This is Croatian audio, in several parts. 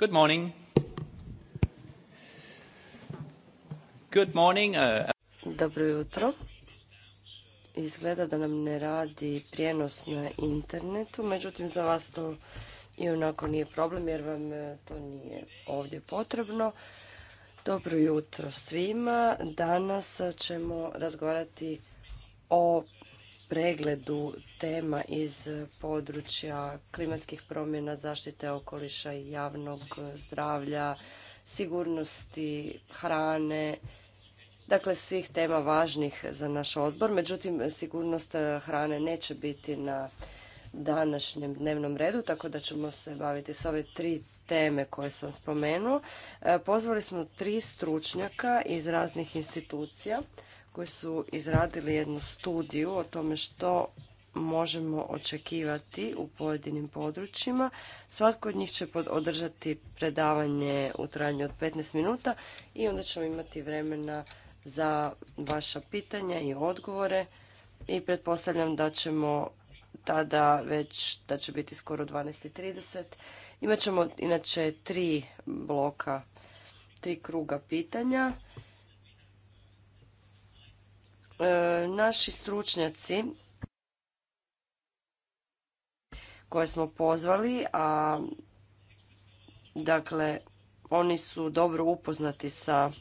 Good morning. Uh, Dobro jutro. Izgleda da nam ne radi prijenos na internetu, međutim za vas to i onako nije problem jer vam e, to nije ovdje potrebno. Dobro jutro svima. Danas ćemo razgovarati o pregledu tema iz područja klimatskih promjena, zaštite okoliša i javnog zdravlja, sigurnosti, hrane, dakle svih tema važnih za naš odbor. Međutim, sigurnost hrane neće biti na današnjem dnevnom redu, tako da ćemo se baviti s ove tri teme koje sam spomenuo. E, pozvali smo tri stručnjaka iz raznih institucija koji su izradili jednu studiju o tome što možemo očekivati u pojedinim područjima. Svatko od njih će održati predavanje u trajanju od 15 minuta i onda ćemo imati vremena za vaša pitanja i odgovore i pretpostavljam da ćemo tada već, da će biti skoro 12.30. Imaćemo inače tri bloka, tri kruga pitanja E, naši stručnjaci koje smo pozvali, a dakle oni su dobro upoznati sa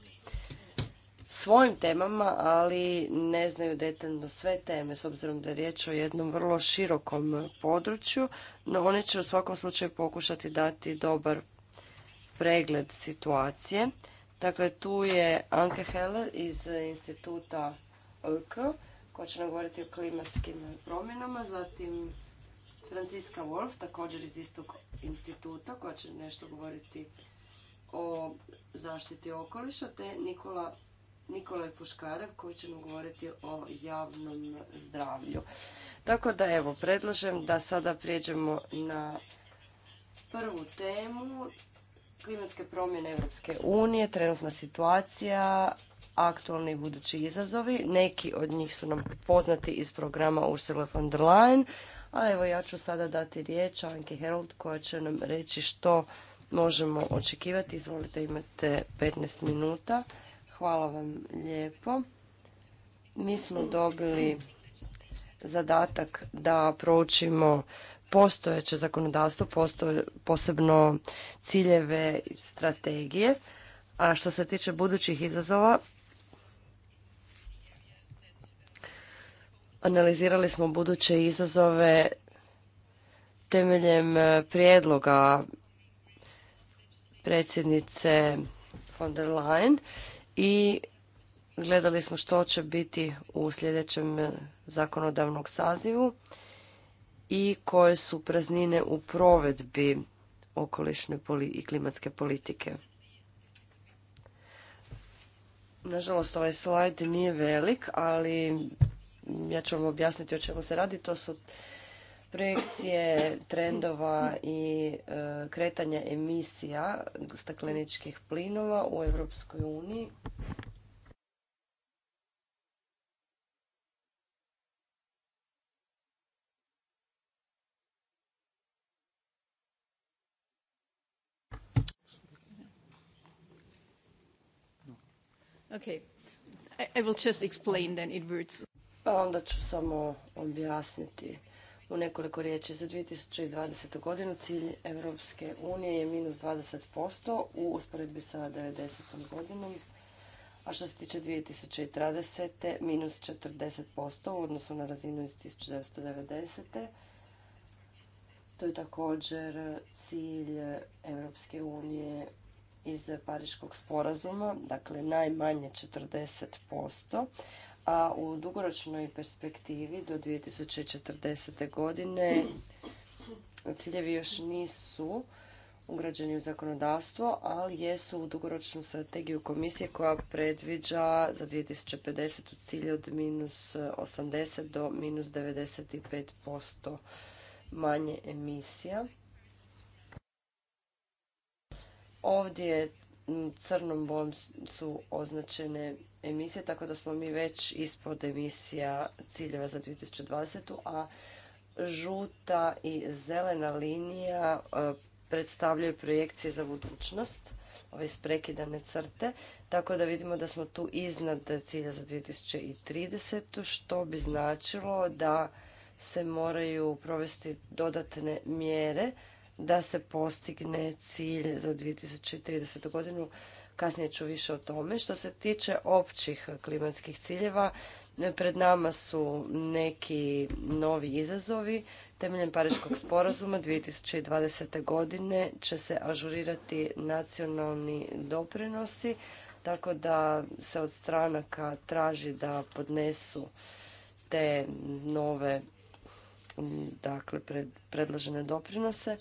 svojim temama, ali ne znaju detaljno sve teme, s obzirom da je riječ o jednom vrlo širokom području, no oni će u svakom slučaju pokušati dati dobar pregled situacije. Dakle, tu je Anke Heller iz instituta ok koja će nam govoriti o klimatskim promjenama, zatim Franciska Wolf, također iz istog instituta, koja će nešto govoriti o zaštiti okoliša, te Nikola Nikolaj Puškarev koji će nam govoriti o javnom zdravlju. Tako da evo, predlažem da sada prijeđemo na prvu temu klimatske promjene Europske unije, trenutna situacija aktualni budući izazovi. Neki od njih su nam poznati iz programa Ursula von der Leyen, a evo ja ću sada dati riječ Anke Herold koja će nam reći što možemo očekivati. Izvolite, imate 15 minuta. Hvala vam lijepo. Mi smo dobili zadatak da proučimo postojeće zakonodavstvo, postoje, posebno ciljeve i strategije. A što se tiče budućih izazova, Analizirali smo buduće izazove temeljem e, prijedloga predsjednice von der Leyen i gledali smo što će biti u sljedećem e, zakonodavnom sazivu i koje su praznine u provedbi okolišne i klimatske politike. Nažalost, ovaj slajd nije velik, ali ja ću vam objasniti o čemu se radi. To su projekcije trendova i e, kretanja emisija stakleničkih plinova u Europskoj uniji. Okay. I will just explain then it pa onda ću samo objasniti u nekoliko riječi. Za 2020. godinu cilj Europske unije je minus 20% u usporedbi sa 90. godinom, a što se tiče 2030. minus 40% u odnosu na razinu iz 1990. To je također cilj Europske unije iz Pariškog sporazuma, dakle najmanje 40%, a u dugoročnoj perspektivi do 2040. godine ciljevi još nisu ugrađeni u zakonodavstvo, ali jesu u dugoročnu strategiju komisije koja predviđa za 2050. cilj od minus 80 do minus 95% manje emisija. Ovdje crnom bom su označene emisije, tako da smo mi već ispod emisija ciljeva za 2020. A žuta i zelena linija e, predstavljaju projekcije za budućnost, ove sprekidane crte, tako da vidimo da smo tu iznad cilja za 2030. što bi značilo da se moraju provesti dodatne mjere da se postigne cilj za 2030. godinu kasnije ću više o tome. Što se tiče općih klimatskih ciljeva, pred nama su neki novi izazovi. Temeljem Pariškog sporazuma 2020. godine će se ažurirati nacionalni doprinosi, tako da se od stranaka traži da podnesu te nove dakle predložene doprinose.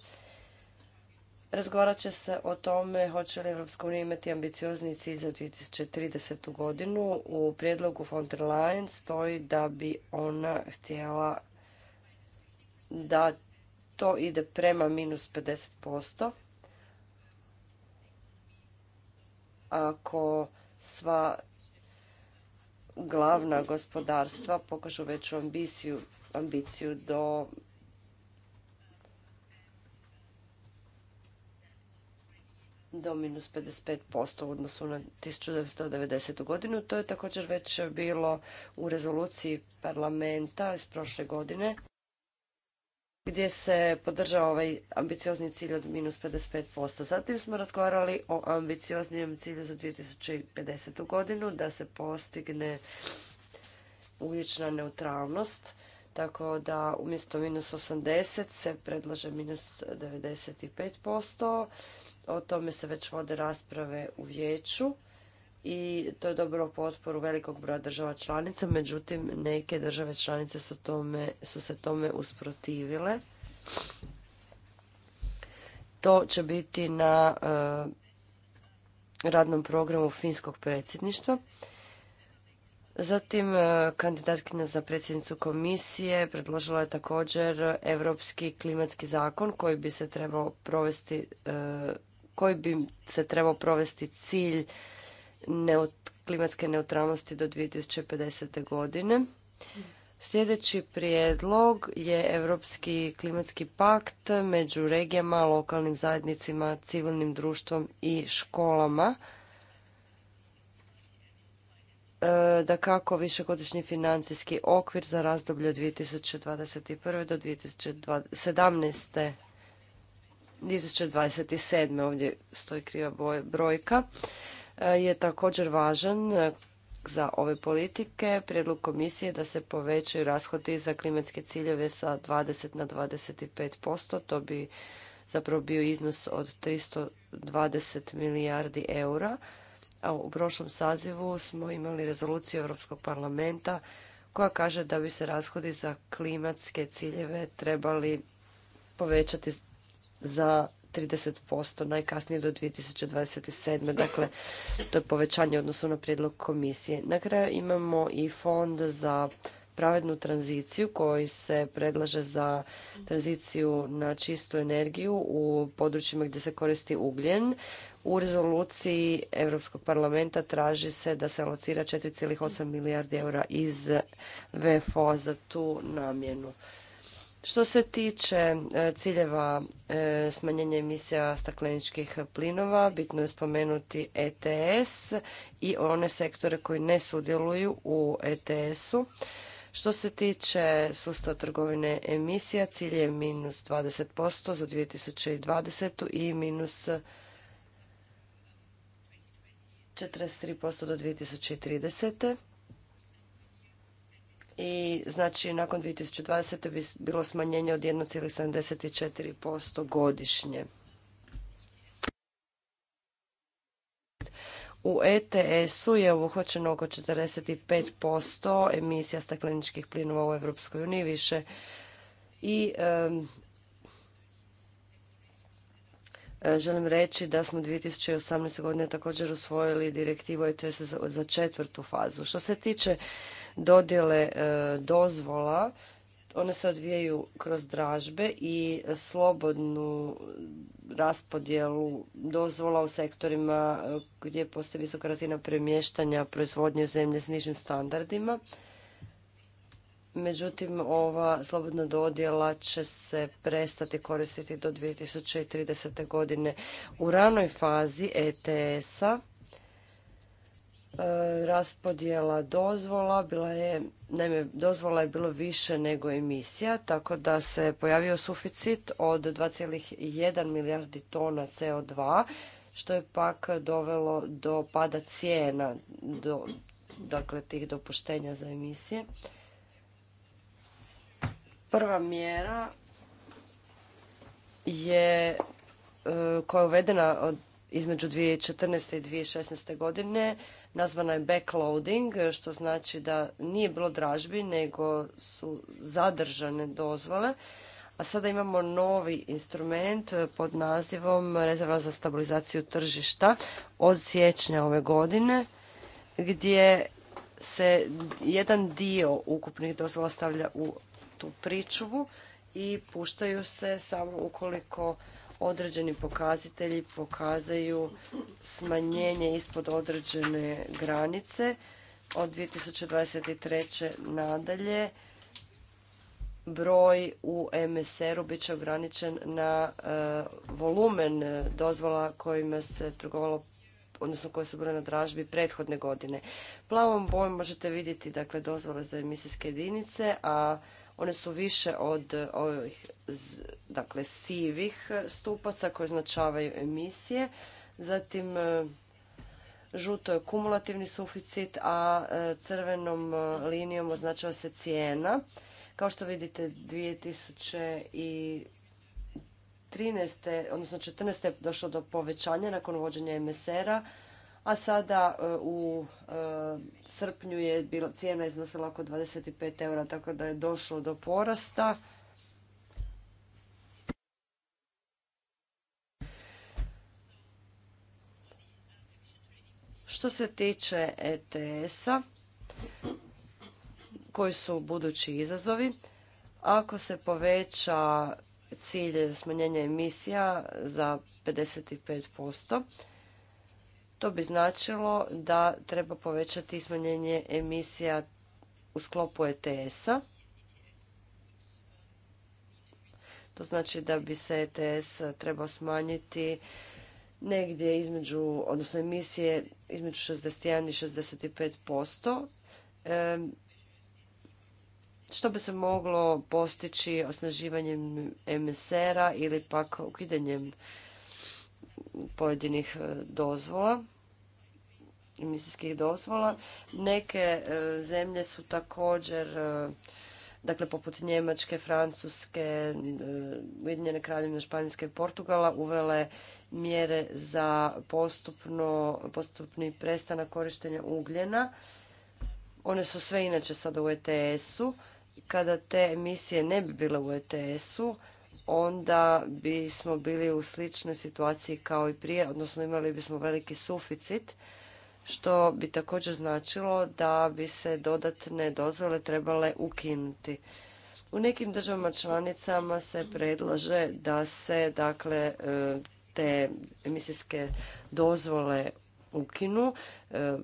Razgovarat će se o tome hoće li Europska unija imati ambiciozni cilj za 2030. godinu. U prijedlogu von der Leyen stoji da bi ona htjela da to ide prema minus 50%. Ako sva glavna gospodarstva pokažu veću ambiciju, ambiciju do do minus 55% u odnosu na 1990. godinu. To je također već bilo u rezoluciji parlamenta iz prošle godine gdje se podržao ovaj ambiciozni cilj od minus 55%. Zatim smo razgovarali o ambicioznijem cilju za 2050. godinu da se postigne ugljična neutralnost. Tako da umjesto minus 80 se predlaže minus 95%. O tome se već vode rasprave u vijeću i to je dobro potporu velikog broja država članica, međutim neke države članice su, tome, su se tome usprotivile. To će biti na e, radnom programu finskog predsjedništva. Zatim, e, kandidatkinja za predsjednicu komisije predložila je također Europski klimatski zakon koji bi se trebao provesti e, koji bi se trebao provesti cilj klimatske neutralnosti do 2050. godine. Sljedeći prijedlog je Europski klimatski pakt među regijama, lokalnim zajednicima, civilnim društvom i školama. E, da kako višegodišnji financijski okvir za razdoblje 2021. do 2017. 2027. ovdje stoji kriva brojka, e, je također važan e, za ove politike. Prijedlog komisije da se povećaju rashodi za klimatske ciljeve sa 20 na 25%. To bi zapravo bio iznos od 320 milijardi eura. A u prošlom sazivu smo imali rezoluciju Europskog parlamenta koja kaže da bi se rashodi za klimatske ciljeve trebali povećati za 30% najkasnije do 2027. Dakle, to je povećanje odnosu na prijedlog komisije. Na kraju imamo i fond za pravednu tranziciju koji se predlaže za tranziciju na čistu energiju u područjima gdje se koristi ugljen. U rezoluciji Europskog parlamenta traži se da se alocira 4,8 milijardi eura iz VFO-a za tu namjenu. Što se tiče e, ciljeva e, smanjenja emisija stakleničkih plinova, bitno je spomenuti ETS i one sektore koji ne sudjeluju u ETS-u. Što se tiče sustava trgovine emisija, cilj je minus 20% za 2020. i minus 43% do 2030 i znači nakon 2020. bi bilo smanjenje od 1,74% godišnje. U ETS-u je obuhvaćeno oko 45% emisija stakleničkih plinova u EU. uniji više i Želim reći da smo 2018. godine također usvojili direktivu ETS za četvrtu fazu. Što se tiče dodjele e, dozvola, one se odvijaju kroz dražbe i slobodnu raspodjelu dozvola u sektorima e, gdje postoji visoka razina premještanja proizvodnje zemlje s nižim standardima. Međutim, ova slobodna dodjela će se prestati koristiti do 2030. godine. U ranoj fazi ETS-a E, raspodjela dozvola bila je, naime, dozvola je bilo više nego emisija, tako da se pojavio suficit od 2,1 milijardi tona CO2, što je pak dovelo do pada cijena, do, dakle tih dopuštenja za emisije. Prva mjera je e, koja je uvedena od između 2014. i 2016. godine Nazvana je backloading, što znači da nije bilo dražbi, nego su zadržane dozvole. A sada imamo novi instrument pod nazivom rezerva za stabilizaciju tržišta od siječnja ove godine, gdje se jedan dio ukupnih dozvola stavlja u tu pričuvu i puštaju se samo ukoliko određeni pokazatelji pokazaju smanjenje ispod određene granice od 2023. nadalje broj u MSR-u bit će ograničen na e, volumen dozvola kojima se trgovalo odnosno koje su bile na dražbi prethodne godine. Plavom bojom možete vidjeti dakle dozvole za emisijske jedinice, a one su više od ovih dakle sivih stupaca koji označavaju emisije. Zatim e, žuto je kumulativni suficit, a e, crvenom e, linijom označava se cijena. Kao što vidite 2013. odnosno 2014. je došlo do povećanja nakon uvođenja MSR-a, a sada u srpnju je bila cijena iznosila oko 25 eura, tako da je došlo do porasta Što se tiče ETS-a, koji su budući izazovi, ako se poveća cilj smanjenja emisija za 55%, to bi značilo da treba povećati smanjenje emisija u sklopu ETS-a. To znači da bi se ETS trebao smanjiti negdje između, odnosno emisije između 61 i 65%, posto što bi se moglo postići osnaživanjem MSR-a ili pak ukidanjem pojedinih e, dozvola, emisijskih dozvola. Neke e, zemlje su također e, dakle poput Njemačke, Francuske, e, Ujedinjene kraljevine Španjolske i Portugala uvele mjere za postupno, postupni prestanak korištenja ugljena. One su sve inače sada u ETS-u. Kada te emisije ne bi bile u ETS-u, onda bismo bili u sličnoj situaciji kao i prije, odnosno imali bismo veliki suficit što bi također značilo da bi se dodatne dozvole trebale ukinuti. U nekim državama članicama se predlaže da se dakle e, te emisijske dozvole ukinu e,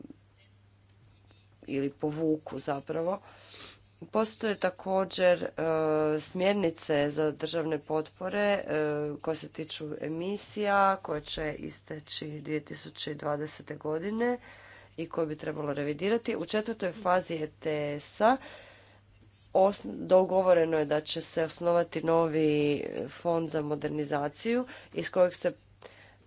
ili povuku zapravo Postoje također e, smjernice za državne potpore e, koje se tiču emisija koje će isteći 2020. godine i koje bi trebalo revidirati. U četvrtoj fazi ETS-a dogovoreno je da će se osnovati novi fond za modernizaciju iz kojeg se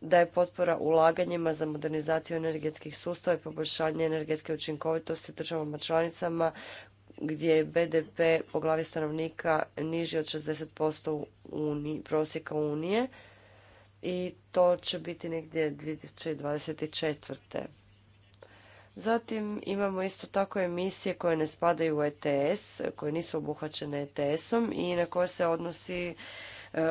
daje potpora ulaganjima za modernizaciju energetskih sustava i poboljšanje energetske učinkovitosti državama članicama gdje je BDP po glavi stanovnika niži od 60% uniji prosjeka Unije i to će biti negdje 2024. Zatim imamo isto tako emisije koje ne spadaju u ETS, koje nisu obuhvaćene ETS-om i na koje se odnosi e,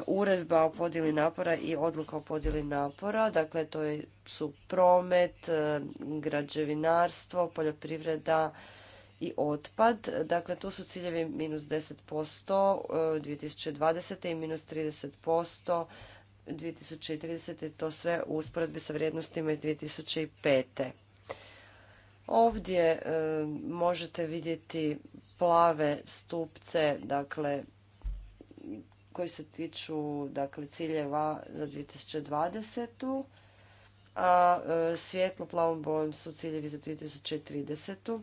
uredba o podjeli napora i odluka o podjeli napora. Dakle, to su promet, e, građevinarstvo, poljoprivreda, i otpad. Dakle, tu su ciljevi minus 10% 2020. E, i minus 30% 2030. To sve u usporedbi sa vrijednostima iz 2005. Ovdje e, možete vidjeti plave stupce, dakle, koji se tiču dakle, ciljeva za 2020. A e, svjetlo plavom bojom su ciljevi za 2030.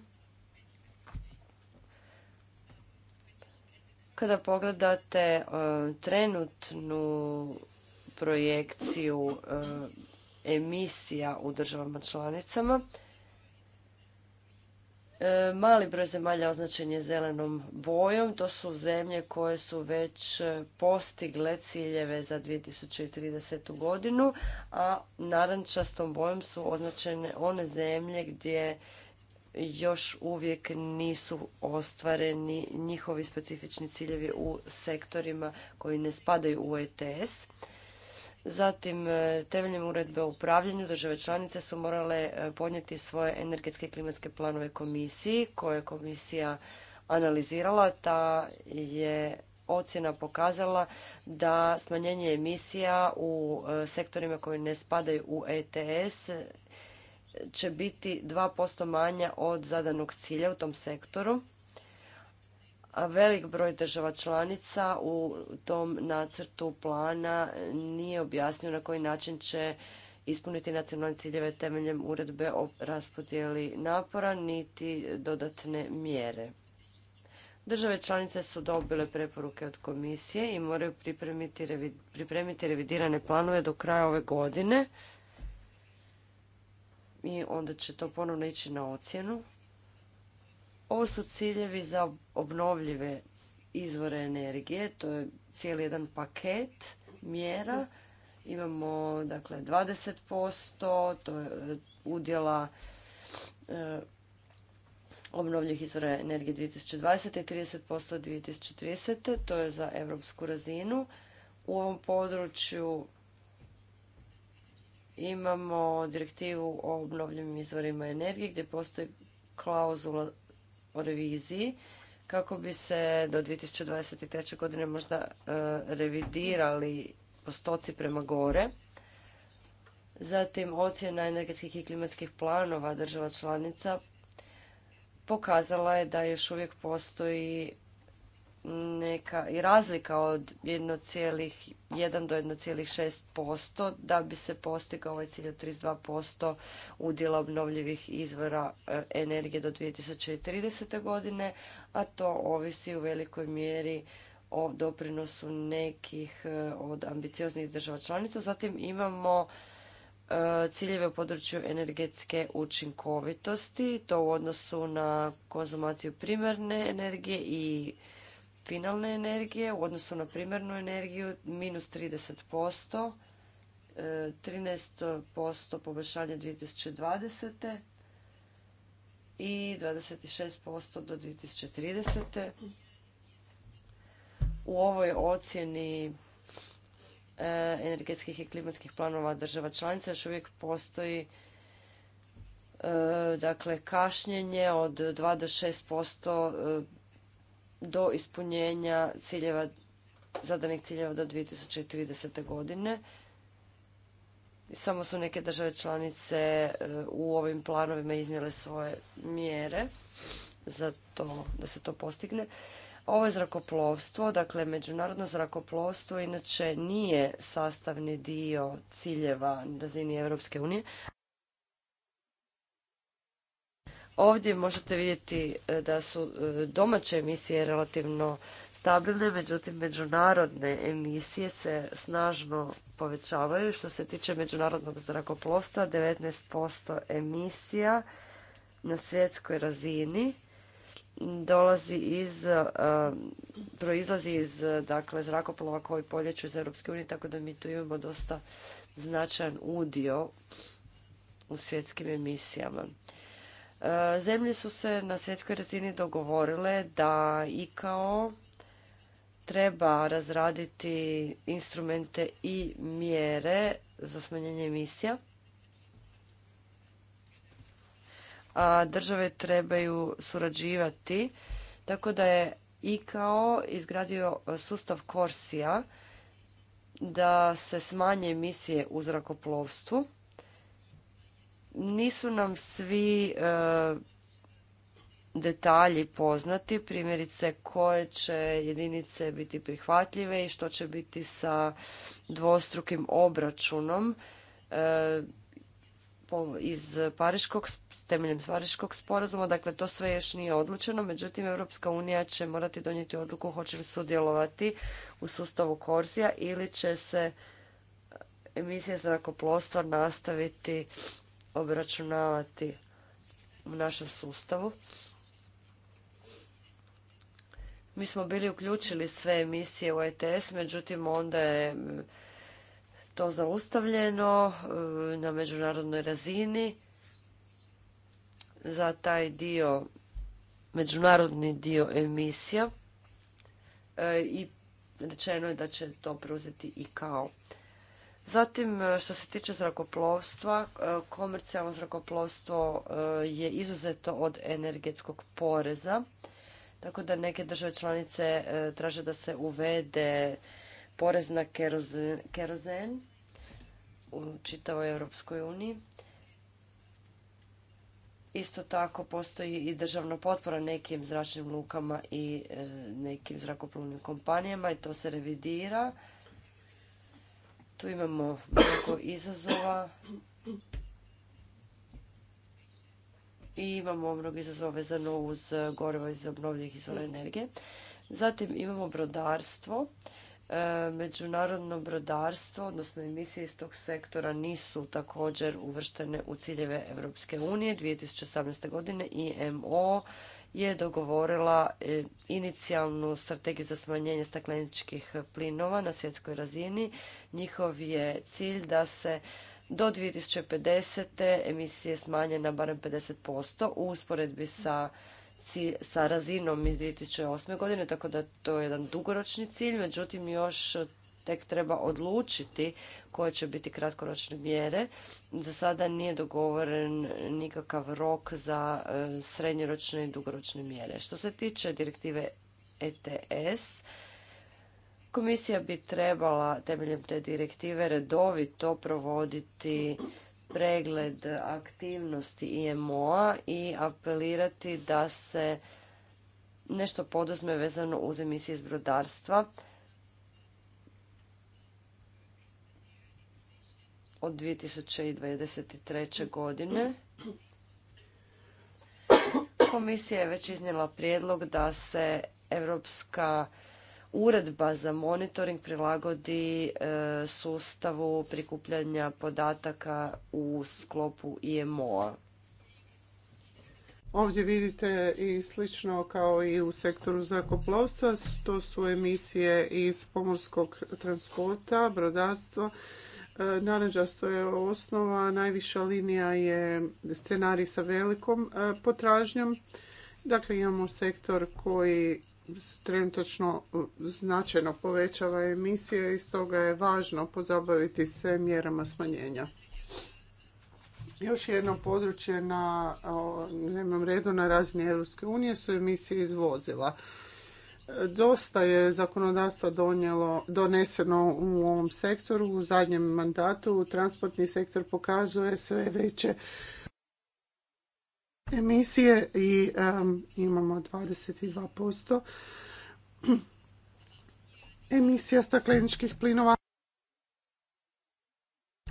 Kada pogledate e, trenutnu projekciju e, emisija u državama članicama, e, Mali broj zemalja označen je zelenom bojom. To su zemlje koje su već postigle ciljeve za 2030. godinu, a narančastom bojom su označene one zemlje gdje još uvijek nisu ostvareni njihovi specifični ciljevi u sektorima koji ne spadaju u ETS. Zatim, e, temeljem uredbe o upravljanju države članice su morale e, podnijeti svoje energetske i klimatske planove komisiji koje je komisija analizirala. Ta je ocjena pokazala da smanjenje emisija u e, sektorima koji ne spadaju u ETS će biti 2% manja od zadanog cilja u tom sektoru. A velik broj država članica u tom nacrtu plana nije objasnio na koji način će ispuniti nacionalne ciljeve temeljem uredbe o raspodijeli napora niti dodatne mjere. Države članice su dobile preporuke od komisije i moraju pripremiti revidirane planove do kraja ove godine i onda će to ponovno ići na ocjenu. Ovo su ciljevi za obnovljive izvore energije, to je cijeli jedan paket mjera. Imamo dakle 20% to je udjela e, obnovljivih izvora energije 2020. i 30% 2030. To je za europsku razinu. U ovom području Imamo direktivu o obnovljivim izvorima energije gdje postoji klauzula o reviziji kako bi se do 2023. godine možda e, revidirali postoci prema gore. Zatim ocjena energetskih i klimatskih planova država članica pokazala je da još uvijek postoji neka i razlika od 1,1 do 1,6% da bi se postigao ovaj cilj od 32% udjela obnovljivih izvora e, energije do 2030. godine, a to ovisi u velikoj mjeri o doprinosu nekih e, od ambicioznih država članica. Zatim imamo e, ciljeve u području energetske učinkovitosti, to u odnosu na konzumaciju primarne energije i finalne energije u odnosu na primarnu energiju minus 30%, 13% e, poboljšanje 2020. i 26% do 2030. U ovoj ocjeni e, energetskih i klimatskih planova država članica još uvijek postoji e, dakle kašnjenje od 2 do 6% do ispunjenja ciljeva, zadanih ciljeva do 2030. godine. Samo su neke države članice e, u ovim planovima iznijele svoje mjere za to, da se to postigne. Ovo je zrakoplovstvo, dakle međunarodno zrakoplovstvo inače nije sastavni dio ciljeva na razini Europske unije, Ovdje možete vidjeti e, da su e, domaće emisije relativno stabilne, međutim međunarodne emisije se snažno povećavaju. Što se tiče međunarodnog zrakoplovstva, 19% emisija na svjetskoj razini dolazi iz, e, proizlazi iz dakle, zrakoplova koji polječu iz Europske unije, tako da mi tu imamo dosta značajan udio u svjetskim emisijama. Zemlje su se na svjetskoj razini dogovorile da ICAO treba razraditi instrumente i mjere za smanjenje emisija. A države trebaju surađivati, tako da je ICAO izgradio sustav Korsija da se smanje emisije u zrakoplovstvu nisu nam svi e, detalji poznati, primjerice koje će jedinice biti prihvatljive i što će biti sa dvostrukim obračunom e, iz Pariškog, temeljem Pariškog sporazuma, dakle to sve još nije odlučeno, međutim Europska unija će morati donijeti odluku hoće li sudjelovati u sustavu Korzija ili će se emisija zrakoplovstva nastaviti obračunavati u našem sustavu. Mi smo bili uključili sve emisije u ETS, međutim onda je to zaustavljeno e, na međunarodnoj razini za taj dio, međunarodni dio emisija e, i rečeno je da će to preuzeti i kao. Zatim, e, što se tiče zrakoplovstva, e, komercijalno zrakoplovstvo e, je izuzeto od energetskog poreza, tako da neke države članice traže da se uvede porez na kerozen u čitavoj Europskoj uniji. Isto tako postoji i državna potpora nekim zračnim lukama i nekim zrakoplovnim kompanijama i to se revidira tu imamo mnogo izazova i imamo mnogo izazova vezano uz gorivo iz obnovljivih izvora energije. Zatim imamo brodarstvo. E, međunarodno brodarstvo, odnosno emisije iz tog sektora nisu također uvrštene u ciljeve Europske unije 2018. godine i MO je dogovorila e, inicijalnu strategiju za smanjenje stakleničkih plinova na svjetskoj razini. Njihov je cilj da se do 2050. emisije smanje na barem 50% u usporedbi sa sa razinom iz 2008. godine, tako da to je jedan dugoročni cilj, međutim još tek treba odlučiti koje će biti kratkoročne mjere. Za sada nije dogovoren nikakav rok za e, srednjoročne i dugoročne mjere. Što se tiče direktive ETS, komisija bi trebala temeljem te direktive redovito provoditi pregled aktivnosti IMO-a i apelirati da se nešto poduzme vezano uz emisije iz brodarstva od 2023. godine. Komisija je već iznijela prijedlog da se Europska uredba za monitoring prilagodi e, sustavu prikupljanja podataka u sklopu IMO-a. Ovdje vidite i slično kao i u sektoru zrakoplovstva, to su emisije iz pomorskog transporta, brodarstva, naranđasto je osnova, najviša linija je scenarij sa velikom e, potražnjom. Dakle, imamo sektor koji trenutačno e, značajno povećava emisije i stoga je važno pozabaviti se mjerama smanjenja. Još jedno područje na dnevnom redu na razini Europske unije su emisije iz vozila. Dosta je zakonodavstva donijelo, doneseno u ovom sektoru. U zadnjem mandatu transportni sektor pokazuje sve veće emisije i um, imamo 22% emisija stakleničkih plinova.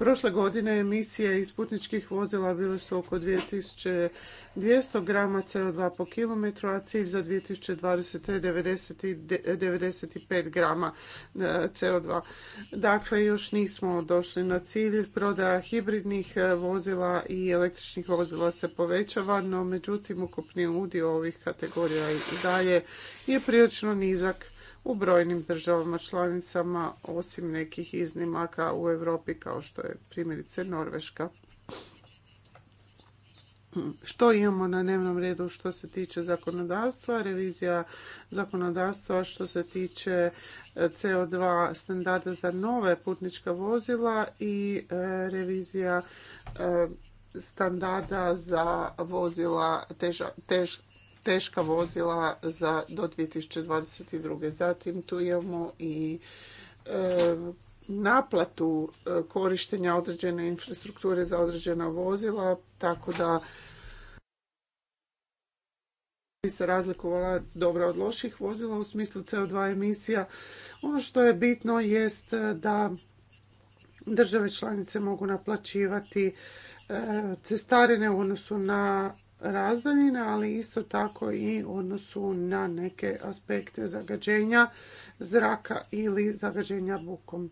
Prošle godine emisije iz putničkih vozila bile su oko 2200 grama CO2 po kilometru, a cilj za 2020. je 95 grama e, CO2. Dakle, još nismo došli na cilj. Prodaja hibridnih e, vozila i električnih vozila se povećava, no međutim ukupni udio ovih kategorija i dalje je prilično nizak u brojnim državama članicama, osim nekih iznimaka u Europi kao što je primjerice Norveška. Što imamo na dnevnom redu što se tiče zakonodavstva, revizija zakonodavstva što se tiče e, CO2 standarda za nove putnička vozila i e, revizija e, standarda za vozila teža, teška vozila za do 2022. Zatim tu imamo i e, naplatu e, korištenja određene infrastrukture za određena vozila, tako da bi se razlikovala dobra od loših vozila u smislu CO2 emisija. Ono što je bitno jest da države članice mogu naplaćivati e, cestarine u odnosu na razdaljine ali isto tako i odnosu na neke aspekte zagađenja zraka ili zagađenja bukom.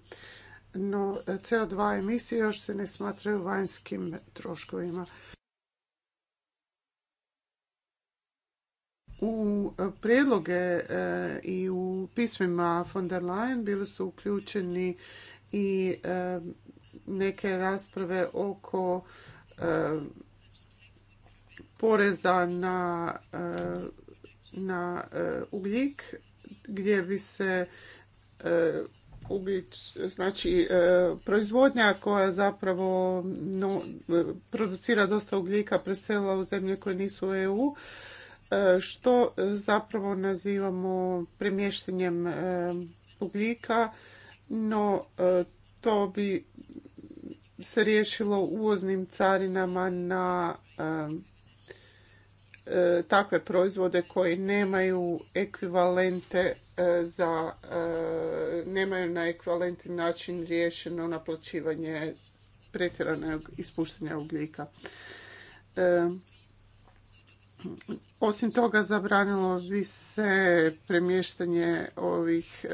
No, CO2 emisije još se ne smatraju vanjskim troškovima. U prijedloge e, i u pismima von der Leyen bili su uključeni i e, neke rasprave oko e, poreza na, e, e, ugljik gdje bi se e, znači proizvodnja koja zapravo producira dosta ugljika preselila u zemlje koje nisu EU što zapravo nazivamo premještenjem ugljika, no to bi se riješilo uvoznim carinama na E, takve proizvode koji nemaju ekvivalente e, za, e, nemaju na ekvivalentni način riješeno naplaćivanje pretjeranog ispuštanja ugljika. Osim toga, zabranilo bi se premještanje ovih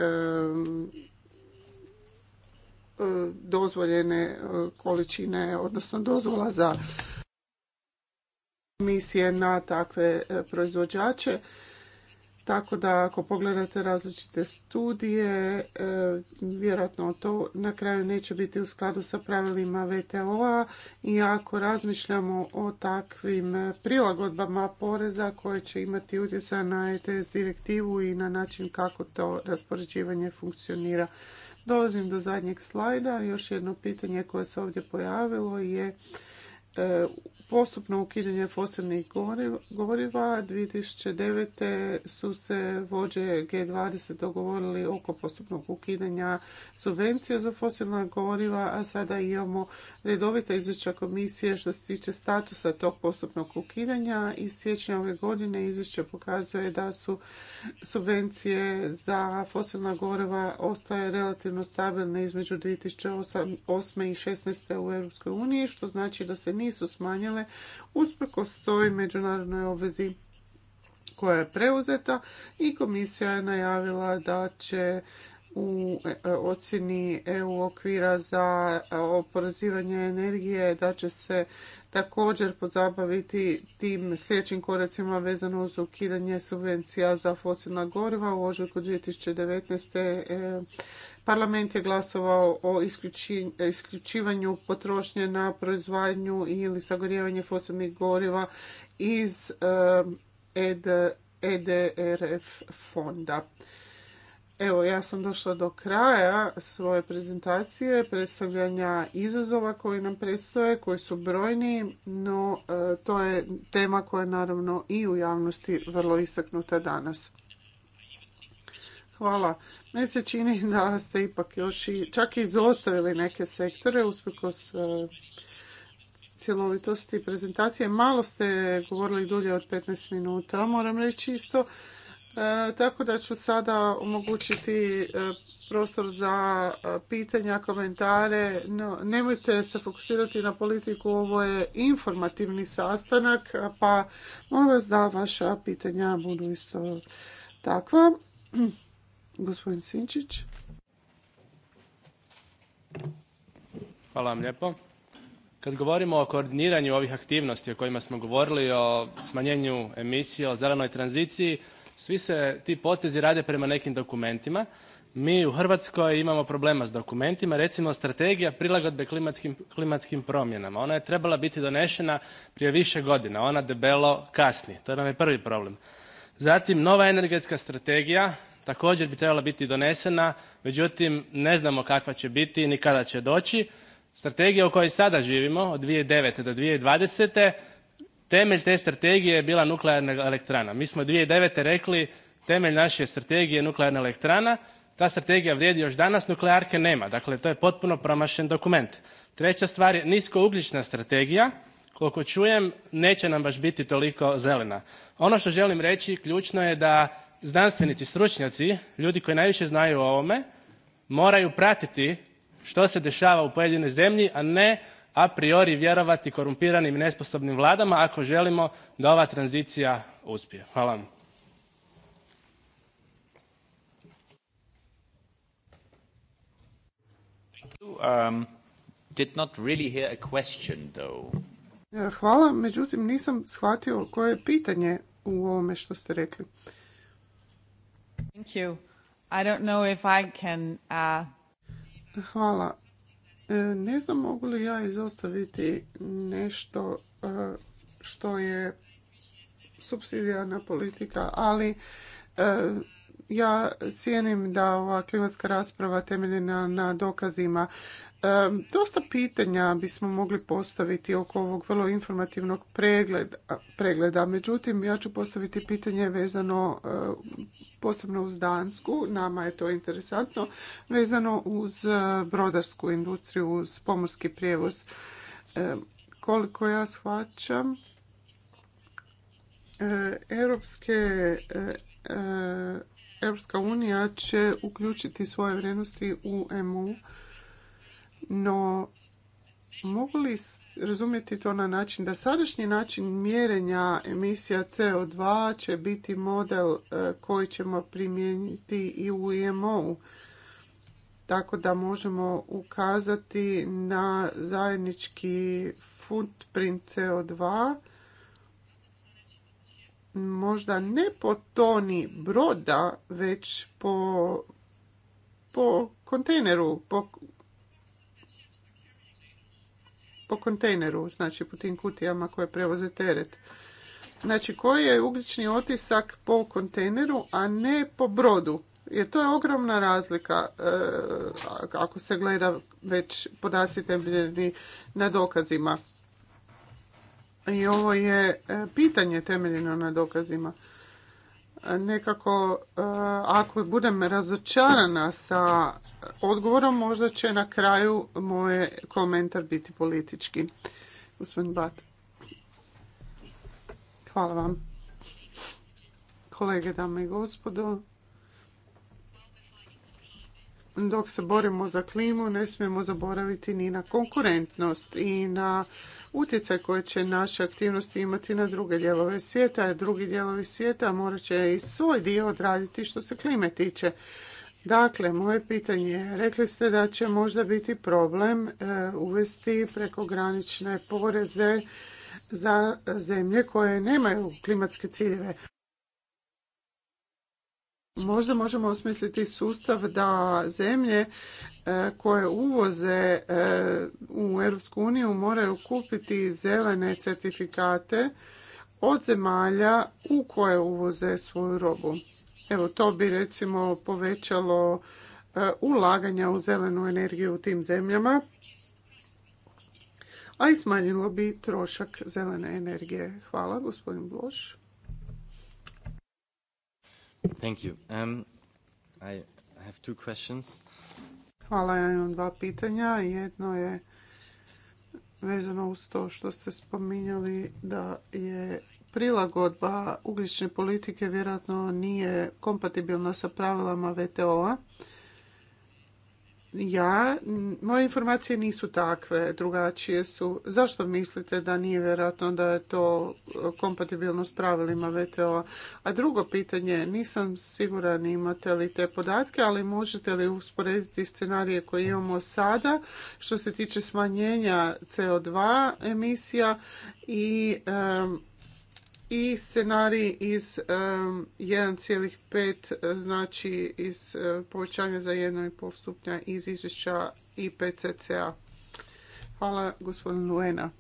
dozvoljene količine, odnosno dozvola za komisije na takve e, proizvođače. Tako da ako pogledate različite studije, e, vjerojatno to na kraju neće biti u skladu sa pravilima VTO-a i ako razmišljamo o takvim e, prilagodbama poreza koje će imati utjecaj na ETS direktivu i na način kako to raspoređivanje funkcionira. Dolazim do zadnjeg slajda. Još jedno pitanje koje se ovdje pojavilo je E, postupno ukidanje fosilnih goriva. 2009. su se vođe G20 dogovorili oko postupnog ukidanja subvencija za fosilna goriva, a sada imamo redovita izvješća komisije što se tiče statusa tog postupnog ukidanja. Iz siječnja ove godine izvješće pokazuje da su subvencije za fosilna goriva ostaje relativno stabilne između 2008. i 2016. u EU, što znači da se nije nisu smanjile usprkos toj međunarodnoj obvezi koja je preuzeta i komisija je najavila da će u e, ocjeni EU okvira za e, oporezivanje energije da će se također pozabaviti tim sljedećim koracima vezano uz ukidanje subvencija za fosilna goriva u ožujku 2019. Parlament je glasovao o isključivanju potrošnje na proizvodnju ili sagorjevanje fosilnih goriva iz um, EDRF e fonda. Evo, ja sam došla do kraja svoje prezentacije, predstavljanja izazova koji nam predstoje, koji su brojni, no uh, to je tema koja je naravno i u javnosti vrlo istaknuta danas. Hvala. Meni se čini da ste ipak još i čak i izostavili neke sektore usprkos e, cjelovitosti prezentacije. Malo ste govorili dulje od 15 minuta, moram reći isto. E, tako da ću sada omogućiti e, prostor za pitanja, komentare. No, nemojte se fokusirati na politiku, ovo je informativni sastanak, pa molim vas da vaša pitanja budu isto takva. Gospodin Sinčić. Hvala vam lijepo. Kad govorimo o koordiniranju ovih aktivnosti o kojima smo govorili, o smanjenju emisije, o zelenoj tranziciji, svi se ti potezi rade prema nekim dokumentima. Mi u Hrvatskoj imamo problema s dokumentima, recimo strategija prilagodbe klimatskim, klimatskim promjenama. Ona je trebala biti donešena prije više godina, ona debelo kasni. To nam je prvi problem. Zatim, nova energetska strategija, također bi trebala biti donesena, međutim ne znamo kakva će biti ni kada će doći. Strategija u kojoj sada živimo od 2009. do 2020. temelj te strategije je bila nuklearna elektrana. Mi smo 2009. rekli temelj naše strategije je nuklearna elektrana. Ta strategija vrijedi još danas, nuklearke nema. Dakle, to je potpuno promašen dokument. Treća stvar je niskougljična strategija. Koliko čujem, neće nam baš biti toliko zelena. Ono što želim reći, ključno je da znanstvenici, stručnjaci, ljudi koji najviše znaju o ovome moraju pratiti što se dešava u pojedinoj zemlji, a ne a priori vjerovati korumpiranim i nesposobnim vladama ako želimo da ova tranzicija uspije. Hvala vam. Um, Hvala, međutim nisam shvatio koje je pitanje u ovome što ste rekli. Thank you. Uh, Hvala. E, ne znam mogu li ja izostaviti nešto e, što je subsidijarna politika, ali e, ja cijenim da ova klimatska rasprava temeljena na dokazima E, dosta pitanja bismo mogli postaviti oko ovog vrlo informativnog pregleda, Međutim, ja ću postaviti pitanje vezano e, posebno uz Dansku, nama je to interesantno, vezano uz e, brodarsku industriju, uz pomorski prijevoz. Koliko ja shvaćam, europske Europska unija će uključiti svoje vrijednosti u EMU no, mogu li razumjeti to na način da sadašnji način mjerenja emisija CO2 će biti model e, koji ćemo primijeniti i u IMO-u? Tako da možemo ukazati na zajednički footprint CO2 možda ne po toni broda, već po, po kontejneru, po po kontejneru, znači po tim kutijama koje prevoze teret. Znači koji je ugljični otisak po kontejneru, a ne po brodu. Jer to je ogromna razlika e, ako se gleda već podaci temeljeni na dokazima. I ovo je e, pitanje temeljeno na dokazima nekako e, ako budem razočarana sa odgovorom, možda će na kraju moj komentar biti politički. Gospodin Bat. Hvala vam. Kolege, dame i gospodo dok se borimo za klimu ne smijemo zaboraviti ni na konkurentnost i na utjecaj koje će naše aktivnosti imati na druge dijelove svijeta, drugi dijelovi svijeta morat će i svoj dio odraditi što se klime tiče. Dakle, moje pitanje je, rekli ste da će možda biti problem e, uvesti prekogranične poreze za zemlje koje nemaju klimatske ciljeve. Možda možemo osmisliti sustav da zemlje e, koje uvoze e, u Europsku uniju moraju kupiti zelene certifikate od zemalja u koje uvoze svoju robu. Evo to bi recimo povećalo e, ulaganja u zelenu energiju u tim zemljama, a i smanjilo bi trošak zelene energije. Hvala, gospodin Bloš. Thank you. Um, I have two questions. Hvala, ja imam dva pitanja. Jedno je vezano uz to što ste spominjali da je prilagodba ugljične politike vjerojatno nije kompatibilna sa pravilama VTO-a ja, moje informacije nisu takve, drugačije su. Zašto mislite da nije vjerojatno da je to e, kompatibilno s pravilima VTO-a? drugo pitanje, nisam siguran imate li te podatke, ali možete li usporediti scenarije koje imamo sada što se tiče smanjenja CO2 emisija i i scenarij iz 1,5 eh, znači iz eh, povećanja za 1,5 stupnja iz izvješća IPCC-a. Hvala gospodin Luena.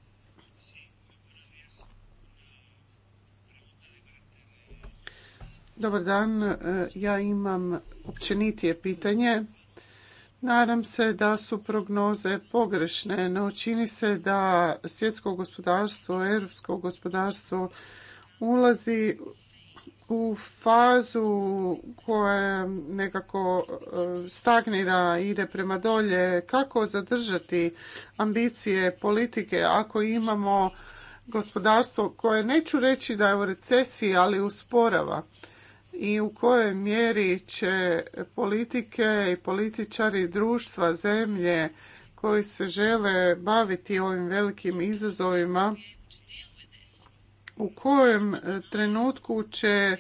Dobar dan, eh, ja imam općenitije pitanje. Nadam se da su prognoze pogrešne, no čini se da svjetsko gospodarstvo, europsko gospodarstvo ulazi u fazu koja nekako e, stagnira, ide prema dolje. Kako zadržati ambicije politike ako imamo gospodarstvo koje neću reći da je u recesiji, ali usporava i u kojoj mjeri će politike i političari društva zemlje koji se žele baviti ovim velikim izazovima u kojem e, trenutku će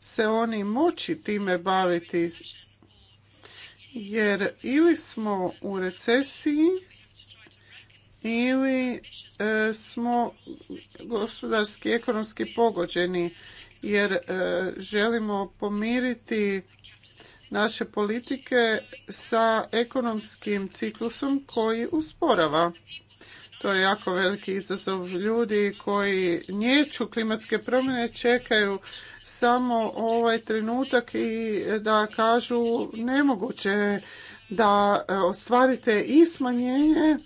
se oni moći time baviti jer ili smo u recesiji ili e, smo gospodarski ekonomski pogođeni jer e, želimo pomiriti naše politike sa ekonomskim ciklusom koji usporava to je jako veliki izazov ljudi koji njeću klimatske promjene, čekaju samo ovaj trenutak i da kažu nemoguće da e, ostvarite i smanjenje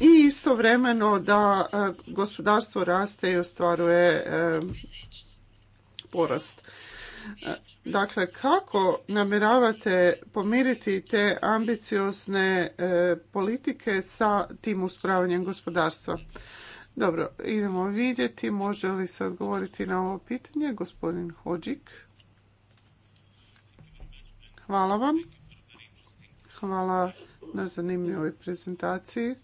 i istovremeno da e, gospodarstvo raste i ostvaruje e, porast. Dakle, kako namjeravate pomiriti te ambiciozne e, politike sa tim uspravanjem gospodarstva? Dobro, idemo vidjeti može li se odgovoriti na ovo pitanje gospodin Hođik. Hvala vam. Hvala na zanimljivoj prezentaciji e,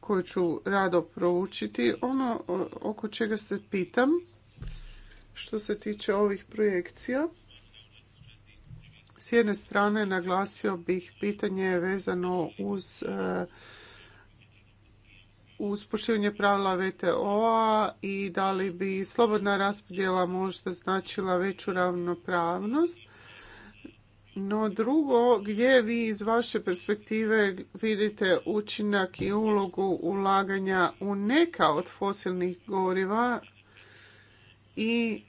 koju ću rado proučiti. Ono oko čega se pitam što se tiče ovih projekcija. S jedne strane naglasio bih pitanje vezano uz eh, uz poštivanje pravila VTO-a i da li bi slobodna raspodjela možda značila veću ravnopravnost. No drugo, gdje vi iz vaše perspektive vidite učinak i ulogu ulaganja u neka od fosilnih goriva i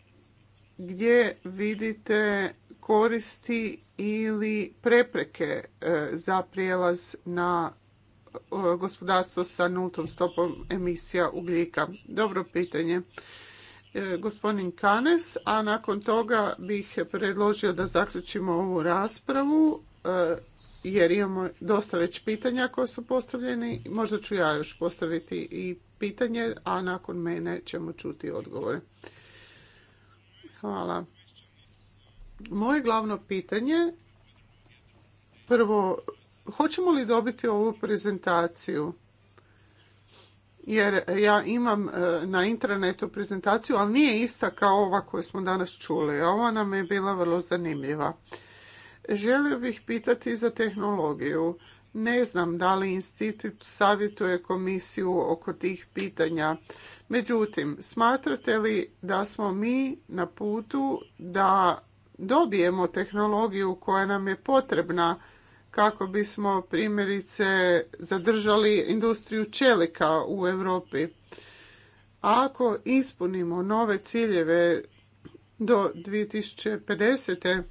gdje vidite koristi ili prepreke e, za prijelaz na e, gospodarstvo sa nultom stopom emisija ugljika? Dobro pitanje. E, gospodin Kanes, a nakon toga bih predložio da zaključimo ovu raspravu jer imamo dosta već pitanja koje su postavljeni. Možda ću ja još postaviti i pitanje, a nakon mene ćemo čuti odgovore. Hvala. Moje glavno pitanje, prvo, hoćemo li dobiti ovu prezentaciju? Jer ja imam e, na internetu prezentaciju, ali nije ista kao ova koju smo danas čuli. Ova nam je bila vrlo zanimljiva. Želio bih pitati za tehnologiju. Ne znam da li institut savjetuje komisiju oko tih pitanja. Međutim, smatrate li da smo mi na putu da dobijemo tehnologiju koja nam je potrebna kako bismo primjerice zadržali industriju čelika u Europi? Ako ispunimo nove ciljeve do 2050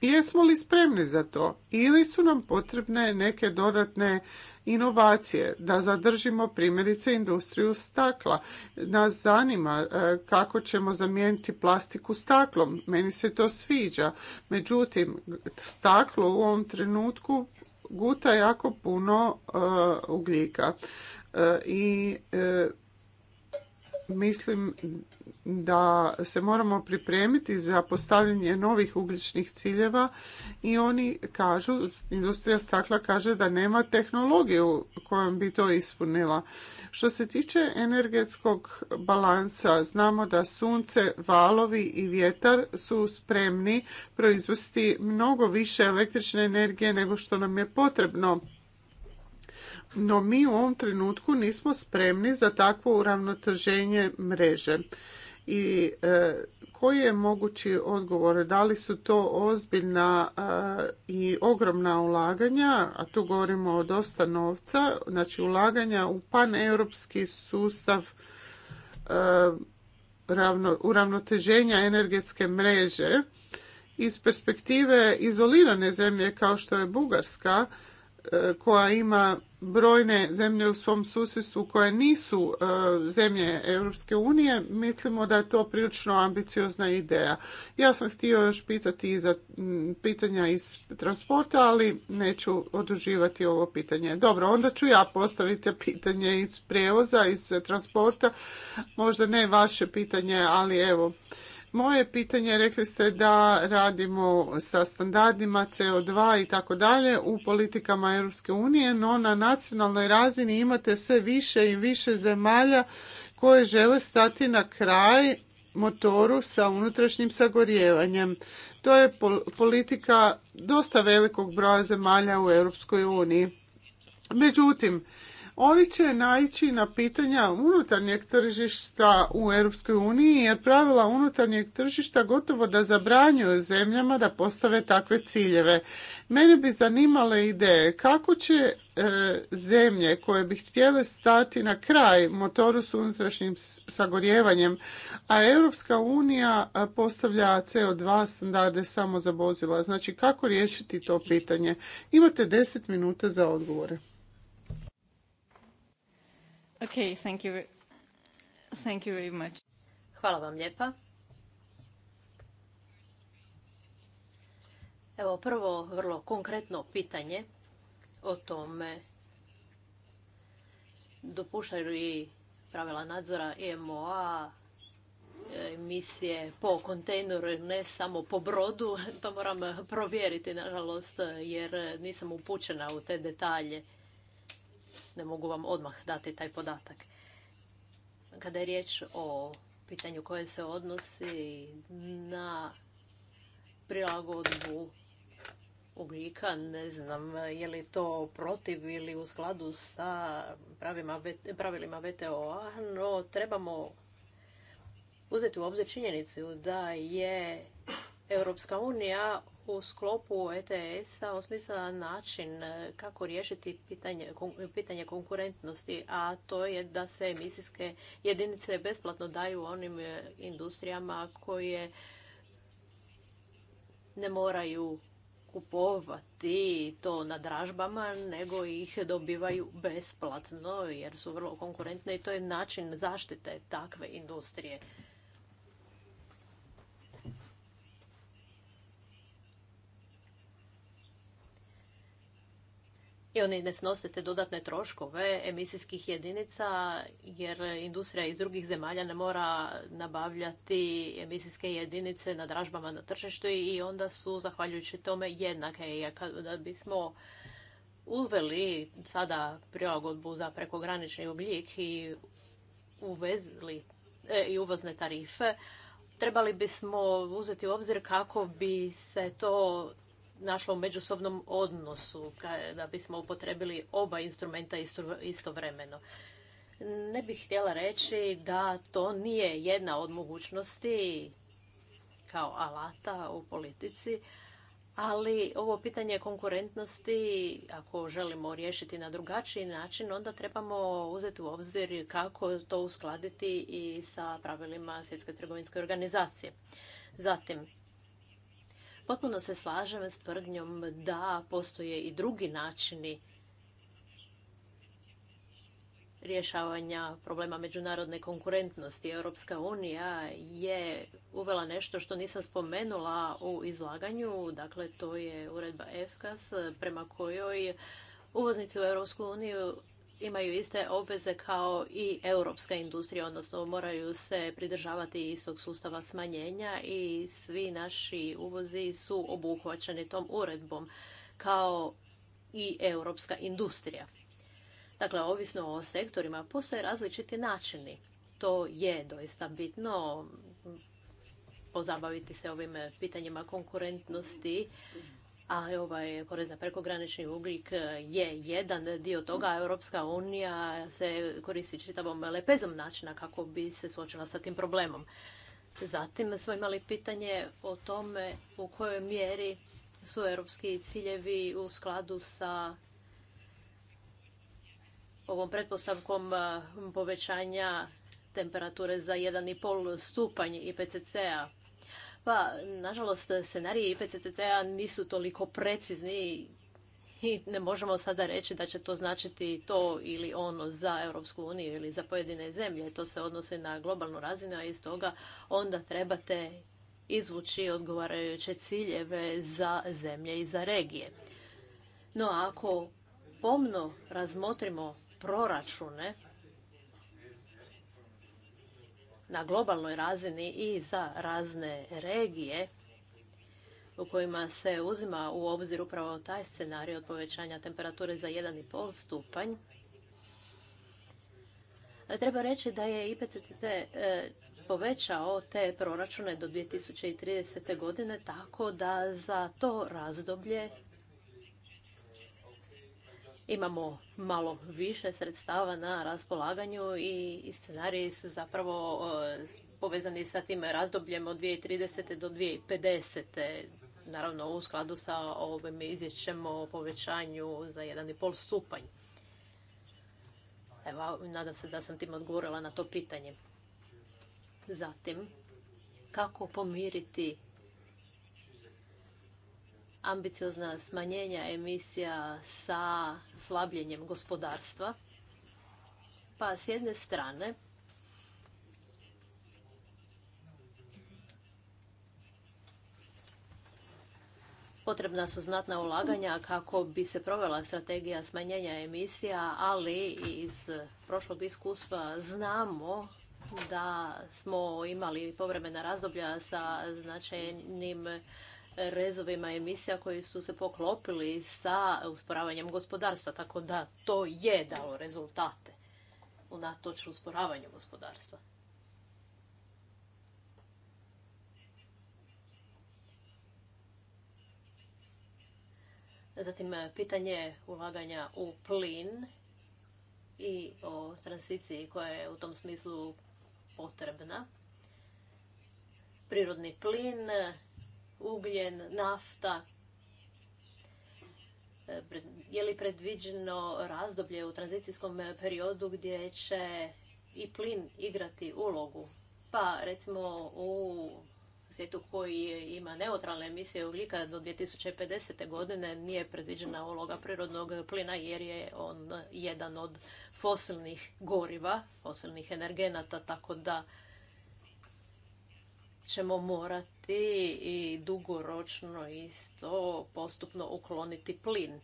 Jesmo li spremni za to ili su nam potrebne neke dodatne inovacije da zadržimo primjerice industriju stakla. Nas zanima e, kako ćemo zamijeniti plastiku staklom. Meni se to sviđa. Međutim, staklo u ovom trenutku guta jako puno e, ugljika e, i Mislim da se moramo pripremiti za postavljanje novih ugljičnih ciljeva i oni kažu, industrija stakla kaže da nema tehnologiju kojom bi to ispunila. Što se tiče energetskog balansa, znamo da sunce, valovi i vjetar su spremni proizvesti mnogo više električne energije nego što nam je potrebno no mi u ovom trenutku nismo spremni za takvo uravnoteženje mreže. I e, koji je mogući odgovor? Da li su to ozbiljna e, i ogromna ulaganja, a tu govorimo o dosta novca, znači ulaganja u paneuropski sustav e, uravnoteženja energetske mreže iz perspektive izolirane zemlje kao što je Bugarska koja ima brojne zemlje u svom susjedstvu koje nisu e, zemlje Europske unije, mislimo da je to prilično ambiciozna ideja. Ja sam htio još pitati i za pitanja iz transporta, ali neću oduživati ovo pitanje. Dobro, onda ću ja postaviti pitanje iz prijevoza, iz transporta. Možda ne vaše pitanje, ali evo, moje pitanje, rekli ste da radimo sa standardima CO2 i tako dalje u politikama Europske unije, no na nacionalnoj razini imate sve više i više zemalja koje žele stati na kraj motoru sa unutrašnjim sagorijevanjem. To je politika dosta velikog broja zemalja u Europskoj uniji. Međutim, oni će naići na pitanja unutarnjeg tržišta u Europskoj uniji jer pravila unutarnjeg tržišta gotovo da zabranjuju zemljama da postave takve ciljeve. Mene bi zanimale ideje kako će e, zemlje koje bi htjele stati na kraj motoru s unutrašnjim sagorjevanjem, a Europska unija postavlja CO2 standarde samo za vozila. Znači kako riješiti to pitanje? Imate 10 minuta za odgovore. Hvala vam lijepa. Evo prvo vrlo konkretno pitanje o tome dopuštaju li pravila nadzora imo emisije po kontejneru, ne samo po brodu. To moram provjeriti, nažalost, jer nisam upućena u te detalje. Ne mogu vam odmah dati taj podatak. Kada je riječ o pitanju koje se odnosi na prilagodbu ugljika, ne znam je li to protiv ili u skladu sa pravilima VTO-a, no trebamo uzeti u obzir činjenicu da je Europska unija u sklopu ETS-a osmislila način e, kako riješiti pitanje, pitanje konkurentnosti, a to je da se emisijske jedinice besplatno daju onim e, industrijama koje ne moraju kupovati to na dražbama, nego ih dobivaju besplatno jer su vrlo konkurentne i to je način zaštite takve industrije. oni ne snose te dodatne troškove emisijskih jedinica jer industrija iz drugih zemalja ne mora nabavljati emisijske jedinice na dražbama na tržištu i onda su zahvaljujući tome jednake. I da bismo uveli sada prilagodbu za prekogranični oblik i uvezli e, i uvozne tarife, trebali bismo uzeti u obzir kako bi se to našla u međusobnom odnosu da bismo upotrebili oba instrumenta istovremeno. Ne bih htjela reći da to nije jedna od mogućnosti kao alata u politici, ali ovo pitanje konkurentnosti, ako želimo riješiti na drugačiji način, onda trebamo uzeti u obzir kako to uskladiti i sa pravilima Svjetske trgovinske organizacije. Zatim, Potpuno se slažem s tvrdnjom da postoje i drugi načini rješavanja problema međunarodne konkurentnosti. Europska unija je uvela nešto što nisam spomenula u izlaganju, dakle to je uredba EFKAS prema kojoj uvoznici u Europsku uniju imaju iste obveze kao i europska industrija, odnosno moraju se pridržavati istog sustava smanjenja i svi naši uvozi su obuhvaćeni tom uredbom kao i europska industrija. Dakle, ovisno o sektorima, postoje različiti načini. To je doista bitno pozabaviti se ovim pitanjima konkurentnosti, a ovaj porez na prekogranični ugljik e, je jedan dio toga. Europska unija se koristi čitavom lepezom načina kako bi se suočila sa tim problemom. Zatim smo imali pitanje o tome u kojoj mjeri su europski ciljevi u skladu sa ovom pretpostavkom e, povećanja temperature za 1,5 stupanj IPCC-a pa, nažalost, scenariji IPCCC-a nisu toliko precizni i ne možemo sada reći da će to značiti to ili ono za Europsku uniju ili za pojedine zemlje. To se odnosi na globalnu razinu, a iz toga onda trebate izvući odgovarajuće ciljeve za zemlje i za regije. No, ako pomno razmotrimo proračune, na globalnoj razini i za razne regije u kojima se uzima u obzir upravo taj scenarij od povećanja temperature za 1,5 stupanj. Treba reći da je IPCC e, povećao te proračune do 2030. godine tako da za to razdoblje imamo malo više sredstava na raspolaganju i scenariji su zapravo e, povezani sa tim razdobljem od 2030. do 2050. Naravno u skladu sa ovim izvješćem o povećanju za 1,5 stupanj. Evo, nadam se da sam tim odgovorila na to pitanje. Zatim, kako pomiriti ambiciozna smanjenja emisija sa slabljenjem gospodarstva. Pa s jedne strane potrebna su znatna ulaganja kako bi se provela strategija smanjenja emisija, ali iz prošlog iskustva znamo da smo imali povremena razdoblja sa značajnim rezovima emisija koji su se poklopili sa usporavanjem gospodarstva, tako da to je dalo rezultate u unatoč usporavanju gospodarstva. Zatim pitanje ulaganja u plin i o tranziciji koja je u tom smislu potrebna. Prirodni plin ugljen, nafta. E, je li predviđeno razdoblje u tranzicijskom periodu gdje će i plin igrati ulogu? Pa recimo u svijetu koji ima neutralne emisije ugljika do 2050. godine nije predviđena uloga prirodnog plina jer je on jedan od fosilnih goriva, fosilnih energenata, tako da ćemo morati i dugoročno isto postupno ukloniti plin.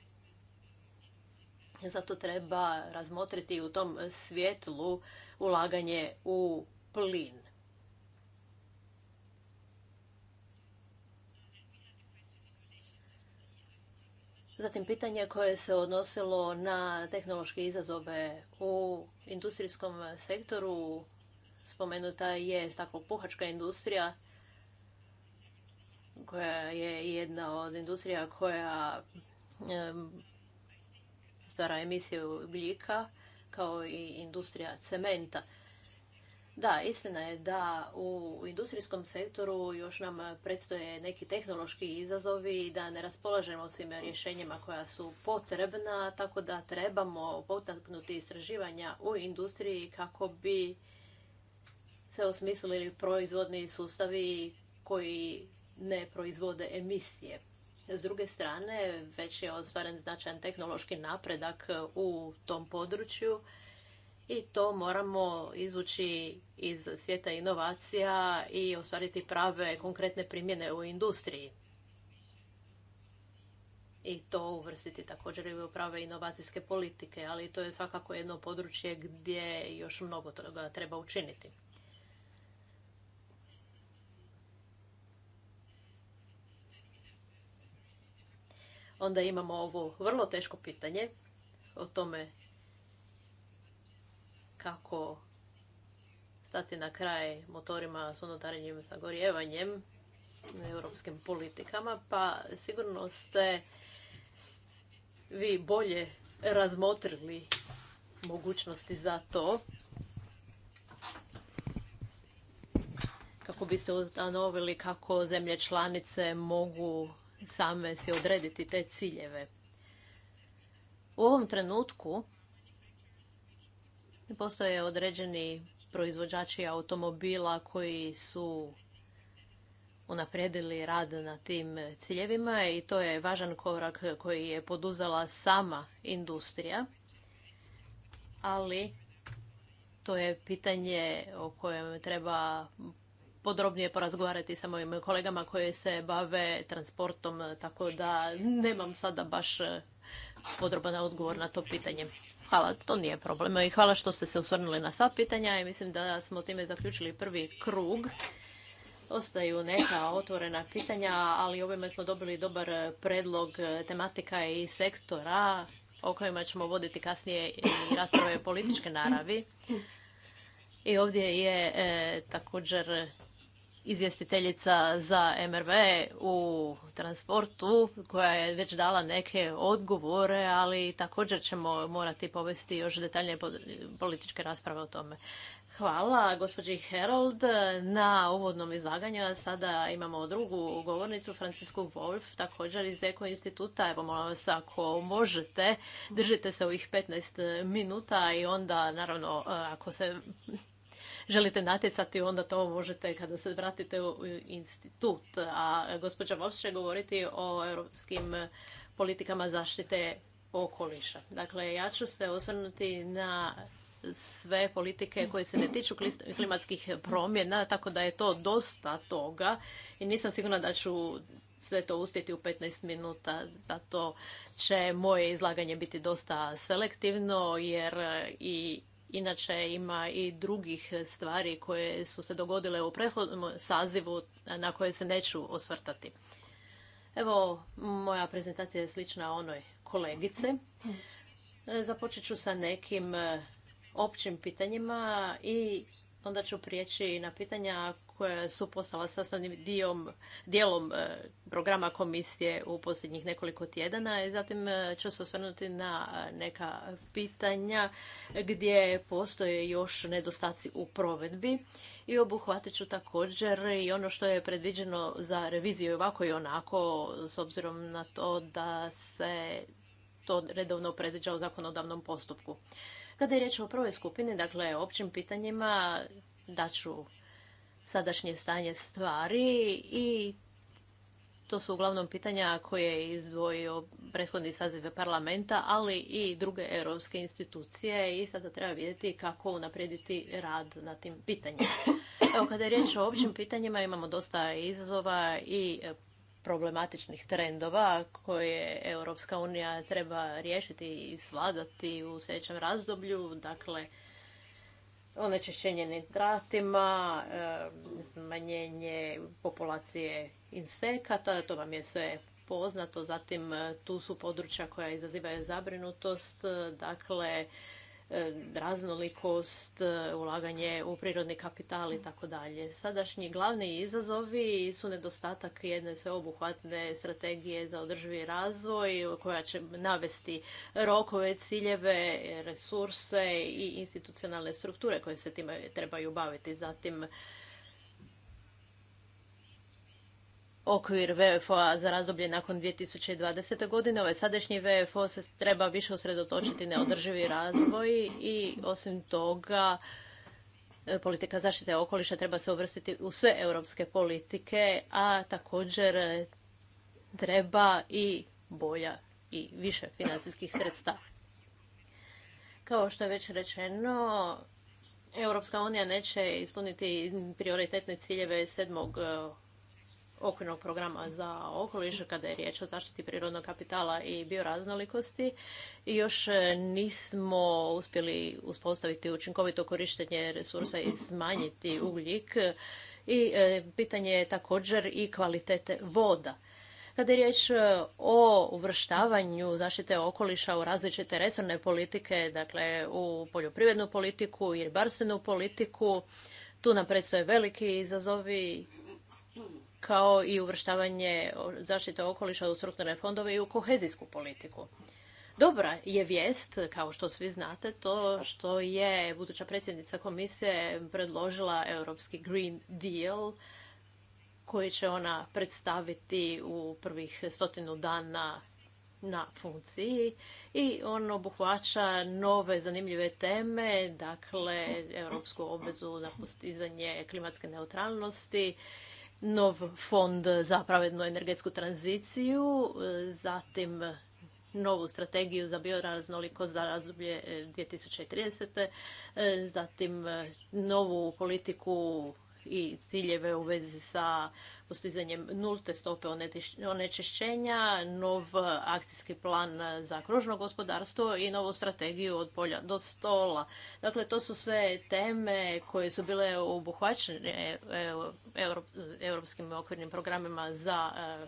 Zato treba razmotriti u tom svjetlu ulaganje u plin. Zatim pitanje koje se odnosilo na tehnološke izazove u industrijskom sektoru Spomenuta je puhačka industrija koja je jedna od industrija koja stvara emisiju ugljika kao i industrija cementa. Da, istina je da u industrijskom sektoru još nam predstoje neki tehnološki izazovi i da ne raspolažemo svim rješenjima koja su potrebna, tako da trebamo potaknuti istraživanja u industriji kako bi se osmislili proizvodni sustavi koji ne proizvode emisije. S druge strane, već je ostvaren značajan tehnološki napredak u tom području i to moramo izvući iz svijeta inovacija i ostvariti prave konkretne primjene u industriji. I to uvrstiti također i u prave inovacijske politike, ali to je svakako jedno područje gdje još mnogo toga treba učiniti. onda imamo ovo vrlo teško pitanje o tome kako stati na kraj motorima s unutarnjim zagorjevanjem europskim politikama, pa sigurno ste vi bolje razmotrili mogućnosti za to kako biste ustanovili kako zemlje članice mogu same se odrediti te ciljeve. U ovom trenutku postoje određeni proizvođači automobila koji su unaprijedili rad na tim ciljevima i to je važan korak koji je poduzela sama industrija. Ali to je pitanje o kojem treba podrobnije porazgovarati sa mojim kolegama koje se bave transportom, tako da nemam sada baš e, podroban odgovor na to pitanje. Hvala, to nije problem. I hvala što ste se osvrnuli na sva pitanja i mislim da smo time zaključili prvi krug. Ostaju neka otvorena pitanja, ali ovime smo dobili dobar predlog tematika i sektora o kojima ćemo voditi kasnije i rasprave političke naravi. I ovdje je e, također izvjestiteljica za MRV u transportu koja je već dala neke odgovore, ali također ćemo morati povesti još detaljnije političke rasprave o tome. Hvala gospođi Herold na uvodnom izlaganju. Sada imamo drugu govornicu, Francisku Wolf, također iz Eko instituta. Evo, molim vas, ako možete, držite se ovih 15 minuta i onda, naravno, ako se želite natjecati, onda to možete kada se vratite u institut. A gospođa Vops će govoriti o europskim politikama zaštite okoliša. Dakle, ja ću se osvrnuti na sve politike koje se ne tiču klimatskih promjena, tako da je to dosta toga i nisam sigurna da ću sve to uspjeti u 15 minuta, zato će moje izlaganje biti dosta selektivno jer i Inače ima i drugih stvari koje su se dogodile u prethodnom sazivu na koje se neću osvrtati. Evo, moja prezentacija je slična onoj kolegice. Započet ću sa nekim e, općim pitanjima i onda ću prijeći na pitanja koja su postala sastavnim diom, dijelom e, programa komisije u posljednjih nekoliko tjedana. I zatim e, ću se osvrnuti na e, neka pitanja gdje postoje još nedostaci u provedbi i obuhvatit ću također i ono što je predviđeno za reviziju ovako i onako s obzirom na to da se to redovno predviđa u zakonodavnom postupku. Kada je riječ o prvoj skupini, dakle općim pitanjima, daću sadašnje stanje stvari i to su uglavnom pitanja koje je izdvojio prethodni saziv parlamenta, ali i druge europske institucije i sada treba vidjeti kako unaprijediti rad na tim pitanjima. Evo, kada je riječ o općim pitanjima, imamo dosta izazova i problematičnih trendova koje Europska unija treba riješiti i svladati u sljedećem razdoblju. Dakle, onečišćenje nitratima, smanjenje populacije insekata, to vam je sve poznato. Zatim tu su područja koja izazivaju zabrinutost, dakle E, raznolikost, e, ulaganje u prirodni kapital i tako dalje. Sadašnji glavni izazovi su nedostatak jedne sveobuhvatne strategije za održivi razvoj koja će navesti rokove, ciljeve, resurse i institucionalne strukture koje se time trebaju baviti. Zatim okvir VFO-a za razdoblje nakon 2020. godine. Ovaj sadašnji VFO se treba više usredotočiti na održivi razvoj i osim toga e, politika zaštite okoliša treba se uvrstiti u sve europske politike, a također treba i bolja i više financijskih sredstava. Kao što je već rečeno, Europska unija neće ispuniti prioritetne ciljeve sedmog okvirnog programa za okoliš kada je riječ o zaštiti prirodnog kapitala i bioraznolikosti. I još e, nismo uspjeli uspostaviti učinkovito korištenje resursa i smanjiti ugljik. I e, pitanje je također i kvalitete voda. Kada je riječ e, o uvrštavanju zaštite okoliša u različite resorne politike, dakle u poljoprivrednu politiku i ribarstvenu politiku, tu nam predstoje veliki izazovi kao i uvrštavanje zaštite okoliša u strukturne fondove i u kohezijsku politiku. Dobra je vijest, kao što svi znate, to što je buduća predsjednica komisije predložila Europski Green Deal koji će ona predstaviti u prvih stotinu dana na funkciji i on obuhvaća nove zanimljive teme, dakle europsku obvezu na postizanje klimatske neutralnosti, nov fond za pravednu energetsku tranziciju, e, zatim novu strategiju za bioraznolikost za razdoblje 2030. E, e, zatim novu politiku i ciljeve u vezi sa postizanjem nulte stope onečišćenja, nov akcijski plan za kružno gospodarstvo i novu strategiju od polja do stola. Dakle, to su sve teme koje su bile obuhvaćene europskim okvirnim programima za e,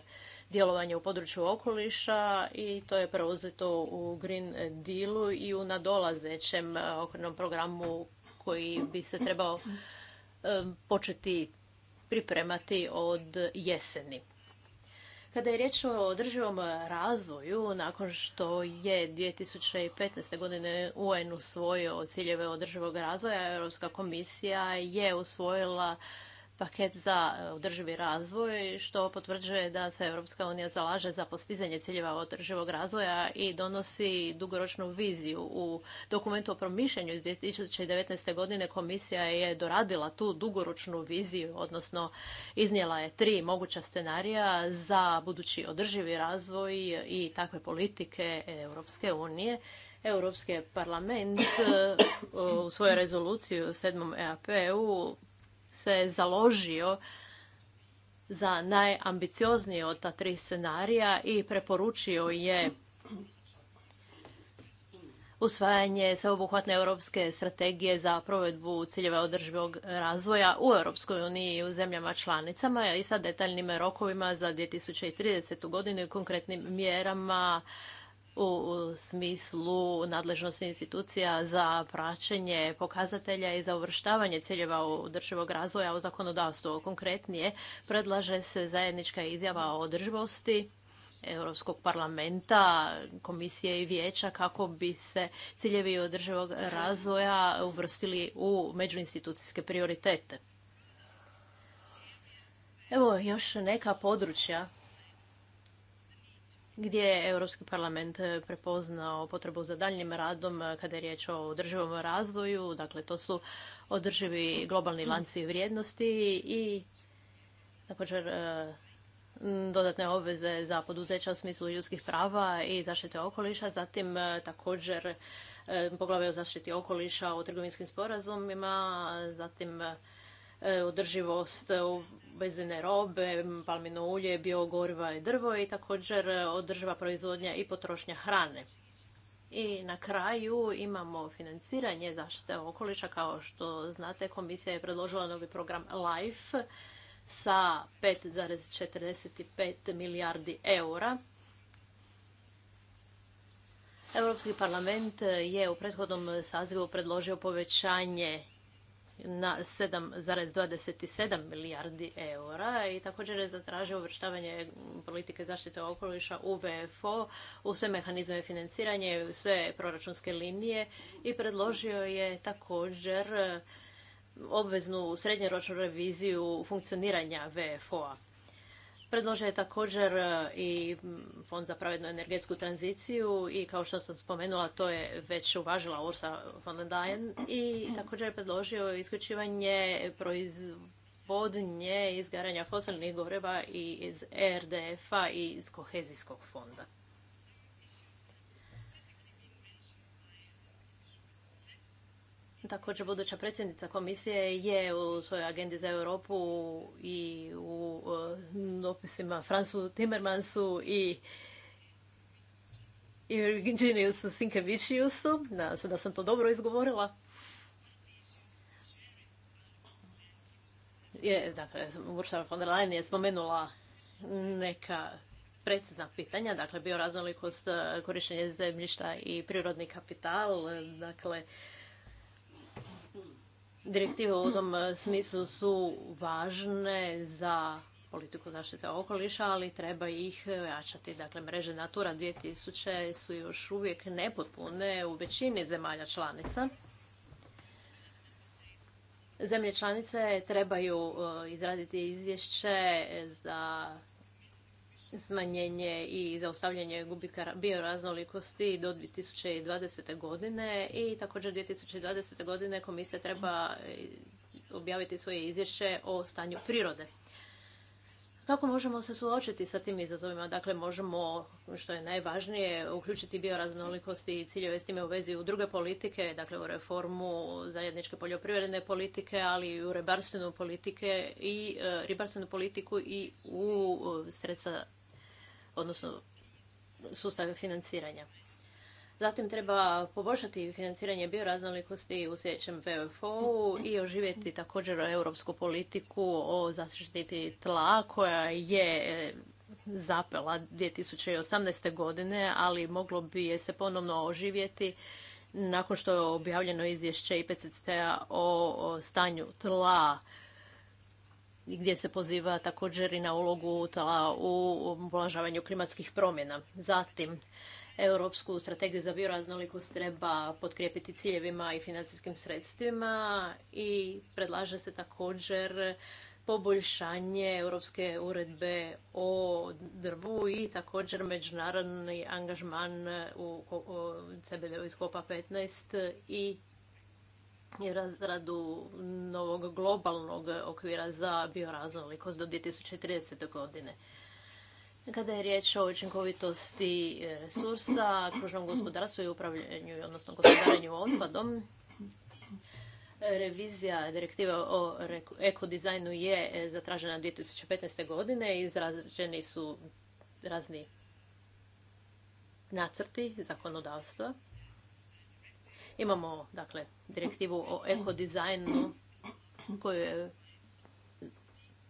djelovanje u području okoliša i to je preuzeto u Green Dealu i u nadolazećem e, okvirnom programu koji bi se trebao početi pripremati od jeseni. Kada je riječ o održivom razvoju, nakon što je 2015. godine UN usvojio ciljeve održivog razvoja, Europska komisija je usvojila paket za e, održivi razvoj, što potvrđuje da se Europska unija zalaže za postizanje ciljeva održivog razvoja i donosi dugoročnu viziju. U dokumentu o promišljanju iz 2019. godine komisija je doradila tu dugoročnu viziju, odnosno iznijela je tri moguća scenarija za budući održivi razvoj i takve politike Europske unije. Europski parlament e, u svojoj rezoluciji u 7. EAP-u se založio za najambicioznije od ta tri scenarija i preporučio je usvajanje sveobuhvatne europske strategije za provedbu ciljeva održivog razvoja u Europskoj uniji i u zemljama članicama i sa detaljnim rokovima za 2030. godinu i konkretnim mjerama u smislu nadležnosti institucija za praćenje pokazatelja i za uvrštavanje ciljeva održivog razvoja u zakonodavstvo. Konkretnije, predlaže se zajednička izjava o održivosti Europskog parlamenta, komisije i vijeća kako bi se ciljevi održivog razvoja uvrstili u međuinstitucijske prioritete. Evo još neka područja gdje je Europski parlament e, prepoznao potrebu za daljnjim radom e, kada je riječ o održivom razvoju. Dakle, to su održivi globalni lanci vrijednosti i također e, dodatne obveze za poduzeća u smislu ljudskih prava i zaštite okoliša, zatim također poglave o zaštiti okoliša, u trgovinskim sporazumima, zatim E, održivost bezine e, robe, palmino ulje, biogoriva i drvo i također e, održiva proizvodnja i potrošnja hrane. I na kraju imamo financiranje zaštite okoliša. Kao što znate, komisija je predložila novi program LIFE sa 5,45 milijardi eura. Europski parlament je u prethodnom sazivu predložio povećanje na 7,27 milijardi eura i također je zatražio uvrštavanje politike zaštite okoliša u VFO, u sve mehanizme financiranja, u sve proračunske linije i predložio je također obveznu srednjoročnu reviziju funkcioniranja VFO-a. Predložio je također e, i Fond za pravednu energetsku tranziciju i kao što sam spomenula to je već uvažila Ursa von der i također je predložio isključivanje proizvodnje izgaranja fosilnih goriva i iz RDF-a i iz kohezijskog fonda. Također, buduća predsjednica komisije je u svojoj agendi za Europu i u e, dopisima Fransu Timmermansu i i Virginiusu Sinkevičiusu, nadam se da sam to dobro izgovorila, je, dakle, Ursula von der Leyen je spomenula neka precizna pitanja, dakle, bioraznolikost, e, korištenje zemljišta i prirodni kapital, e, dakle, Direktive u tom e, smislu su važne za politiku zaštite okoliša, ali treba ih jačati. Dakle, mreže Natura 2000 su još uvijek nepotpune u većini zemalja članica. Zemlje članice trebaju e, izraditi izvješće za smanjenje i zaustavljanje gubitka bioraznolikosti do 2020. godine i također 2020. godine komisija treba e, objaviti svoje izvješće o stanju prirode. Kako možemo se suočiti sa tim izazovima? Dakle, možemo, što je najvažnije, uključiti bioraznolikosti i ciljeve s time u vezi u druge politike, dakle u reformu zajedničke poljoprivredne politike, ali i u ribarstvenu politike i e, ribarstvenu politiku i u e, sredstva odnosno sustave financiranja. Zatim treba poboljšati financiranje bioraznolikosti u sljedećem VFO-u i oživjeti također europsku politiku o zaštiti tla koja je e, zapela 2018. godine, ali moglo bi je se ponovno oživjeti nakon što je objavljeno izvješće IPCC-a o stanju tla gdje se poziva također i na ulogu u ublažavanju klimatskih promjena. Zatim, Europsku strategiju za bioraznolikost treba potkrijepiti ciljevima i financijskim sredstvima i predlaže se također poboljšanje Europske uredbe o drvu i također međunarodni angažman u CBD-u iz Kopa 15 i i razradu novog globalnog okvira za bioraznolikost do 2030. godine. Kada je riječ o učinkovitosti e, resursa, kružnom gospodarstvu i upravljanju, odnosno gospodarenju otpadom, revizija Direktive o ekodizajnu je e, zatražena 2015. godine i izrađeni su razni nacrti zakonodavstva. Imamo dakle direktivu o ekodizajnu koju je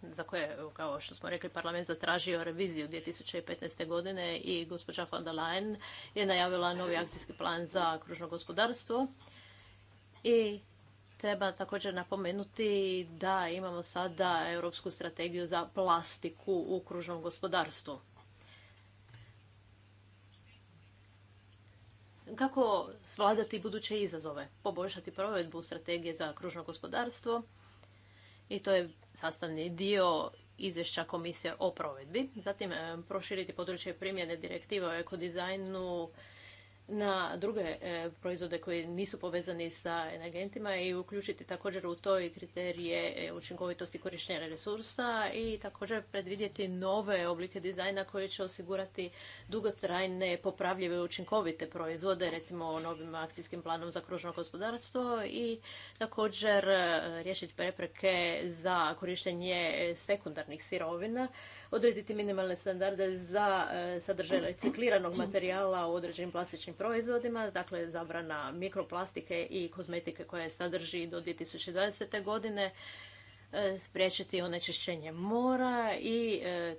za koje, kao što smo rekli, parlament zatražio reviziju 2015. godine i gospođa von der Leyen je najavila novi akcijski plan za kružno gospodarstvo. I treba također napomenuti da imamo sada europsku strategiju za plastiku u kružnom gospodarstvu. kako svladati buduće izazove, poboljšati provedbu strategije za kružno gospodarstvo i to je sastavni dio izvješća komisije o provedbi. Zatim e, proširiti područje primjene direktiva o ekodizajnu na druge e, proizvode koji nisu povezani sa energentima i uključiti također u to i kriterije e, učinkovitosti korištenja resursa i također predvidjeti nove oblike dizajna koji će osigurati dugotrajne, popravljive, učinkovite proizvode, recimo novim akcijskim planom za kružno gospodarstvo i također e, riješiti prepreke za korištenje sekundarnih sirovina odrediti minimalne standarde za e, sadržaj recikliranog materijala u određenim plastičnim proizvodima, dakle zabrana mikroplastike i kozmetike koje sadrži do 2020. godine, e, spriječiti onečišćenje mora i e,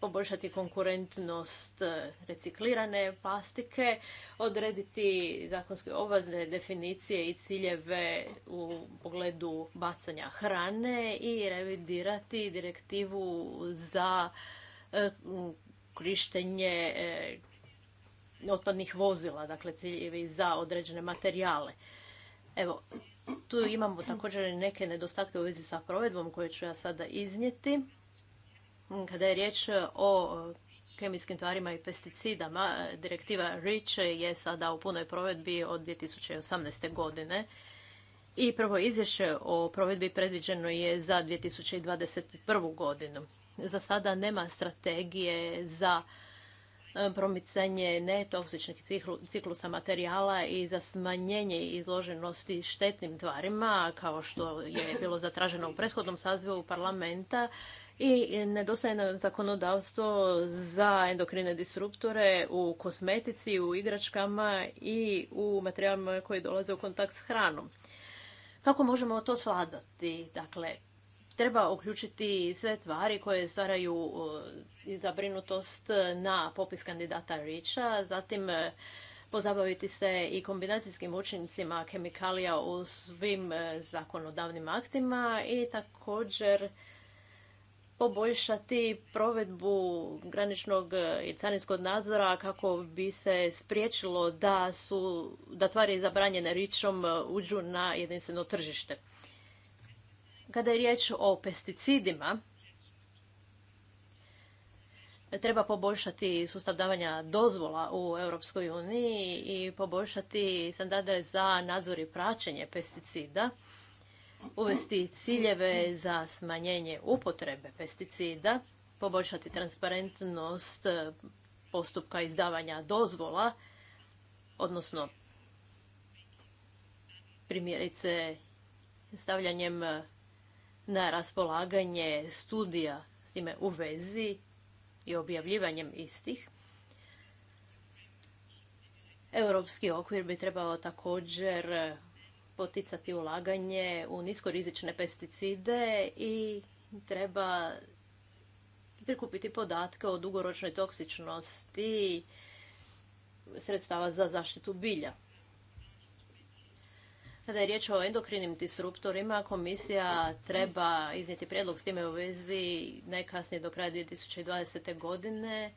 poboljšati konkurentnost e, reciklirane plastike, odrediti zakonske obvezne definicije i ciljeve u pogledu bacanja hrane i revidirati direktivu za e, korištenje e, otpadnih vozila, dakle ciljevi za određene materijale. Evo, tu imamo također neke nedostatke u vezi sa provedbom koje ću ja sada iznijeti. Kada je riječ o kemijskim tvarima i pesticidama, direktiva REACH je sada u punoj provedbi od 2018. godine. I prvo izvješće o provedbi predviđeno je za 2021. godinu. Za sada nema strategije za e, promicanje netoksičnih ciklusa materijala i za smanjenje izloženosti štetnim tvarima, kao što je bilo zatraženo u prethodnom sazivu parlamenta, i nedostaje nam zakonodavstvo za endokrine disruptore u kosmetici, u igračkama i u materijalima koji dolaze u kontakt s hranom. Kako možemo to svladati? Dakle, treba uključiti sve tvari koje stvaraju zabrinutost na popis kandidata Rića, zatim e, pozabaviti se i kombinacijskim učincima kemikalija u svim e, zakonodavnim aktima i također poboljšati provedbu graničnog e, i carinskog nadzora kako bi se spriječilo da, su, da tvari zabranjene ričom e, uđu na jedinstveno tržište. Kada je riječ o pesticidima, treba poboljšati sustav davanja dozvola u Europskoj uniji i poboljšati standarde za nadzor i praćenje pesticida uvesti ciljeve za smanjenje upotrebe pesticida, poboljšati transparentnost postupka izdavanja dozvola, odnosno primjerice stavljanjem na raspolaganje studija s time u vezi i objavljivanjem istih. Europski okvir bi trebao također poticati ulaganje u niskorizične pesticide i treba prikupiti podatke o dugoročnoj toksičnosti sredstava za zaštitu bilja. Kada je riječ o endokrinim disruptorima, komisija treba iznijeti prijedlog s time u vezi najkasnije do kraja 2020. godine,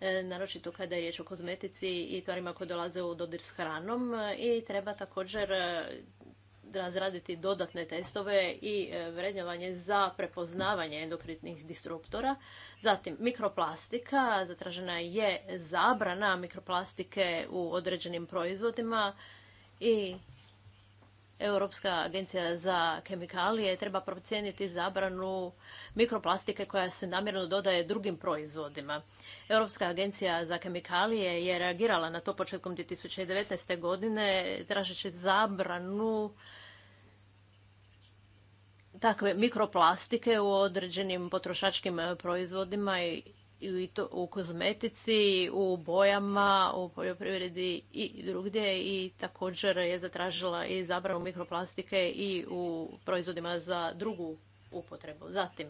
e, naročito kada je riječ o kozmetici i tvarima koje dolaze u dodir s hranom i treba također razraditi dodatne testove i e, vrednjavanje za prepoznavanje endokritnih disruptora. Zatim mikroplastika, zatražena je zabrana mikroplastike u određenim proizvodima i Europska agencija za kemikalije treba procijeniti zabranu mikroplastike koja se namjerno dodaje drugim proizvodima. Europska agencija za kemikalije je reagirala na to početkom 2019. godine tražeći zabranu takve mikroplastike u određenim potrošačkim proizvodima i i to u kozmetici, u bojama, u poljoprivredi i drugdje i također je zatražila i zabranu mikroplastike i u proizvodima za drugu upotrebu. Zatim,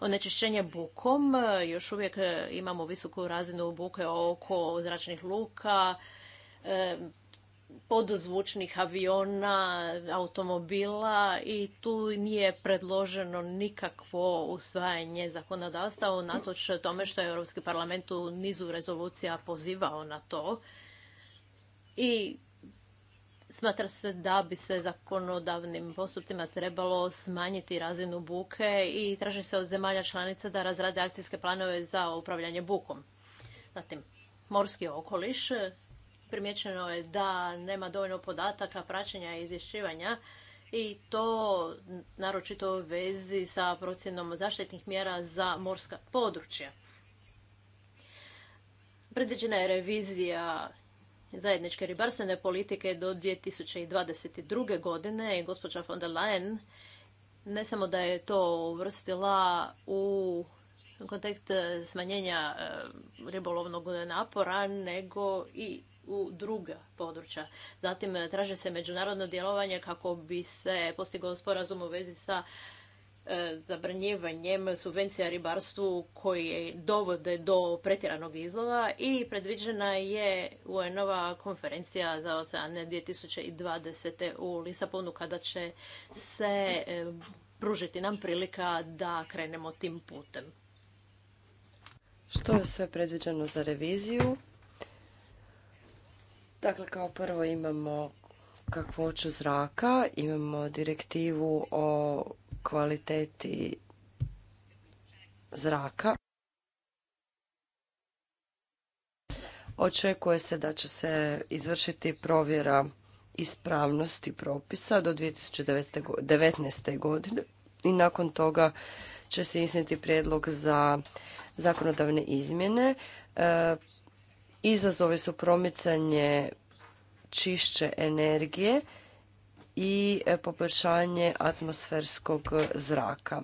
onečišćenje bukom, još uvijek imamo visoku razinu buke oko zračnih luka, e, poduzvučnih aviona, automobila i tu nije predloženo nikakvo usvajanje zakonodavstva unatoč tome što je Europski parlament u nizu rezolucija pozivao na to. I smatra se da bi se zakonodavnim postupcima trebalo smanjiti razinu buke i traži se od zemalja članica da razrade akcijske planove za upravljanje bukom. Zatim, morski okoliš, primijećeno je da nema dovoljno podataka, praćenja i izvješćivanja i to naročito u vezi sa procjenom zaštitnih mjera za morska područja. Predviđena je revizija zajedničke ribarstvene politike do 2022. godine i gospođa von der Leyen ne samo da je to uvrstila u kontekst smanjenja e, ribolovnog napora, nego i u druga područja. Zatim e, traže se međunarodno djelovanje kako bi se postigao sporazum u vezi sa e, zabranjivanjem subvencija ribarstvu koji dovode do pretjeranog izlova i predviđena je UN-ova konferencija za oceane 2020. u Lisabonu kada će se pružiti nam prilika da krenemo tim putem što je sve predviđeno za reviziju. Dakle, kao prvo imamo kakvoću zraka, imamo direktivu o kvaliteti zraka. Očekuje se da će se izvršiti provjera ispravnosti propisa do 2019. godine i nakon toga će se iznijeti prijedlog za zakonodavne izmjene. E, izazovi su promicanje čišće energije i e, poboljšanje atmosferskog zraka.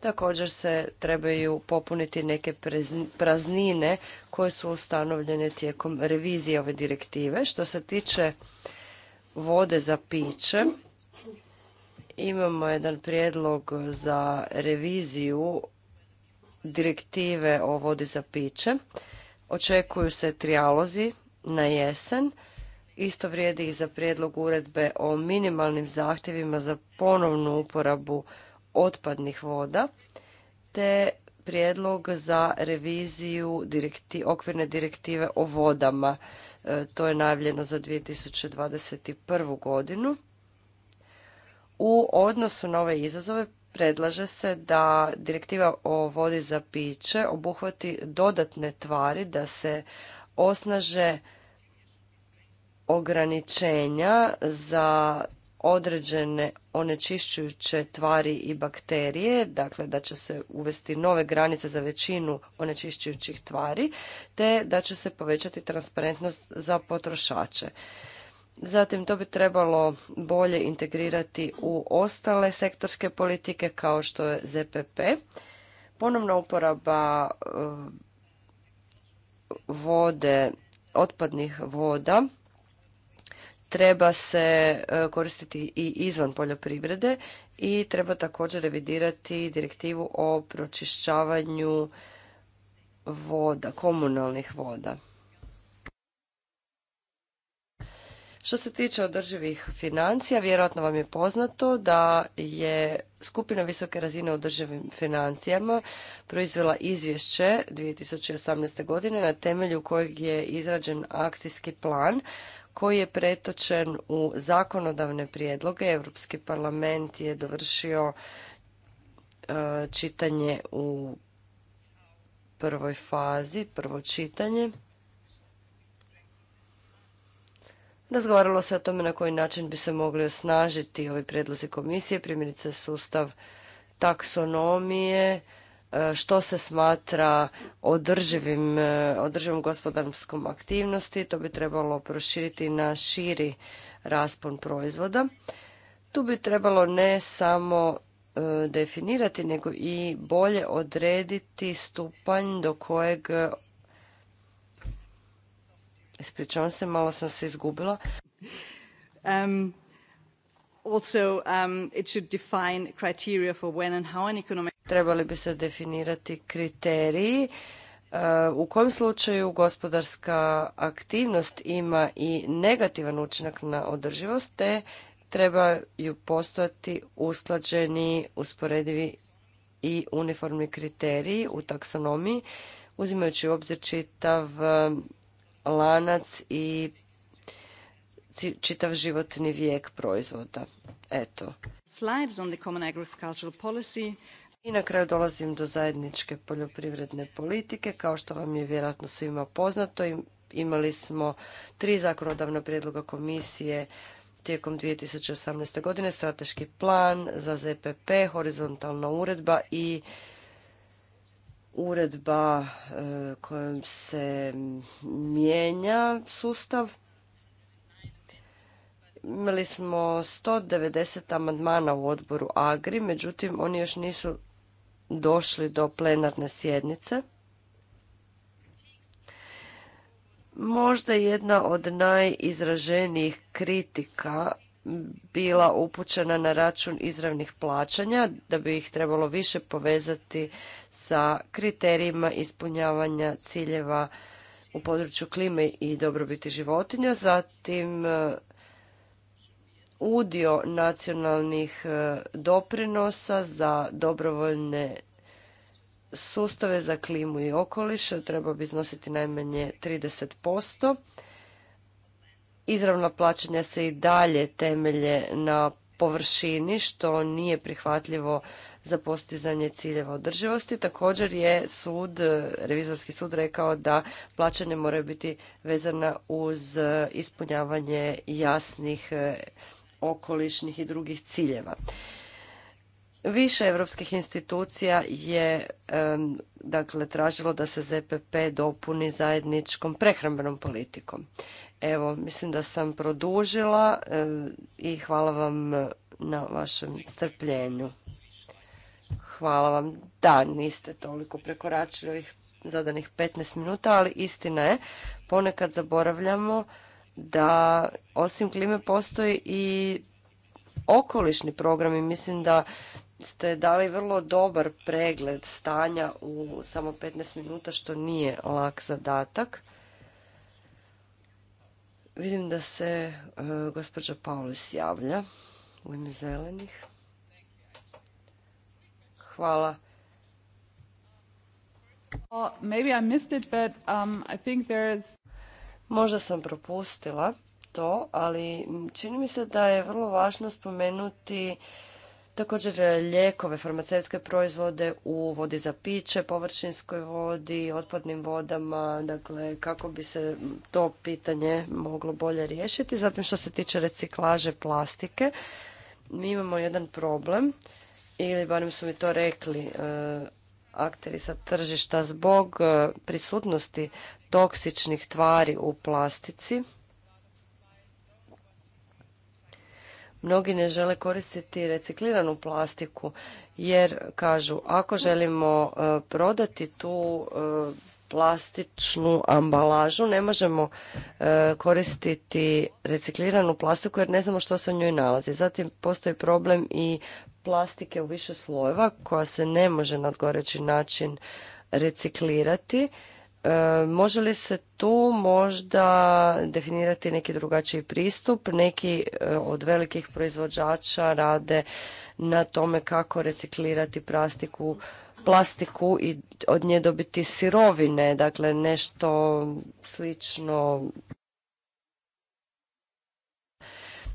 Također se trebaju popuniti neke praznine koje su ustanovljene tijekom revizije ove direktive. Što se tiče vode za piće, Imamo jedan prijedlog za reviziju direktive o vodi za piće. Očekuju se trijalozi na jesen. Isto vrijedi i za prijedlog uredbe o minimalnim zahtjevima za ponovnu uporabu otpadnih voda, te prijedlog za reviziju okvirne direktive o vodama. E, to je najavljeno za 2021. godinu. U odnosu na ove izazove predlaže se da direktiva o vodi za piće obuhvati dodatne tvari da se osnaže ograničenja za određene onečišćujuće tvari i bakterije, dakle da će se uvesti nove granice za većinu onečišćujućih tvari, te da će se povećati transparentnost za potrošače. Zatim to bi trebalo bolje integrirati u ostale sektorske politike kao što je ZPP. Ponovna uporaba eh, vode, otpadnih voda treba se eh, koristiti i izvan poljoprivrede i treba također revidirati direktivu o pročišćavanju voda, komunalnih voda. Što se tiče održivih financija, vjerojatno vam je poznato da je skupina visoke razine održivim financijama proizvela izvješće 2018. godine na temelju kojeg je izrađen akcijski plan koji je pretočen u zakonodavne prijedloge. Europski parlament je dovršio e, čitanje u prvoj fazi, prvo čitanje. Razgovaralo se o tome na koji način bi se mogli osnažiti ovi predlozi komisije, primjerice sustav taksonomije, e, što se smatra održivim, e, održivom gospodarskom aktivnosti. To bi trebalo proširiti na širi raspon proizvoda. Tu bi trebalo ne samo e, definirati, nego i bolje odrediti stupanj do kojeg Ispričavam se, malo sam se izgubila. Um, also, um, it should define criteria for when and how an economic... Trebali bi se definirati kriteriji uh, u kojem slučaju gospodarska aktivnost ima i negativan učinak na održivost, te trebaju postojati usklađeni, usporedivi i uniformni kriteriji u taksonomiji, uzimajući u obzir čitav um, lanac i čitav životni vijek proizvoda. Eto. Slides on the common agricultural policy. I na kraju dolazim do zajedničke poljoprivredne politike. Kao što vam je vjerojatno svima poznato, imali smo tri zakonodavna prijedloga komisije tijekom 2018. godine, strateški plan za ZPP, horizontalna uredba i uredba e, kojom se mijenja sustav. Imali smo 190 amandmana u odboru Agri, međutim oni još nisu došli do plenarne sjednice. Možda jedna od najizraženijih kritika bila upućena na račun izravnih plaćanja, da bi ih trebalo više povezati sa kriterijima ispunjavanja ciljeva u području klime i dobrobiti životinja. Zatim, e, udio nacionalnih e, doprinosa za dobrovoljne sustave za klimu i okoliš e, treba bi iznositi najmanje 30% izravna plaćanja se i dalje temelje na površini što nije prihvatljivo za postizanje ciljeva održivosti. Također je sud, revizorski sud rekao da plaćanje moraju biti vezana uz ispunjavanje jasnih e, okolišnih i drugih ciljeva. Više europskih institucija je dakle tražilo da se ZPP dopuni zajedničkom prehrambenom politikom. Evo, mislim da sam produžila e, i hvala vam na vašem strpljenju. Hvala vam. Da, niste toliko prekoračili ovih zadanih 15 minuta, ali istina je, ponekad zaboravljamo da osim klime postoji i okolišni program i mislim da ste dali vrlo dobar pregled stanja u samo 15 minuta, što nije lak zadatak. Vidim da se e, gospođa Paulis javlja u ime zelenih. Hvala. Možda sam propustila to, ali čini mi se da je vrlo važno spomenuti Također lijekove, farmaceutske proizvode u vodi za piće, površinskoj vodi, otpadnim vodama, dakle kako bi se to pitanje moglo bolje riješiti. Zatim što se tiče reciklaže plastike, mi imamo jedan problem ili barem su mi to rekli e, akteri sa tržišta zbog e, prisutnosti toksičnih tvari u plastici mnogi ne žele koristiti recikliranu plastiku jer kažu ako želimo e, prodati tu e, plastičnu ambalažu ne možemo e, koristiti recikliranu plastiku jer ne znamo što se u njoj nalazi. Zatim postoji problem i plastike u više slojeva koja se ne može na odgovarajući način reciklirati E, može li se tu možda definirati neki drugačiji pristup? Neki e, od velikih proizvođača rade na tome kako reciklirati plastiku, plastiku i od nje dobiti sirovine, dakle nešto slično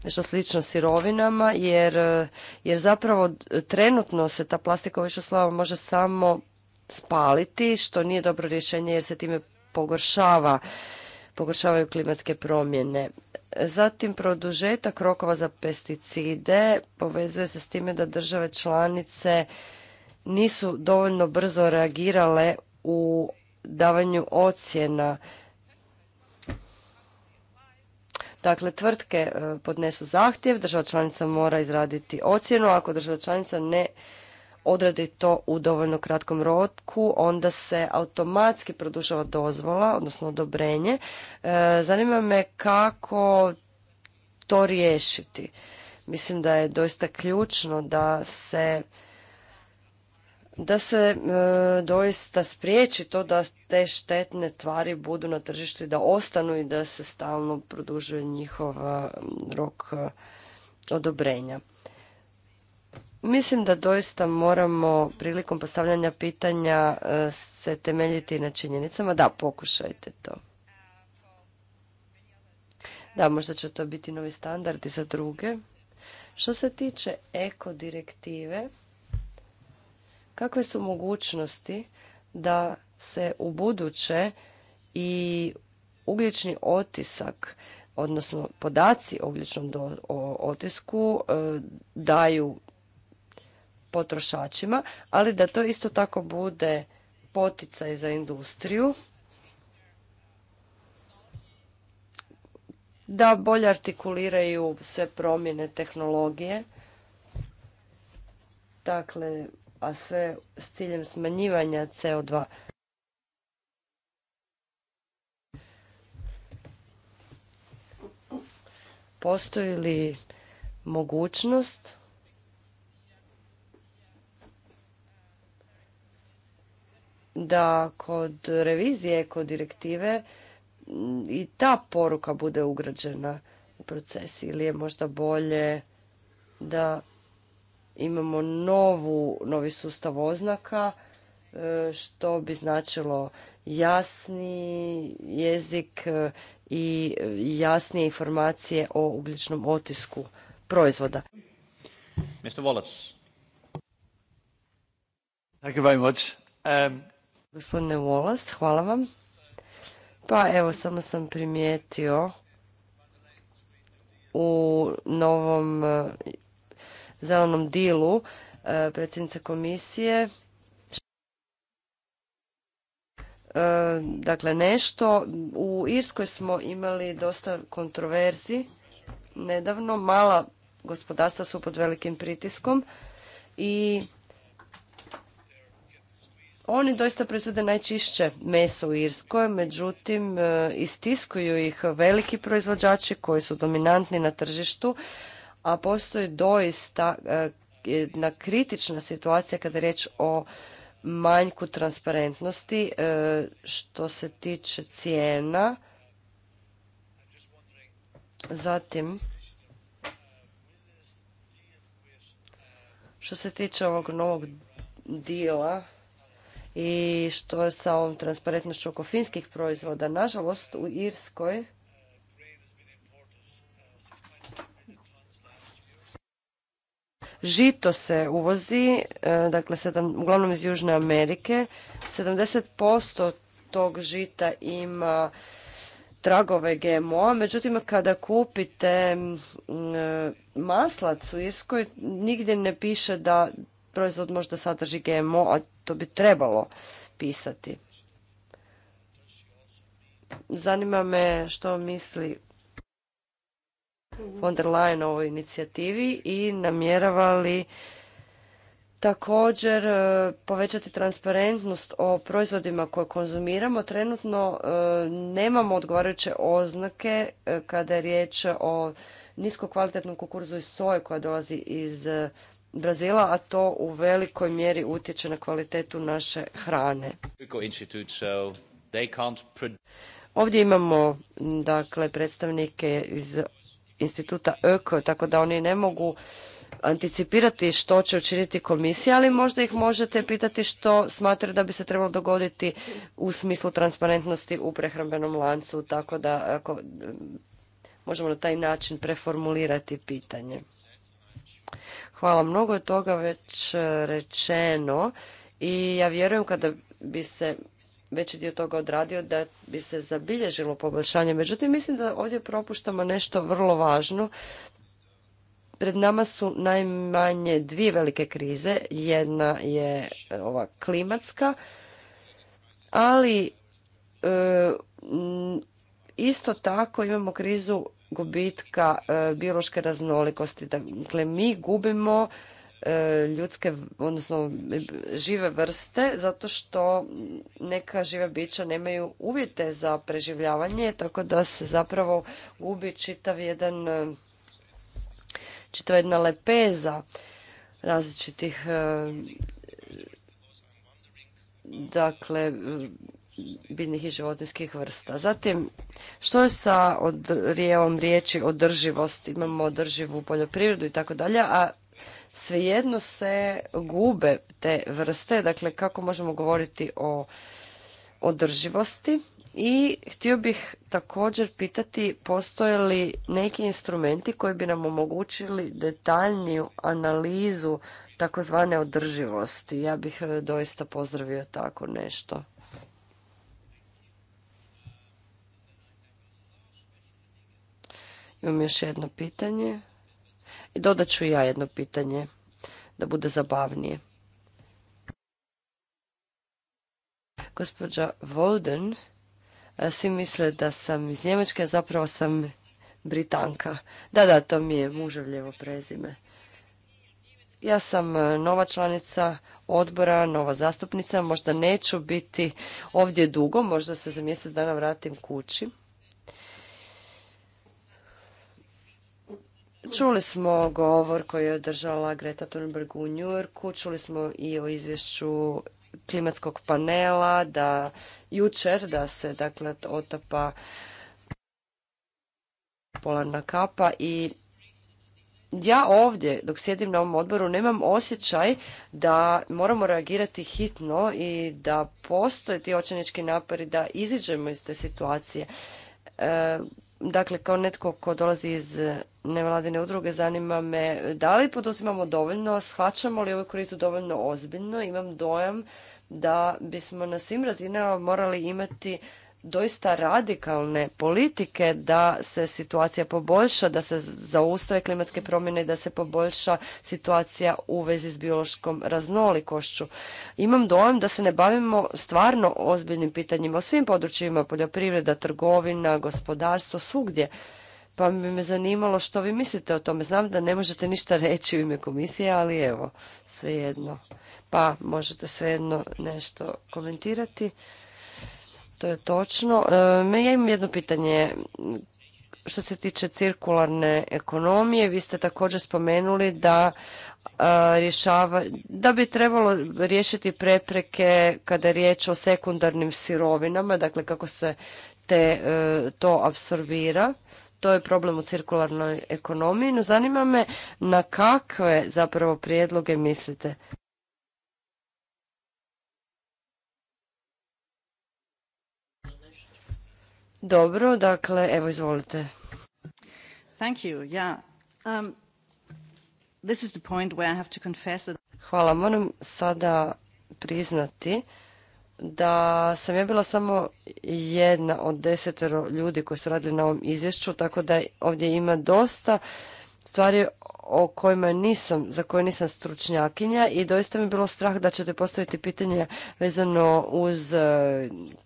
nešto slično sirovinama jer, jer zapravo trenutno se ta plastika u više slova može samo spaliti, što nije dobro rješenje jer se time pogoršava, pogoršavaju klimatske promjene. Zatim produžetak rokova za pesticide povezuje se s time da države članice nisu dovoljno brzo reagirale u davanju ocjena. Dakle, tvrtke eh, podnesu zahtjev, država članica mora izraditi ocjenu, ako država članica ne odradi to u dovoljno kratkom roku, onda se automatski produžava dozvola, odnosno odobrenje. E, zanima me kako to riješiti. Mislim da je doista ključno da se da se e, doista spriječi to da te štetne tvari budu na tržištu i da ostanu i da se stalno produžuje njihov e, rok odobrenja. Mislim da doista moramo prilikom postavljanja pitanja e, se temeljiti na činjenicama. Da, pokušajte to. Da, možda će to biti novi standard i za druge. Što se tiče ekodirektive, kakve su mogućnosti da se u buduće i ugljični otisak, odnosno podaci o ugljičnom otisku e, daju potrošačima, ali da to isto tako bude poticaj za industriju, da bolje artikuliraju sve promjene tehnologije, dakle, a sve s ciljem smanjivanja CO2. Postoji li mogućnost da kod revizije, kod direktive i ta poruka bude ugrađena u procesi ili je možda bolje da imamo novu, novi sustav oznaka e, što bi značilo jasni jezik e, i jasnije informacije o ugljičnom otisku proizvoda. Mr. Wallace. Thank you very much. Um... Gospodine Wallace, hvala vam. Pa evo, samo sam primijetio u novom eh, zelenom dilu eh, predsjednica komisije eh, dakle nešto. U Irskoj smo imali dosta kontroverzi nedavno. Mala gospodarstva su pod velikim pritiskom i oni doista proizvode najčišće meso u Irskoj, međutim e, istiskuju ih veliki proizvođači koji su dominantni na tržištu, a postoji doista e, jedna kritična situacija kada je riječ o manjku transparentnosti e, što se tiče cijena. Zatim, što se tiče ovog novog dijela, i što je sa ovom transparentnošću oko finskih proizvoda. Nažalost, u Irskoj žito se uvozi, e, dakle, uglavnom iz Južne Amerike. 70% tog žita ima tragove GMO-a, međutim kada kupite e, maslac u Irskoj nigdje ne piše da proizvod možda sadrži GMO, a to bi trebalo pisati. Zanima me što misli von der Leyen o ovoj inicijativi i namjerava li također e, povećati transparentnost o proizvodima koje konzumiramo. Trenutno e, nemamo odgovarajuće oznake e, kada je riječ o niskokvalitetnom kukuruzu i soje koja dolazi iz Brazila, a to u velikoj mjeri utječe na kvalitetu naše hrane. Ovdje imamo dakle predstavnike iz instituta ÖKO, tako da oni ne mogu anticipirati što će učiniti komisija, ali možda ih možete pitati što smatraju da bi se trebalo dogoditi u smislu transparentnosti u prehrambenom lancu, tako da ako, možemo na taj način preformulirati pitanje. Hvala, mnogo je toga već e, rečeno i ja vjerujem kada bi se veći dio toga odradio da bi se zabilježilo poboljšanje. Međutim, mislim da ovdje propuštamo nešto vrlo važno. Pred nama su najmanje dvije velike krize. Jedna je e, ova klimatska, ali e, isto tako imamo krizu gubitka e, biološke raznolikosti. Dakle, mi gubimo e, ljudske, odnosno žive vrste, zato što neka živa bića nemaju uvjete za preživljavanje, tako da se zapravo gubi čitav jedan e, čitava jedna lepeza različitih dakle biljnih i životinskih vrsta. Zatim, što je sa od, rijevom riječi održivost, imamo održivu poljoprivredu i tako dalje, a svejedno se gube te vrste, dakle kako možemo govoriti o održivosti. I htio bih također pitati postoje li neki instrumenti koji bi nam omogućili detaljniju analizu takozvane održivosti. Ja bih eh, doista pozdravio tako nešto. Imam još jedno pitanje. I dodat ću ja jedno pitanje da bude zabavnije. Gospođa Volden, svi misle da sam iz Njemačke, a zapravo sam Britanka. Da, da, to mi je muževljevo prezime. Ja sam nova članica odbora, nova zastupnica, možda neću biti ovdje dugo, možda se za mjesec dana vratim kući. Čuli smo govor koji je održala Greta Thunberg u Njujorku, čuli smo i o izvješću klimatskog panela da jučer da se dakle otapa polarna kapa i ja ovdje dok sjedim na ovom odboru nemam osjećaj da moramo reagirati hitno i da postoje ti očajnički napori da iziđemo iz te situacije. E, Dakle, kao netko ko dolazi iz nevladine udruge, zanima me da li poduzimamo dovoljno, shvaćamo li ovu krizu dovoljno ozbiljno. Imam dojam da bismo na svim razinama morali imati doista radikalne politike da se situacija poboljša, da se zaustave klimatske promjene i da se poboljša situacija u vezi s biološkom raznolikošću. Imam dojam da se ne bavimo stvarno ozbiljnim pitanjima o svim područjima, poljoprivreda, trgovina, gospodarstvo, svugdje. Pa bi me zanimalo što vi mislite o tome. Znam da ne možete ništa reći u ime komisije, ali evo, svejedno. Pa možete svejedno nešto komentirati. To je točno. E, ja imam jedno pitanje. Što se tiče cirkularne ekonomije, vi ste također spomenuli da e, rješava, da bi trebalo riješiti prepreke kada je riječ o sekundarnim sirovinama, dakle kako se te, e, to apsorbira. To je problem u cirkularnoj ekonomiji. No zanima me na kakve zapravo prijedloge mislite? Dobro, dakle, evo izvolite. Thank Hvala, moram sada priznati da sam ja bila samo jedna od desetero ljudi koji su radili na ovom izvješću, tako da ovdje ima dosta stvari o kojima nisam, za koje nisam stručnjakinja i doista mi je bilo strah da ćete postaviti pitanje vezano uz e,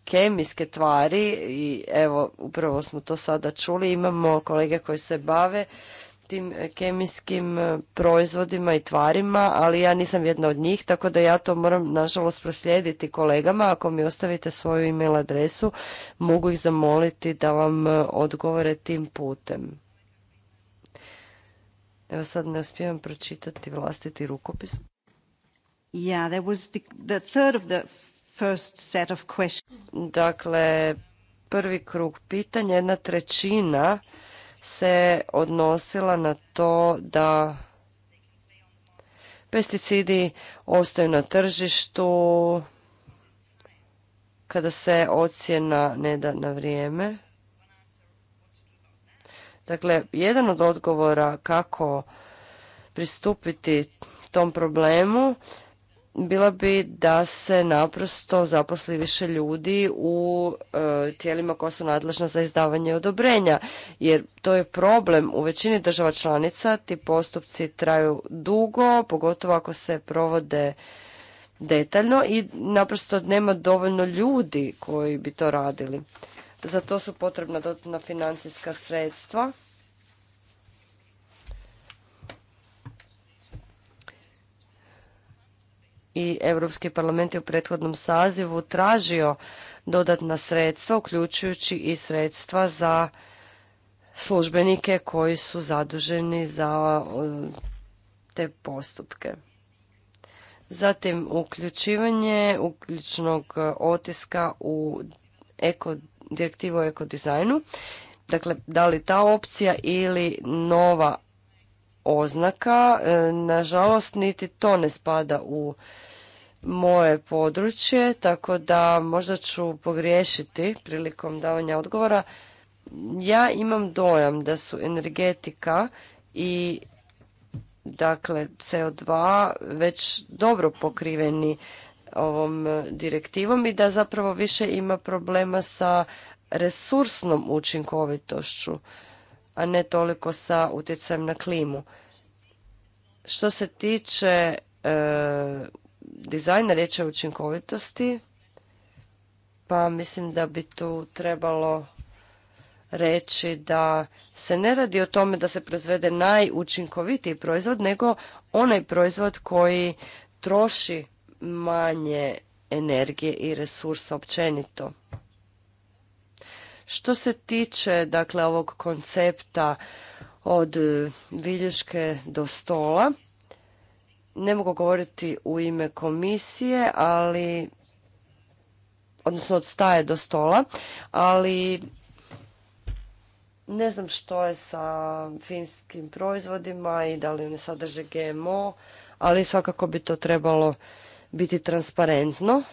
kemijske tvari i evo upravo smo to sada čuli, imamo kolege koji se bave tim kemijskim e, proizvodima i tvarima, ali ja nisam jedna od njih, tako da ja to moram nažalost proslijediti kolegama. Ako mi ostavite svoju email adresu, mogu ih zamoliti da vam e, odgovore tim putem. Evo sad ne uspijem pročitati vlastiti rukopis. Dakle, prvi krug pitanja, jedna trećina se odnosila na to da pesticidi ostaju na tržištu kada se ocjena ne da na vrijeme. Dakle, jedan od odgovora kako pristupiti tom problemu bila bi da se naprosto zaposli više ljudi u e, tijelima koja su nadležna za izdavanje odobrenja jer to je problem u većini država članica ti postupci traju dugo pogotovo ako se provode detaljno i naprosto nema dovoljno ljudi koji bi to radili za to su potrebna dodatna financijska sredstva. I Europski parlament je u prethodnom sazivu tražio dodatna sredstva, uključujući i sredstva za službenike koji su zaduženi za e, te postupke. Zatim uključivanje uključnog otiska u eko direktivu o ekodizajnu. Dakle, da li ta opcija ili nova oznaka, e, nažalost niti to ne spada u moje područje, tako da možda ću pogriješiti prilikom davanja odgovora. Ja imam dojam da su energetika i dakle CO2 već dobro pokriveni ovom e, direktivom i da zapravo više ima problema sa resursnom učinkovitošću, a ne toliko sa utjecajem na klimu. Što se tiče e, dizajna riječi učinkovitosti, pa mislim da bi tu trebalo reći da se ne radi o tome da se proizvede najučinkovitiji proizvod, nego onaj proizvod koji troši manje energije i resursa općenito. Što se tiče dakle ovog koncepta od bilješke do stola, ne mogu govoriti u ime komisije, ali odnosno od staje do stola, ali ne znam što je sa finskim proizvodima i da li oni sadrže GMO, ali svakako bi to trebalo biti transparentno.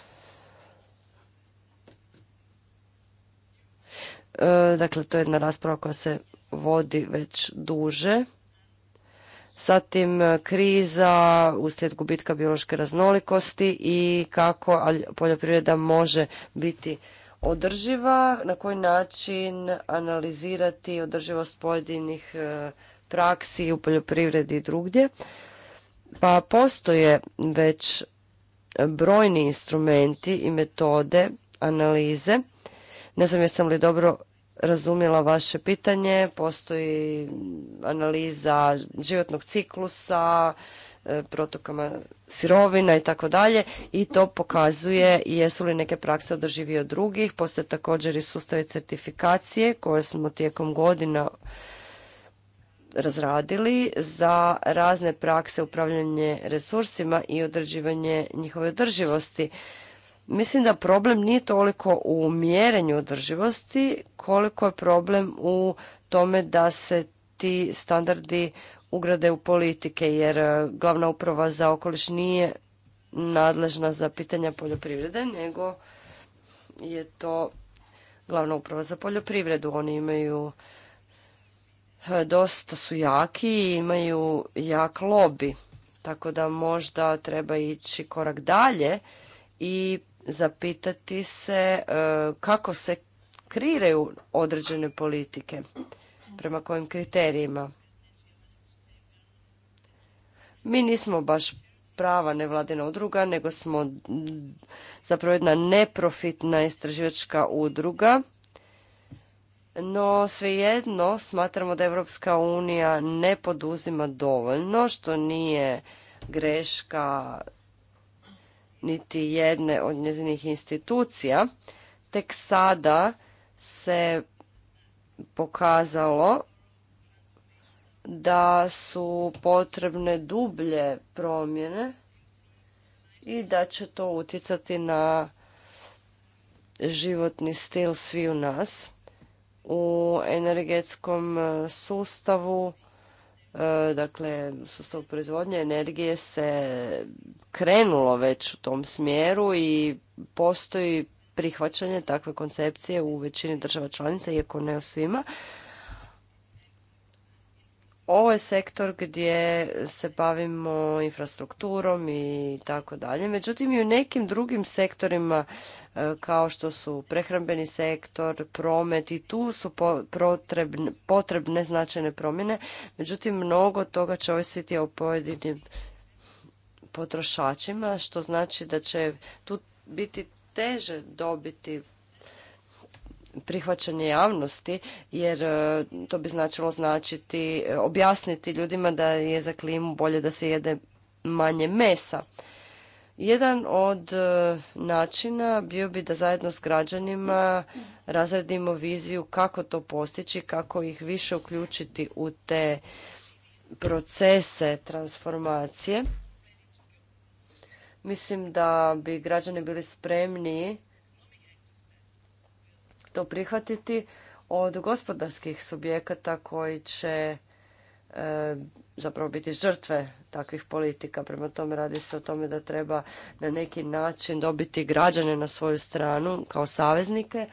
E, dakle, to je jedna rasprava koja se vodi već duže. Zatim e, kriza uslijed gubitka biološke raznolikosti i kako poljoprivreda može biti održiva, na koji način analizirati održivost pojedinih e, praksi u poljoprivredi i drugdje. Pa postoje već brojni instrumenti i metode analize. Ne znam jesam li dobro razumjela vaše pitanje. Postoji analiza životnog ciklusa, e, protokama sirovina i tako dalje i to pokazuje jesu li neke prakse održivije od drugih. Postoje također i sustave certifikacije koje smo tijekom godina razradili za razne prakse upravljanje resursima i određivanje njihove održivosti. Mislim da problem nije toliko u mjerenju održivosti koliko je problem u tome da se ti standardi ugrade u politike jer e, glavna uprava za okoliš nije nadležna za pitanja poljoprivrede nego je to glavna uprava za poljoprivredu. Oni imaju E, dosta su jaki i imaju jak lobi, Tako da možda treba ići korak dalje i zapitati se e, kako se kreiraju određene politike, prema kojim kriterijima. Mi nismo baš prava nevladina udruga, nego smo zapravo jedna neprofitna istraživačka udruga no svejedno smatramo da Europska unija ne poduzima dovoljno, što nije greška niti jedne od njezinih institucija. Tek sada se pokazalo da su potrebne dublje promjene i da će to utjecati na životni stil svi u nas u energetskom e, sustavu, e, dakle sustavu proizvodnje energije se krenulo već u tom smjeru i postoji prihvaćanje takve koncepcije u većini država članica, iako ne u svima. Ovo je sektor gdje se bavimo infrastrukturom i tako dalje. Međutim, i u nekim drugim sektorima e, kao što su prehrambeni sektor, promet i tu su potrebne, značajne promjene. Međutim, mnogo toga će ovisiti o pojedinim potrošačima, što znači da će tu biti teže dobiti prihvaćanje javnosti jer e, to bi značilo značiti e, objasniti ljudima da je za klimu bolje da se jede manje mesa. Jedan od e, načina bio bi da zajedno s građanima razredimo viziju kako to postići, kako ih više uključiti u te procese transformacije. Mislim da bi građani bili spremniji to prihvatiti od gospodarskih subjekata koji će e, zapravo biti žrtve takvih politika. Prema tome radi se o tome da treba na neki način dobiti građane na svoju stranu kao saveznike,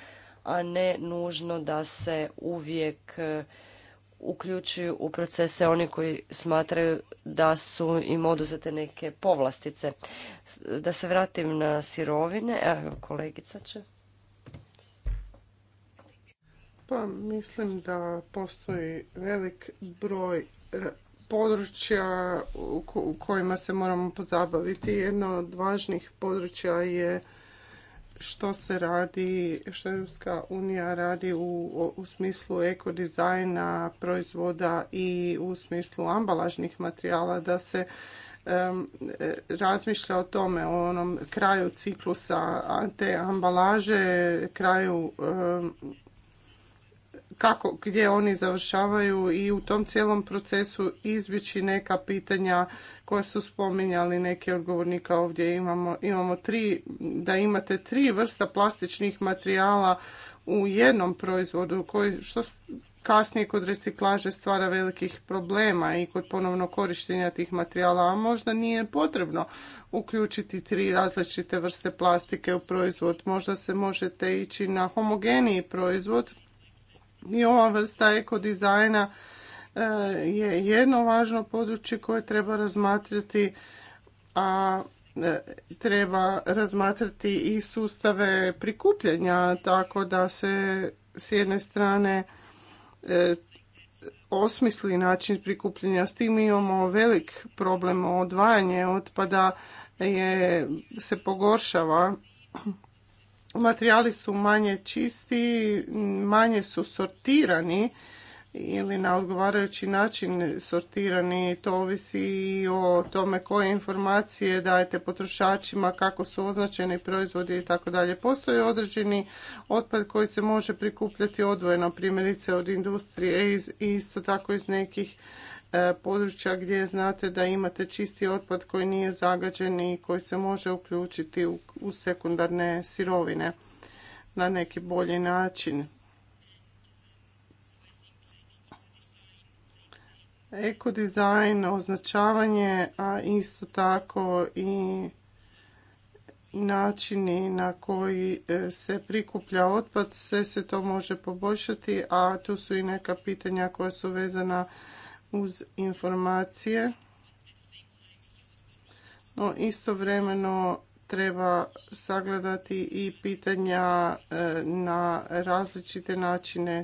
a ne nužno da se uvijek e, uključuju u procese oni koji smatraju da su im oduzete neke povlastice. Da se vratim na sirovine, evo kolegica će. Pa mislim da postoji velik broj područja u kojima se moramo pozabaviti. Jedno od važnih područja je što se radi, što Europska unija radi u, u smislu ekodizajna proizvoda i u smislu ambalažnih materijala da se razmišlja o tome, o onom kraju ciklusa te ambalaže, kraju kako, gdje oni završavaju i u tom cijelom procesu izbjeći neka pitanja koja su spominjali neki odgovornika ovdje imamo, imamo tri, da imate tri vrsta plastičnih materijala u jednom proizvodu koji, što kasnije kod reciklaže stvara velikih problema i kod ponovnog korištenja tih materijala, a možda nije potrebno uključiti tri različite vrste plastike u proizvod. Možda se možete ići na homogeniji proizvod i ova vrsta ekodizajna e, je jedno važno područje koje treba razmatrati, a e, treba razmatrati i sustave prikupljanja, tako da se s jedne strane e, osmisli način prikupljanja. S tim imamo velik problem odvajanje otpada se pogoršava materijali su manje čisti, manje su sortirani ili na odgovarajući način sortirani. To ovisi i o tome koje informacije dajete potrošačima, kako su označeni proizvodi i tako dalje. Postoji određeni otpad koji se može prikupljati odvojeno, primjerice od industrije i isto tako iz nekih E, područja gdje znate da imate čisti otpad koji nije zagađen i koji se može uključiti u sekundarne sirovine na neki bolji način. Ekodizajn, označavanje, a isto tako i načini na koji e, se prikuplja otpad, sve se to može poboljšati, a tu su i neka pitanja koja su vezana uz informacije, no istovremeno treba sagledati i pitanja e, na različite načine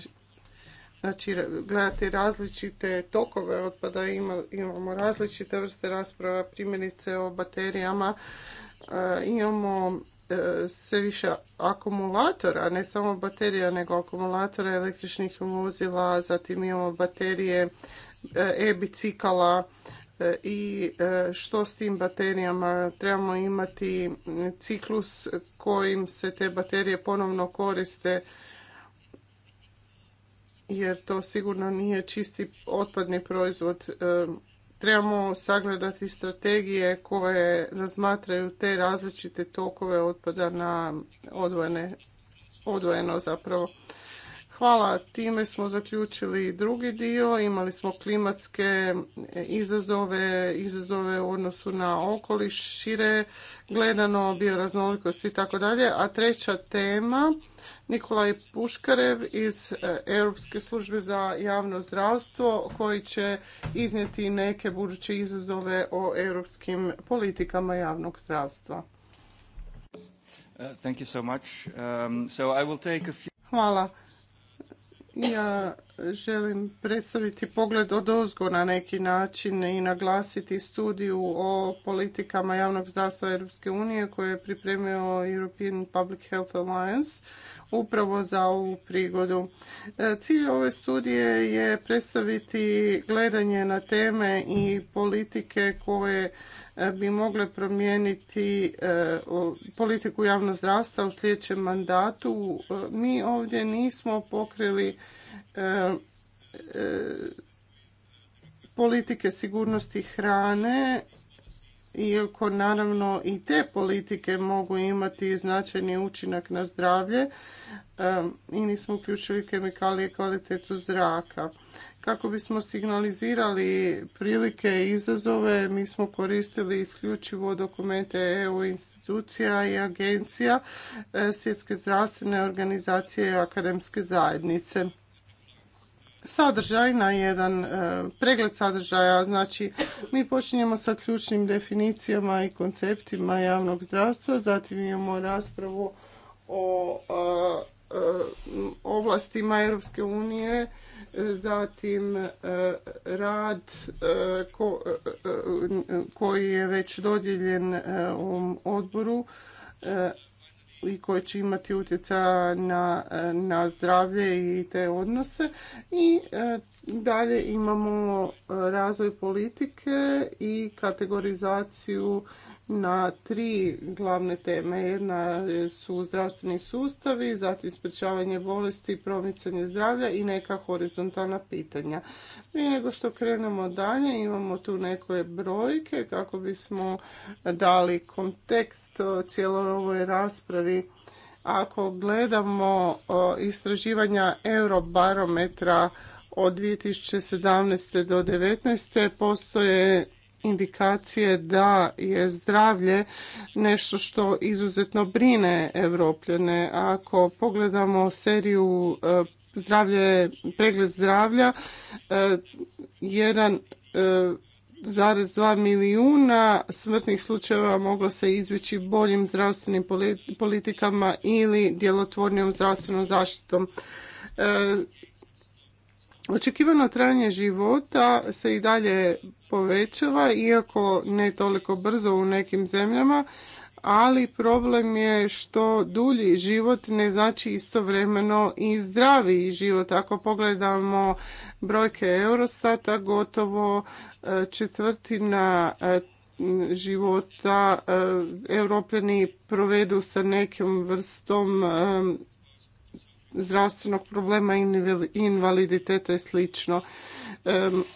znači gledati različite tokove otpada, imamo različite vrste rasprava, primjerice o baterijama, e, imamo e, sve više akumulatora, ne samo baterija, nego akumulatora električnih vozila, zatim imamo baterije E, e-bicikala e, i e, što s tim baterijama. Trebamo imati ciklus kojim se te baterije ponovno koriste jer to sigurno nije čisti otpadni proizvod. Trebamo sagledati strategije koje razmatraju te različite tokove otpada na odvojene, odvojeno zapravo. Hvala, time smo zaključili drugi dio, imali smo klimatske izazove, izazove u odnosu na okoliš, šire gledano, bioraznolikost i tako dalje. A treća tema, Nikolaj Puškarev iz e, Europske službe za javno zdravstvo koji će iznijeti neke buduće izazove o europskim politikama javnog zdravstva. Hvala. Ja želim predstaviti pogled od ozgo na neki način i naglasiti studiju o politikama javnog zdravstva Europske unije koju je pripremio European Public Health Alliance upravo za ovu prigodu. E, cilj ove studije je predstaviti gledanje na teme i politike koje e, bi mogle promijeniti e, politiku javnog zdravstva u sljedećem mandatu. Mi ovdje nismo pokrili politike sigurnosti hrane iako naravno i te politike mogu imati značajni učinak na zdravlje i nismo uključili kemikalije kvalitetu zraka. Kako bismo signalizirali prilike i izazove, mi smo koristili isključivo dokumente EU institucija i agencija e, Svjetske zdravstvene organizacije i akademske zajednice sadržaj na jedan e, pregled sadržaja. Znači, mi počinjemo sa ključnim definicijama i konceptima javnog zdravstva, zatim imamo raspravu o e, e, ovlastima Europske unije, zatim rad koji je već dodijeljen ovom odboru i koje će imati utjecaja na, na zdravlje i te odnose. I e, dalje imamo razvoj politike i kategorizaciju na tri glavne teme. Jedna su zdravstveni sustavi, zatim sprečavanje bolesti, promicanje zdravlja i neka horizontalna pitanja. Prije nego što krenemo dalje, imamo tu neke brojke kako bismo dali kontekst cijeloj ovoj raspravi. Ako gledamo istraživanja Eurobarometra od 2017. do 2019. postoje indikacije da je zdravlje nešto što izuzetno brine Evropljene. Ako pogledamo seriju e, zdravlje, pregled zdravlja, 1,2 e, e, milijuna smrtnih slučajeva moglo se izbjeći boljim zdravstvenim politikama ili djelotvornijom zdravstvenom zaštitom. Očekivano trajanje života se i dalje povećava, iako ne toliko brzo u nekim zemljama, ali problem je što dulji život ne znači istovremeno i zdraviji život. Ako pogledamo brojke Eurostata, gotovo e, četvrtina e, života e, europljani provedu sa nekim vrstom zdravstvenog problema, invaliditeta i slično.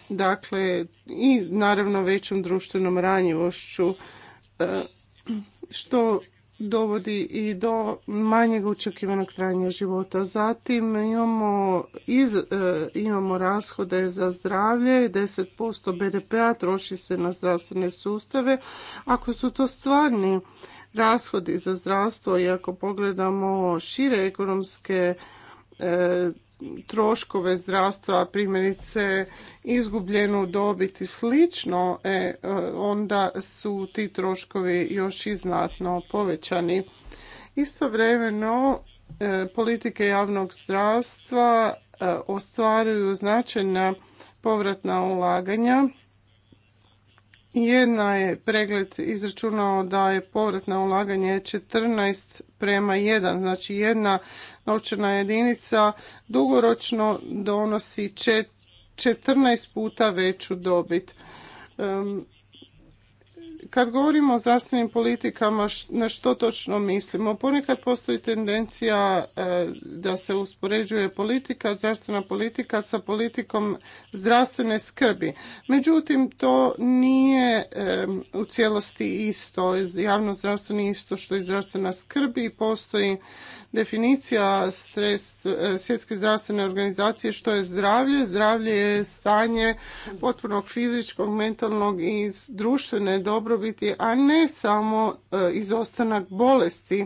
Dakle, i naravno većom društvenom ranjivošću, što dovodi i do manjeg očekivanog trajanja života. Zatim imamo, iz, imamo rashode za zdravlje, 10% BDP-a troši se na zdravstvene sustave. Ako su to stvarni rashodi za zdravstvo i ako pogledamo šire ekonomske e, troškove zdravstva, primjerice izgubljenu dobit i slično, e, onda su ti troškovi još i znatno povećani. Istovremeno e, politike javnog zdravstva e, ostvaruju značajna povratna ulaganja jedna je pregled izračunao da je povrat na ulaganje 14 prema 1, znači jedna novčana jedinica dugoročno donosi 14 puta veću dobit. Kad govorimo o zdravstvenim politikama, na što točno mislimo? Ponekad postoji tendencija e, da se uspoređuje politika, zdravstvena politika sa politikom zdravstvene skrbi. Međutim, to nije e, u cijelosti isto. Javno zdravstvo nije isto što i zdravstvena skrbi i postoji definicija e, svjetske zdravstvene organizacije što je zdravlje. Zdravlje je stanje potpunog fizičkog, mentalnog i društvene dobrobiti, a ne samo e, izostanak bolesti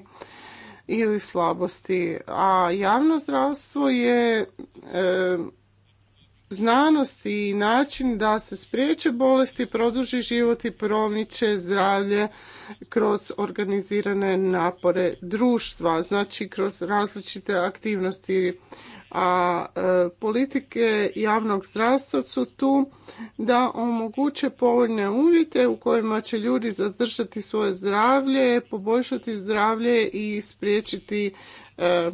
ili slabosti. A javno zdravstvo je e, znanost i način da se spriječe bolesti, produži život i promiče zdravlje kroz organizirane napore društva, znači kroz različite aktivnosti. A e, politike javnog zdravstva su tu da omoguće povoljne uvjete u kojima će ljudi zadržati svoje zdravlje, poboljšati zdravlje i spriječiti e,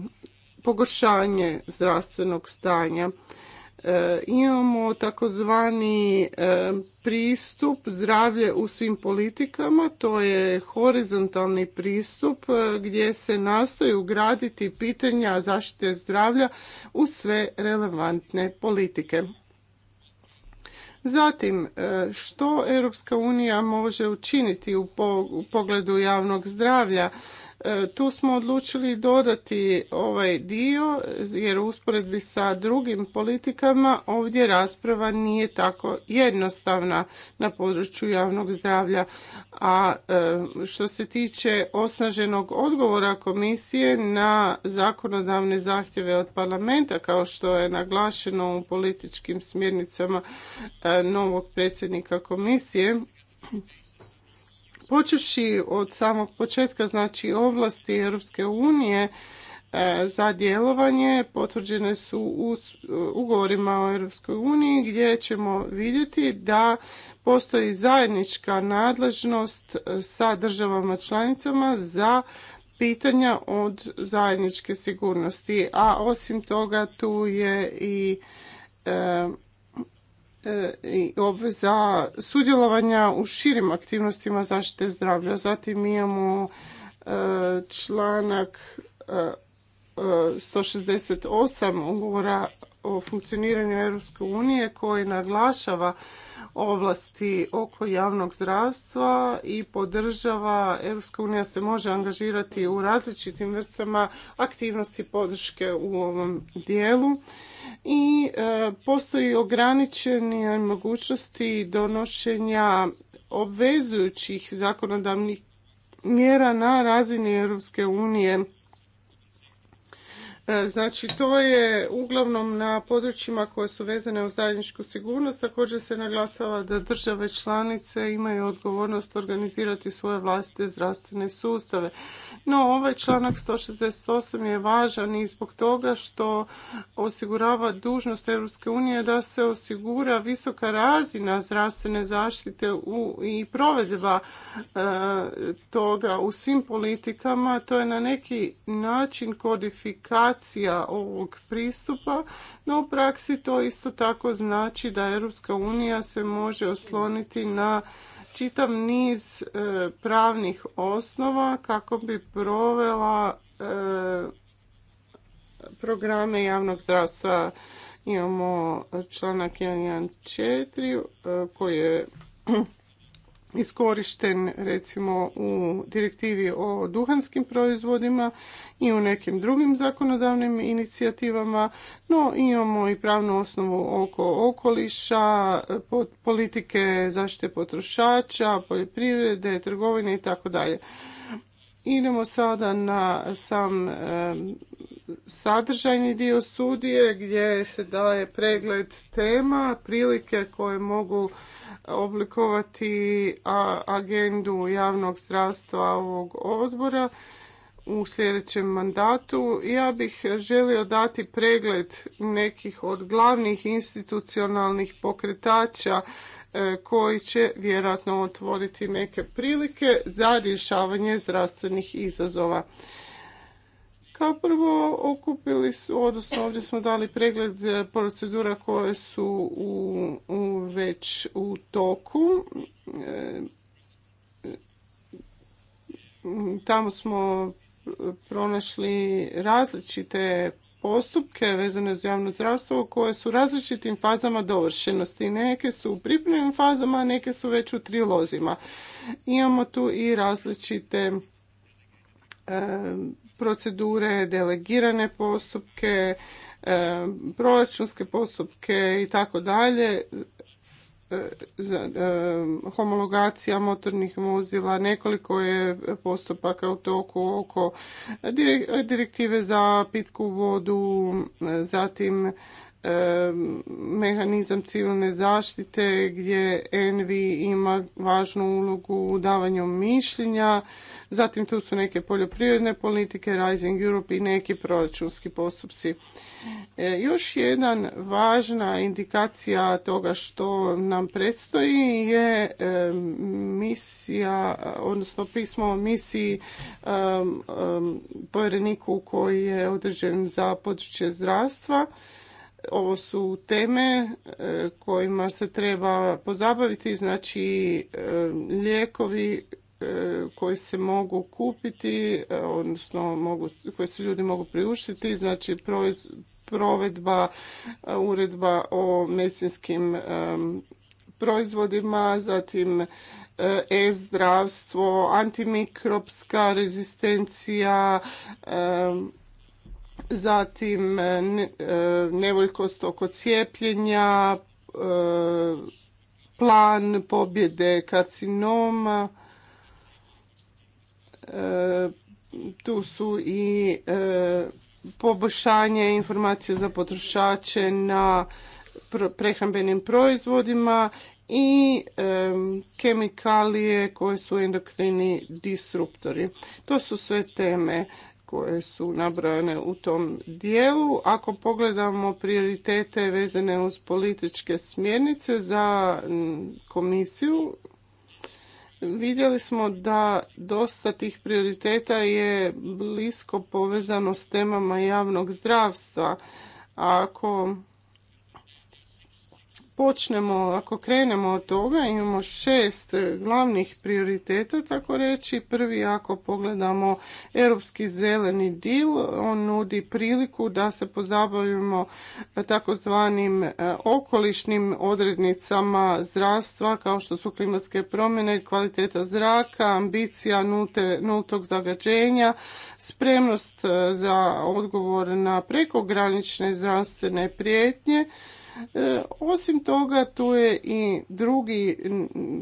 pogoršanje zdravstvenog stanja. E, imamo takozvani e, pristup zdravlje u svim politikama, to je horizontalni pristup e, gdje se nastoji ugraditi pitanja zaštite zdravlja u sve relevantne politike. Zatim, što Europska unija može učiniti u pogledu javnog zdravlja? E, tu smo odlučili dodati ovaj dio jer u usporedbi sa drugim politikama ovdje rasprava nije tako jednostavna na području javnog zdravlja. A e, što se tiče osnaženog odgovora komisije na zakonodavne zahtjeve od parlamenta kao što je naglašeno u političkim smjernicama e, novog predsjednika komisije Počevši od samog početka, znači ovlasti Europske unije e, za djelovanje potvrđene su u ugovorima o Europskoj uniji gdje ćemo vidjeti da postoji zajednička nadležnost e, sa državama članicama za pitanja od zajedničke sigurnosti. A osim toga tu je i e, E, i obveza sudjelovanja u širim aktivnostima zaštite zdravlja. Zatim imamo e, članak 168 e, ugovora o funkcioniranju Europske unije koji naglašava ovlasti oko javnog zdravstva i podržava Europska unija se može angažirati u različitim vrstama aktivnosti podrške u ovom dijelu i e, postoji ograničene mogućnosti donošenja obvezujućih zakonodavnih mjera na razini Europske unije E, znači to je uglavnom na područjima koje su vezane u zajedničku sigurnost. Također se naglasava da države članice imaju odgovornost organizirati svoje vlastite zdravstvene sustave. No ovaj članak 168 je važan i zbog toga što osigurava dužnost Europske unije da se osigura visoka razina zdravstvene zaštite u, i provedba e, toga u svim politikama. To je na neki način kodifikacija ovog pristupa, no u praksi to isto tako znači da Europska unija se može osloniti na čitav niz e, pravnih osnova kako bi provela e, programe javnog zdravstva. Imamo članak 1.1.4 e, koji je iskorišten recimo u direktivi o duhanskim proizvodima i u nekim drugim zakonodavnim inicijativama, no imamo i pravnu osnovu oko okoliša, politike zaštite potrošača, poljoprivrede, trgovine i tako dalje. Idemo sada na sam sadržajni dio studije gdje se daje pregled tema, prilike koje mogu oblikovati agendu javnog zdravstva ovog odbora u sljedećem mandatu. Ja bih želio dati pregled nekih od glavnih institucionalnih pokretača e, koji će vjerojatno otvoriti neke prilike za rješavanje zdravstvenih izazova. Kao prvo okupili su, odnosno ovdje smo dali pregled e, procedura koje su u, već u toku. E, tamo smo pronašli različite postupke vezane uz javno zdravstvo koje su u različitim fazama dovršenosti. Neke su u pripremljenim fazama, a neke su već u trilozima. Imamo tu i različite e, procedure, delegirane postupke, e, proračunske postupke i tako dalje, e, e, homologacija motornih vozila, nekoliko je postupaka u toku oko direktive za pitku vodu, zatim mehanizam civilne zaštite gdje Envi ima važnu ulogu u davanju mišljenja. Zatim tu su neke poljoprivredne politike, Rising Europe i neki proračunski postupci. E, još jedan važna indikacija toga što nam predstoji je misija, odnosno pismo o misiji povjereniku koji je određen za područje zdravstva ovo su teme e, kojima se treba pozabaviti, znači e, lijekovi e, koji se mogu kupiti, odnosno mogu, koje se ljudi mogu priuštiti, znači provedba uredba o medicinskim proizvodima, zatim e-zdravstvo, antimikropska rezistencija, zatim e, e, nevoljkost oko cijepljenja, e, plan pobjede karcinoma, tu su i poboljšanje informacije za potrošače na prehrambenim proizvodima i kemikalije koje su endokrini disruptori. To su sve teme koje su nabrojane u tom dijelu. Ako pogledamo prioritete vezane uz političke smjernice za komisiju, vidjeli smo da dosta tih prioriteta je blisko povezano s temama javnog zdravstva. Ako počnemo, ako krenemo od toga, imamo šest glavnih prioriteta, tako reći. Prvi, ako pogledamo Europski zeleni dil, on nudi priliku da se pozabavimo takozvanim e, okolišnim odrednicama zdravstva, kao što su klimatske promjene, kvaliteta zraka, ambicija nutog zagađenja, spremnost e, za odgovor na prekogranične zdravstvene prijetnje, E, osim toga, tu je i drugi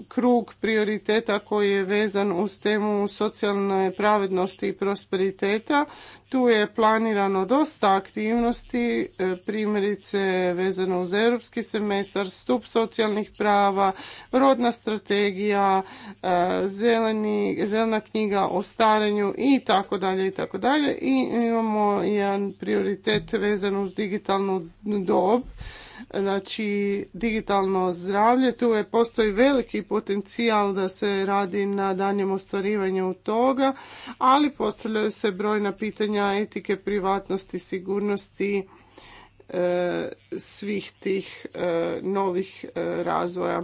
krug prioriteta koji je vezan uz temu socijalne pravednosti i prosperiteta. Tu je planirano dosta aktivnosti, e, primjerice vezano uz europski semestar, stup socijalnih prava, rodna strategija, e, zeleni, zelena knjiga o starenju i tako dalje i tako dalje. I imamo jedan prioritet vezan uz digitalnu dob znači digitalno zdravlje. Tu je postoji veliki potencijal da se radi na danjem ostvarivanju toga, ali postavljaju se brojna pitanja etike, privatnosti, sigurnosti e, svih tih e, novih e, razvoja.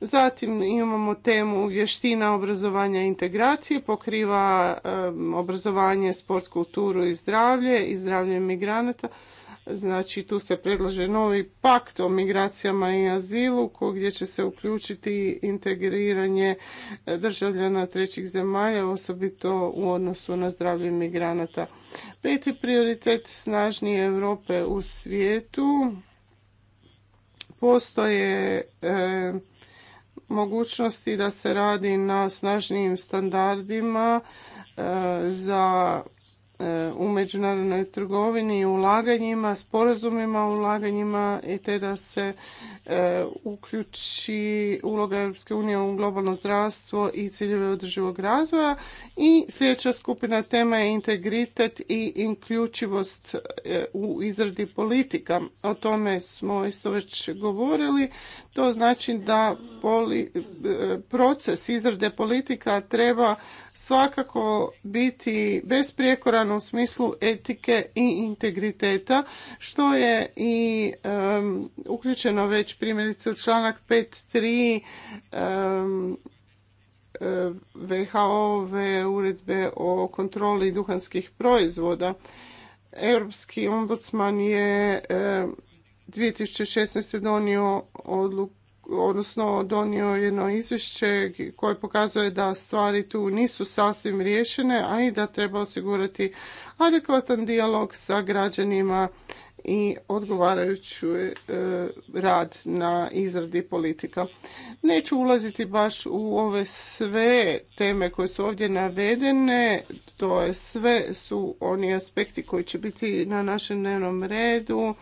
Zatim imamo temu vještina obrazovanja i integracije, pokriva obrazovanje, sport, kulturu i zdravlje i zdravlje migranata. Znači tu se predlaže novi pakt o migracijama i azilu gdje će se uključiti integriranje e, državljana trećih zemalja, osobito u odnosu na zdravlje migranata. Peti prioritet snažnije Europe u svijetu. Postoje e, mogućnosti da se radi na snažnijim standardima e, za E, u međunarodnoj trgovini i ulaganjima, sporazumima o ulaganjima i te da se e, uključi uloga Europske unije u globalno zdravstvo i ciljeve održivog razvoja. I sljedeća skupina tema je integritet i inključivost e, u izradi politika. O tome smo isto već govorili. To znači da proces izrade politika treba svakako biti besprijekoran u smislu etike i integriteta, što je i uključeno već primjerice u članak 5.3 um, VHO-ove uredbe o kontroli duhanskih proizvoda. Europski ombudsman je 2016. donio odluku odnosno donio jedno izvješće koje pokazuje da stvari tu nisu sasvim riješene, a i da treba osigurati adekvatan dijalog sa građanima i odgovarajući e, rad na izradi politika. Neću ulaziti baš u ove sve teme koje su ovdje navedene, to je sve su oni aspekti koji će biti na našem dnevnom redu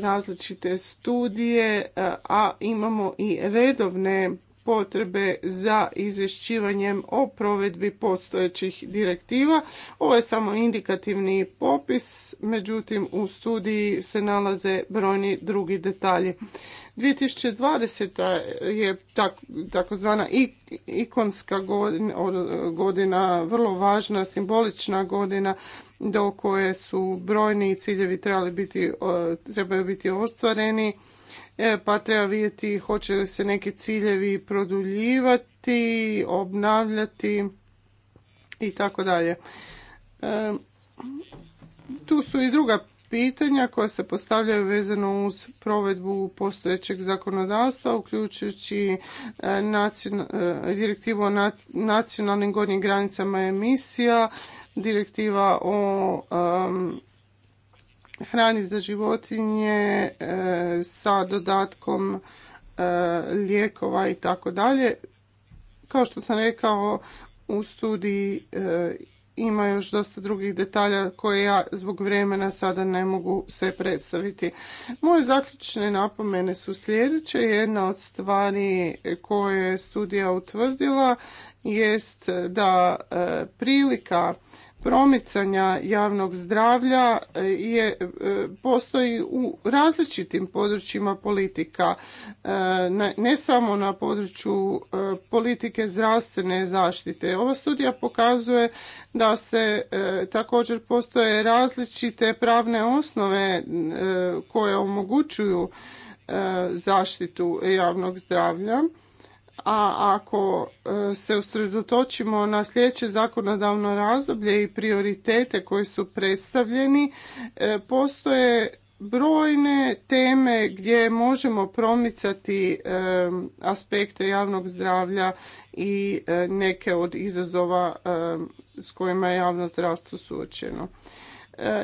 različite studije, a imamo i redovne potrebe za izvješćivanjem o provedbi postojećih direktiva. Ovo je samo indikativni popis, međutim u studiji se nalaze brojni drugi detalji. 2020. je takozvana ikonska godina, godina, vrlo važna, simbolična godina do koje su brojni ciljevi trebali biti, trebaju biti ostvareni E, pa treba vidjeti hoće li se neki ciljevi produljivati, obnavljati i tako dalje. E, tu su i druga pitanja koja se postavljaju vezano uz provedbu postojećeg zakonodavstva, uključujući e, direktivu o nacionalnim gornjim granicama emisija, direktiva o hrani za životinje e, sa dodatkom e, lijekova i tako dalje. Kao što sam rekao, u studiji e, ima još dosta drugih detalja koje ja zbog vremena sada ne mogu sve predstaviti. Moje zaključne napomene su sljedeće. Jedna od stvari koje je studija utvrdila jest da prilika promicanja javnog zdravlja e, je, e, postoji u različitim područjima politika, e, ne samo na području politike zdravstvene zaštite. Ova studija pokazuje da se također postoje različite pravne osnove koje omogućuju zaštitu javnog zdravlja a ako e, se usredotočimo na sljedeće zakonodavno razdoblje i prioritete koji su predstavljeni, e, postoje brojne teme gdje možemo promicati e, aspekte javnog zdravlja i neke od izazova s kojima je javno zdravstvo suočeno.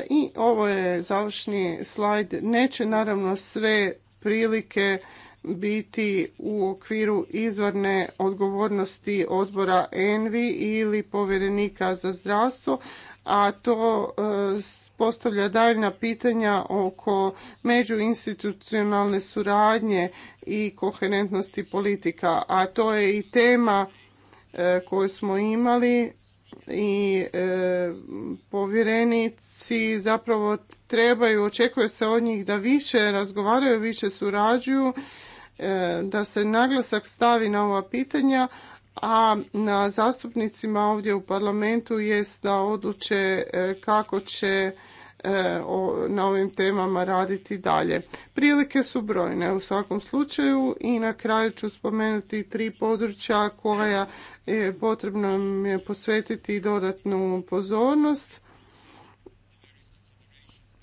I ovo je završni slajd. Neće naravno sve prilike biti u okviru izvarne odgovornosti odbora ENVI ili povjerenika za zdravstvo, a to e, postavlja daljna pitanja oko međuinstitucionalne suradnje i koherentnosti politika, a to je i tema e, koju smo imali i e, povjerenici zapravo trebaju, očekuje se od njih da više razgovaraju, više surađuju E, da se naglasak stavi na ova pitanja, a na zastupnicima ovdje u parlamentu jest da odluče e, kako će e, na ovim temama raditi dalje. Prilike su brojne u svakom slučaju i na kraju ću spomenuti tri područja koja je potrebno posvetiti dodatnu pozornost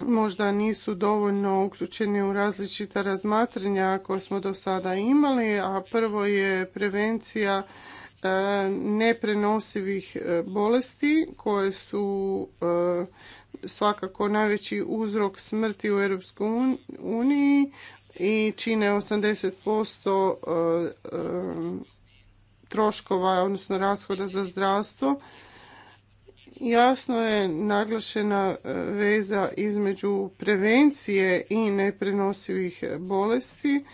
možda nisu dovoljno uključeni u različita razmatranja koje smo do sada imali, a prvo je prevencija e, neprenosivih e, bolesti koje su e, svakako najveći uzrok smrti u EU i čine 80% troškova, odnosno rashoda za zdravstvo jasno je naglašena e, veza između prevencije i neprenosivih bolesti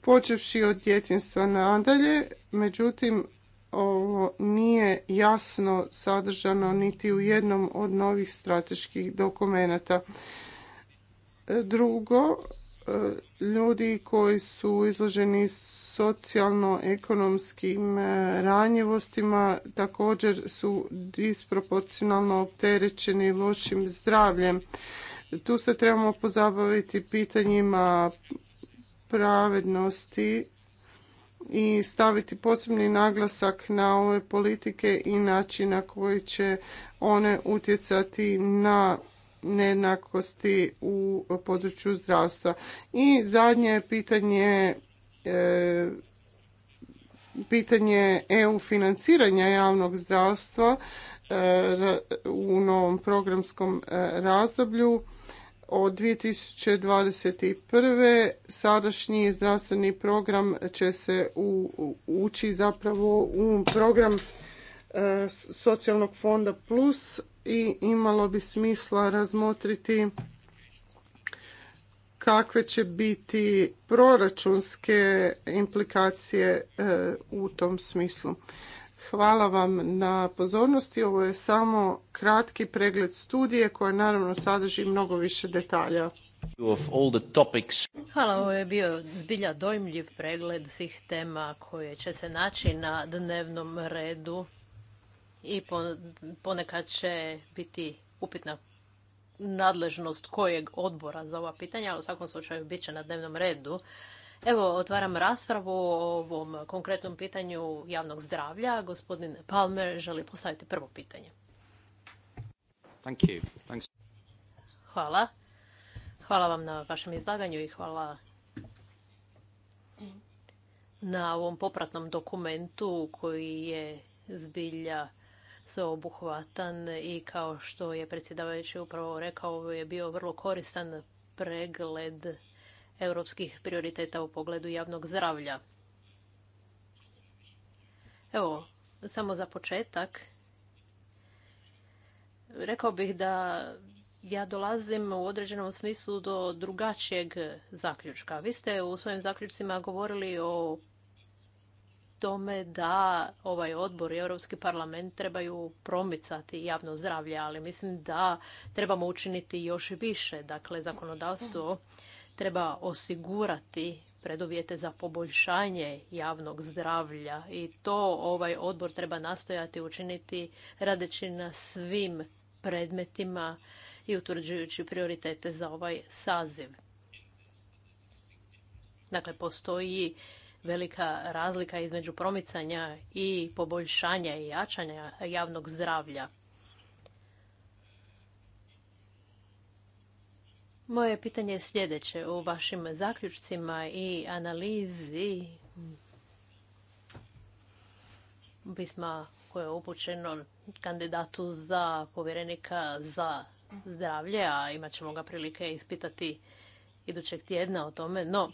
počevši od djetinstva nadalje, međutim ovo nije jasno sadržano niti u jednom od novih strateških dokumenata. E, drugo, ljudi koji su izloženi socijalno-ekonomskim e, ranjivostima također su disproporcionalno opterećeni lošim zdravljem. Tu se trebamo pozabaviti pitanjima pravednosti i staviti posebni naglasak na ove politike i način na koji će one utjecati na nejednakosti u području zdravstva. I zadnje pitanje e, pitanje EU financiranja javnog zdravstva e, u novom programskom e, razdoblju od 2021. sadašnji zdravstveni program će se ući zapravo u program socijalnog fonda plus i imalo bi smisla razmotriti kakve će biti proračunske implikacije e, u tom smislu. Hvala vam na pozornosti. Ovo je samo kratki pregled studije koja naravno sadrži mnogo više detalja. Hvala, ovo je bio zbilja dojmljiv pregled svih tema koje će se naći na dnevnom redu i ponekad će biti upitna nadležnost kojeg odbora za ova pitanja, ali u svakom slučaju bit će na dnevnom redu. Evo, otvaram raspravu o ovom konkretnom pitanju javnog zdravlja. Gospodin Palmer želi postaviti prvo pitanje. Hvala. Hvala vam na vašem izlaganju i hvala na ovom popratnom dokumentu koji je zbilja sveobuhvatan i kao što je predsjedavajući upravo rekao je bio vrlo koristan pregled europskih prioriteta u pogledu javnog zdravlja. Evo, samo za početak rekao bih da ja dolazim u određenom smislu do drugačijeg zaključka. Vi ste u svojim zaključcima govorili o tome da ovaj odbor i Europski parlament trebaju promicati javno zdravlje, ali mislim da trebamo učiniti još i više. Dakle, zakonodavstvo treba osigurati preduvjete za poboljšanje javnog zdravlja i to ovaj odbor treba nastojati učiniti radeći na svim predmetima i utvrđujući prioritete za ovaj saziv. Dakle, postoji velika razlika između promicanja i poboljšanja i jačanja javnog zdravlja. Moje pitanje je sljedeće. U vašim zaključcima i analizi pisma koje je upućeno kandidatu za povjerenika za zdravlje, a imat ćemo ga prilike ispitati idućeg tjedna o tome, no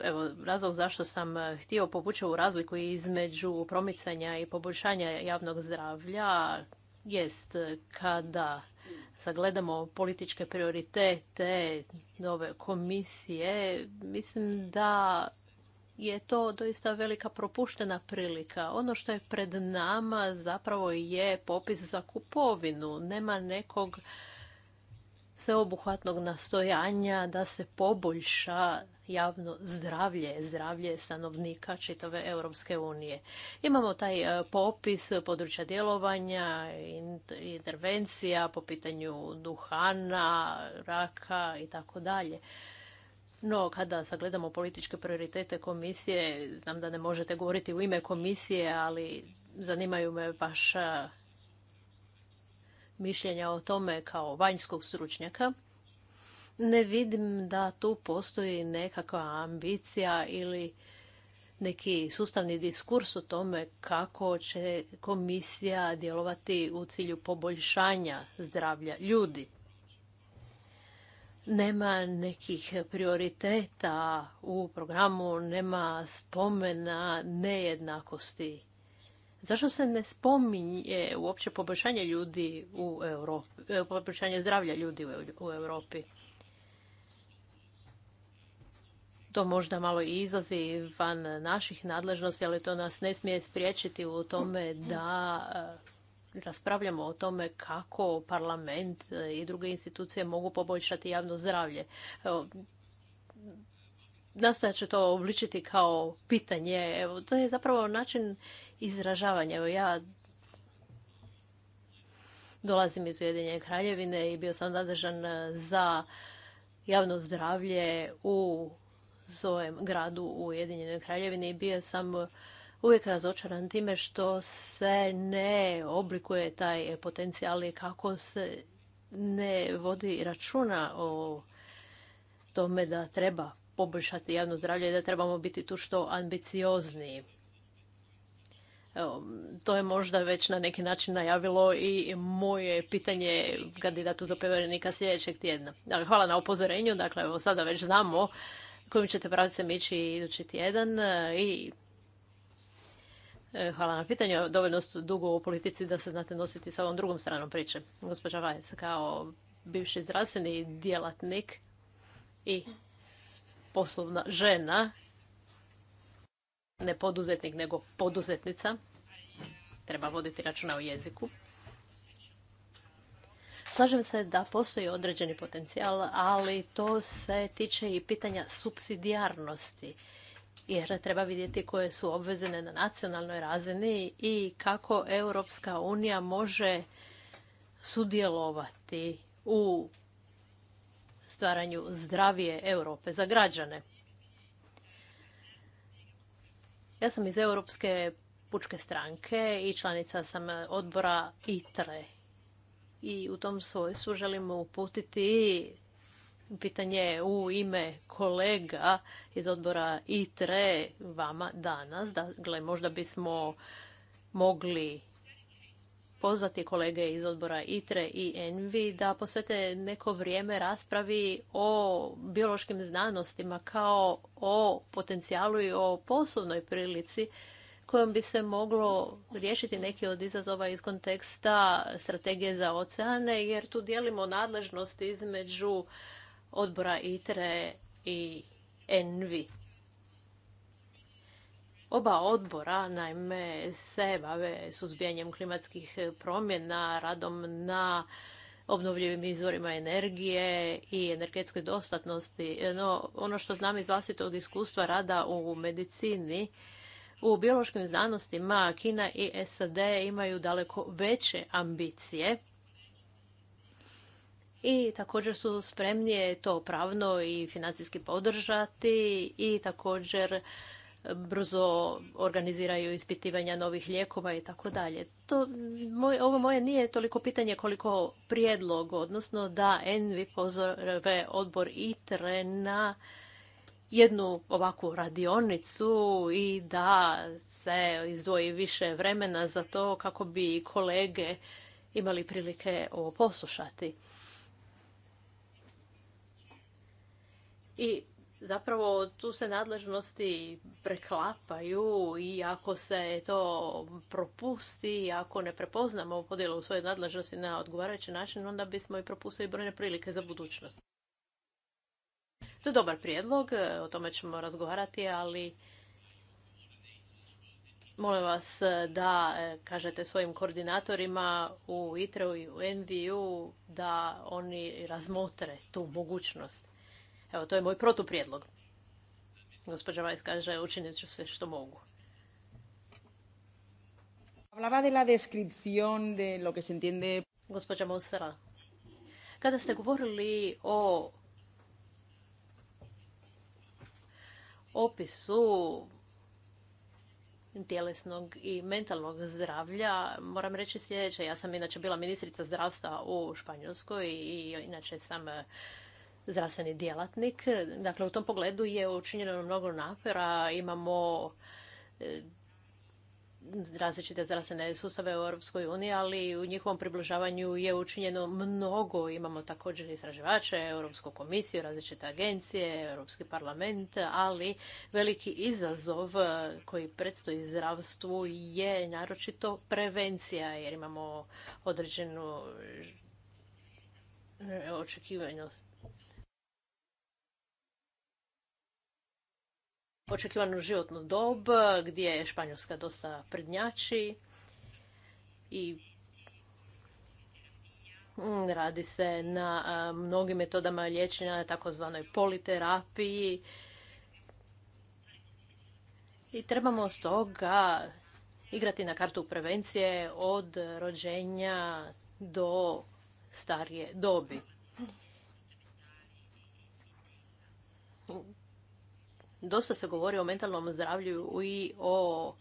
Evo, razlog zašto sam eh, htio povući u razliku između promicanja i poboljšanja javnog zdravlja jest eh, kada sagledamo političke prioritete nove komisije, mislim da je to doista velika propuštena prilika. Ono što je pred nama zapravo je popis za kupovinu. Nema nekog sveobuhvatnog nastojanja da se poboljša javno zdravlje, zdravlje stanovnika čitave Europske unije. Imamo taj e, popis područja djelovanja, intervencija po pitanju duhana, raka i tako dalje. No, kada sagledamo političke prioritete komisije, znam da ne možete govoriti u ime komisije, ali zanimaju me vaša mišljenja o tome kao vanjskog stručnjaka. Ne vidim da tu postoji nekakva ambicija ili neki sustavni diskurs o tome kako će komisija djelovati u cilju poboljšanja zdravlja ljudi. Nema nekih prioriteta u programu, nema spomena nejednakosti. Zašto se ne spominje uopće poboljšanje ljudi u Europi, e, poboljšanje zdravlja ljudi u Europi? to možda malo i izlazi van naših nadležnosti, ali to nas ne smije spriječiti u tome da e, raspravljamo o tome kako parlament i druge institucije mogu poboljšati javno zdravlje. Nastoja nastojat to obličiti kao pitanje. Evo, to je zapravo način izražavanja. Evo, ja dolazim iz Ujedinje kraljevine i bio sam nadržan za javno zdravlje u svojem gradu u Ujedinjenoj Kraljevini i bio sam uvijek razočaran time što se ne oblikuje taj potencijal i kako se ne vodi računa o tome da treba poboljšati javno zdravlje i da trebamo biti tu što ambiciozniji. to je možda već na neki način najavilo i moje pitanje kandidatu za povjerenika sljedećeg tjedna. Hvala na upozorenju, dakle evo sada već znamo kojim ćete pravcem ići idući tjedan e, i e, Hvala na pitanju. Dovoljno ste dugo u politici da se znate nositi sa ovom drugom stranom priče. Gospođa Vajec, kao bivši zdravstveni djelatnik i poslovna žena, ne poduzetnik nego poduzetnica, treba voditi računa o jeziku. Slažem se da postoji određeni potencijal, ali to se tiče i pitanja subsidijarnosti. Jer treba vidjeti koje su obvezene na nacionalnoj razini i kako Europska unija može sudjelovati u stvaranju zdravije Europe za građane. Ja sam iz Europske pučke stranke i članica sam odbora ITRE i u tom svojstvu želimo uputiti pitanje u ime kolega iz odbora ITRE vama danas. Dakle, možda bismo mogli pozvati kolege iz odbora ITRE i ENVI da posvete neko vrijeme raspravi o biološkim znanostima kao o potencijalu i o poslovnoj prilici kojom bi se moglo riješiti neki od izazova iz konteksta strategije za oceane, jer tu dijelimo nadležnost između odbora ITRE i ENVI. Oba odbora, naime, se bave suzbijanjem klimatskih promjena, radom na obnovljivim izvorima energije i energetskoj dostatnosti. No, ono što znam iz vlastitog iskustva rada u medicini u biološkim znanostima Kina i SAD imaju daleko veće ambicije i također su spremnije to pravno i financijski podržati i također brzo organiziraju ispitivanja novih lijekova i tako dalje. To, ovo moje nije toliko pitanje koliko prijedlog, odnosno da Envi pozove odbor ITRE na jednu ovakvu radionicu i da se izdvoji više vremena za to kako bi kolege imali prilike ovo poslušati. I zapravo tu se nadležnosti preklapaju i ako se to propusti, ako ne prepoznamo podjelu svoje nadležnosti na odgovarajući način, onda bismo i propustili brojne prilike za budućnost. To je dobar prijedlog, e, o tome ćemo razgovarati, ali molim vas e, da e, kažete svojim koordinatorima u ITRE-u i u NVU da oni razmotre tu mogućnost. Evo, to je moj protuprijedlog. Gospođa Vajs kaže, učinit ću sve što mogu. Hablaba de la descripción de lo que se entiende... Gospođa kada ste govorili o opisu tjelesnog i mentalnog zdravlja moram reći sljedeće. Ja sam inače bila ministrica zdravstva u Španjolskoj i inače sam e, zdravstveni djelatnik. Dakle, u tom pogledu je učinjeno mnogo napora. Imamo e, različite zdravstvene sustave u Europskoj uniji, ali u njihovom približavanju je učinjeno mnogo. Imamo također istraživače, Europsku komisiju, različite agencije, Europski parlament, ali veliki izazov koji predstoji zdravstvu je naročito prevencija, jer imamo određenu e, očekivanost očekivanu životnu dob, gdje je Španjolska dosta prednjači i mm, radi se na mnogim metodama liječenja, takozvanoj politerapiji. I trebamo stoga igrati na kartu prevencije od rođenja do starije dobi. dosta se govori o mentalnom zdravlju i o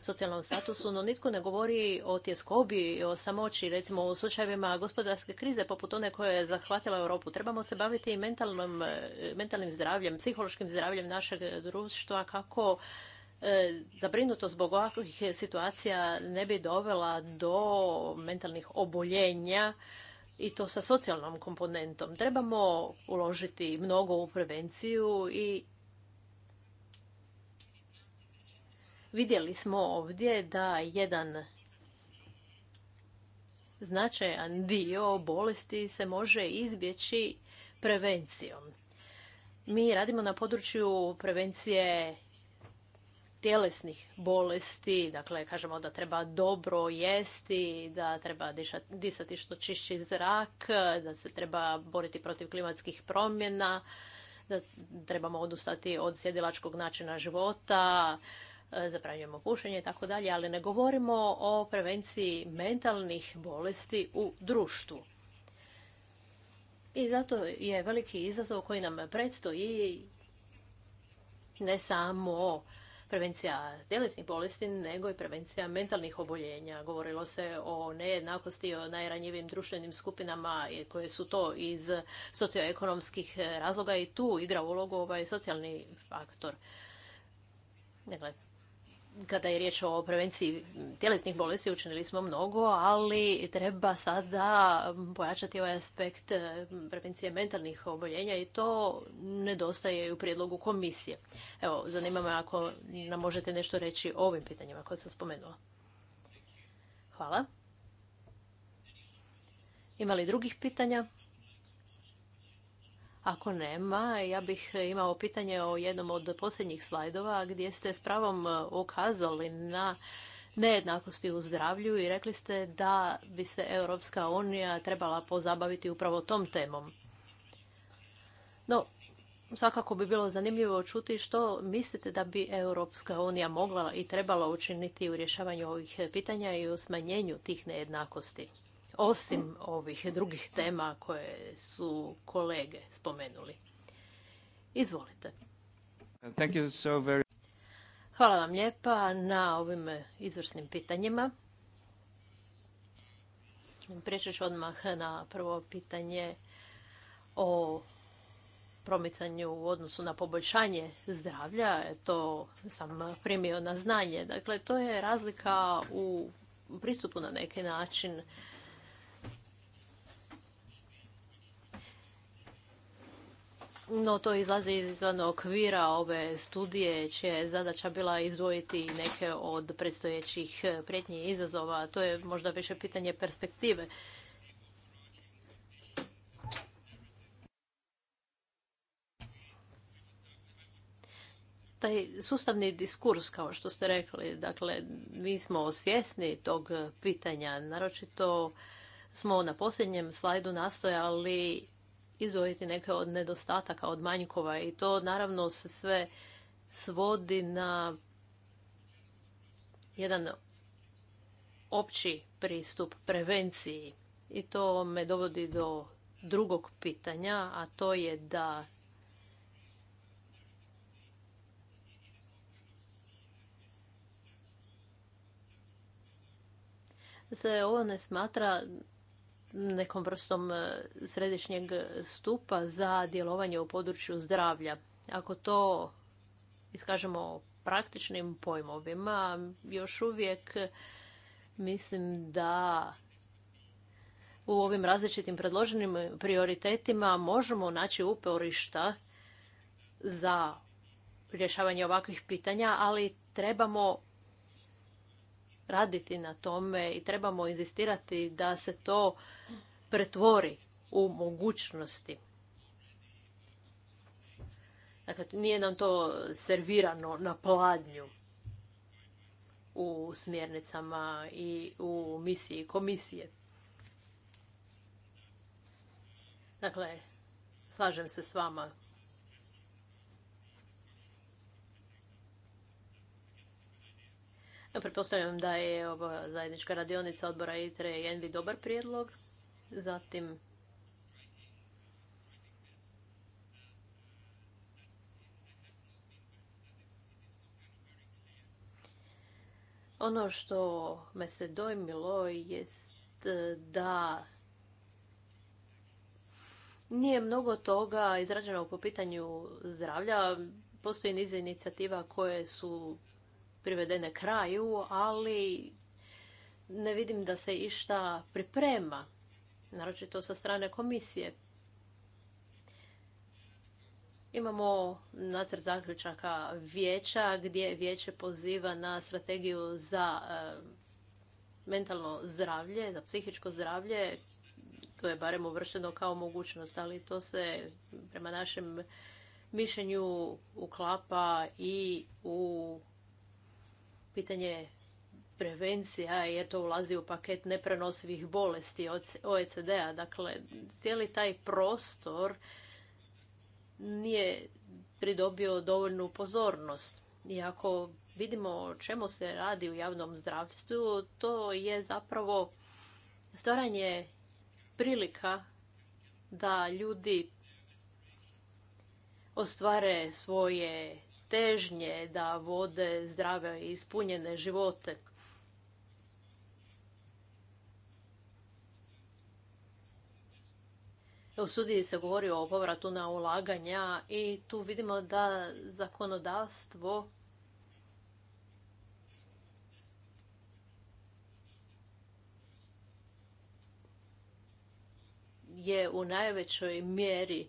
socijalnom statusu, no nitko ne govori o tjeskobi, o samoći, recimo u slučajevima gospodarske krize poput one koje je zahvatila Europu. Trebamo se baviti i e, mentalnim zdravljem, psihološkim zdravljem našeg društva, kako e, zabrinuto zbog ovakvih situacija ne bi dovela do mentalnih oboljenja i to sa socijalnom komponentom. Trebamo uložiti mnogo u prevenciju i Vidjeli smo ovdje da jedan značajan dio bolesti se može izbjeći prevencijom. Mi radimo na području prevencije tjelesnih bolesti, dakle kažemo da treba dobro jesti, da treba disati što čišći zrak, da se treba boriti protiv klimatskih promjena, da trebamo odustati od sjedilačkog načina života, E, zabranjujemo pušenje i tako dalje, ali ne govorimo o prevenciji mentalnih bolesti u društvu. I zato je veliki izazov koji nam predstoji ne samo prevencija tjelesnih bolesti, nego i prevencija mentalnih oboljenja. Govorilo se o nejednakosti, o najranjivim društvenim skupinama koje su to iz socioekonomskih razloga i tu igra ulogu ovaj socijalni faktor. Dakle, kada je riječ o prevenciji tjelesnih bolesti učinili smo mnogo, ali treba sada pojačati ovaj aspekt eh, prevencije mentalnih oboljenja i to nedostaje u prijedlogu komisije. Evo, zanima me ako nam možete nešto reći o ovim pitanjima koje sam spomenula. Hvala. Ima li drugih pitanja? Ako nema, ja bih imao pitanje o jednom od posljednjih slajdova gdje ste s pravom ukazali na nejednakosti u zdravlju i rekli ste da bi se Europska unija trebala pozabaviti upravo tom temom. No, svakako bi bilo zanimljivo čuti što mislite da bi Europska unija mogla i trebala učiniti u rješavanju ovih pitanja i u smanjenju tih nejednakosti osim ovih drugih tema koje su kolege spomenuli. Izvolite. Hvala vam lijepa na ovim izvrsnim pitanjima. Prijeći ću odmah na prvo pitanje o promicanju u odnosu na poboljšanje zdravlja. To sam primio na znanje. Dakle, to je razlika u pristupu na neki način no to izlazi izvan okvira ove studije čija je zadaća bila izdvojiti neke od predstojećih prijetnji i izazova. To je možda više pitanje perspektive. taj sustavni diskurs, kao što ste rekli, dakle, mi smo svjesni tog pitanja, naročito smo na posljednjem slajdu nastojali izdvojiti neke od nedostataka, od manjkova i to naravno se sve svodi na jedan opći pristup prevenciji i to me dovodi do drugog pitanja, a to je da se ovo ne smatra nekom vrstom e, središnjeg stupa za djelovanje u području zdravlja. Ako to iskažemo praktičnim pojmovima, još uvijek mislim da u ovim različitim predloženim prioritetima možemo naći uporišta za rješavanje ovakvih pitanja, ali trebamo raditi na tome i trebamo inzistirati da se to pretvori u mogućnosti. Dakle, nije nam to servirano na pladnju u smjernicama i u misiji komisije. Dakle, slažem se s vama Pretpostavljam da je ova zajednička radionica odbora ITRE i ENVI dobar prijedlog. Zatim Ono što me se dojmilo jest da nije mnogo toga izrađeno po pitanju zdravlja. Postoji niz inicijativa koje su privedene kraju, ali ne vidim da se išta priprema, naročito sa strane komisije. Imamo nacrt zaključaka vijeća gdje vijeće poziva na strategiju za e, mentalno zdravlje, za psihičko zdravlje. To je barem uvršteno kao mogućnost, ali to se prema našem mišljenju uklapa i u pitanje prevencija jer to ulazi u paket neprenosivih bolesti OECD-a. Dakle, cijeli taj prostor nije pridobio dovoljnu pozornost. I ako vidimo o čemu se radi u javnom zdravstvu, to je zapravo stvaranje prilika da ljudi ostvare svoje težnje da vode zdrave i ispunjene živote. U studiji se govori o povratu na ulaganja i tu vidimo da zakonodavstvo je u najvećoj mjeri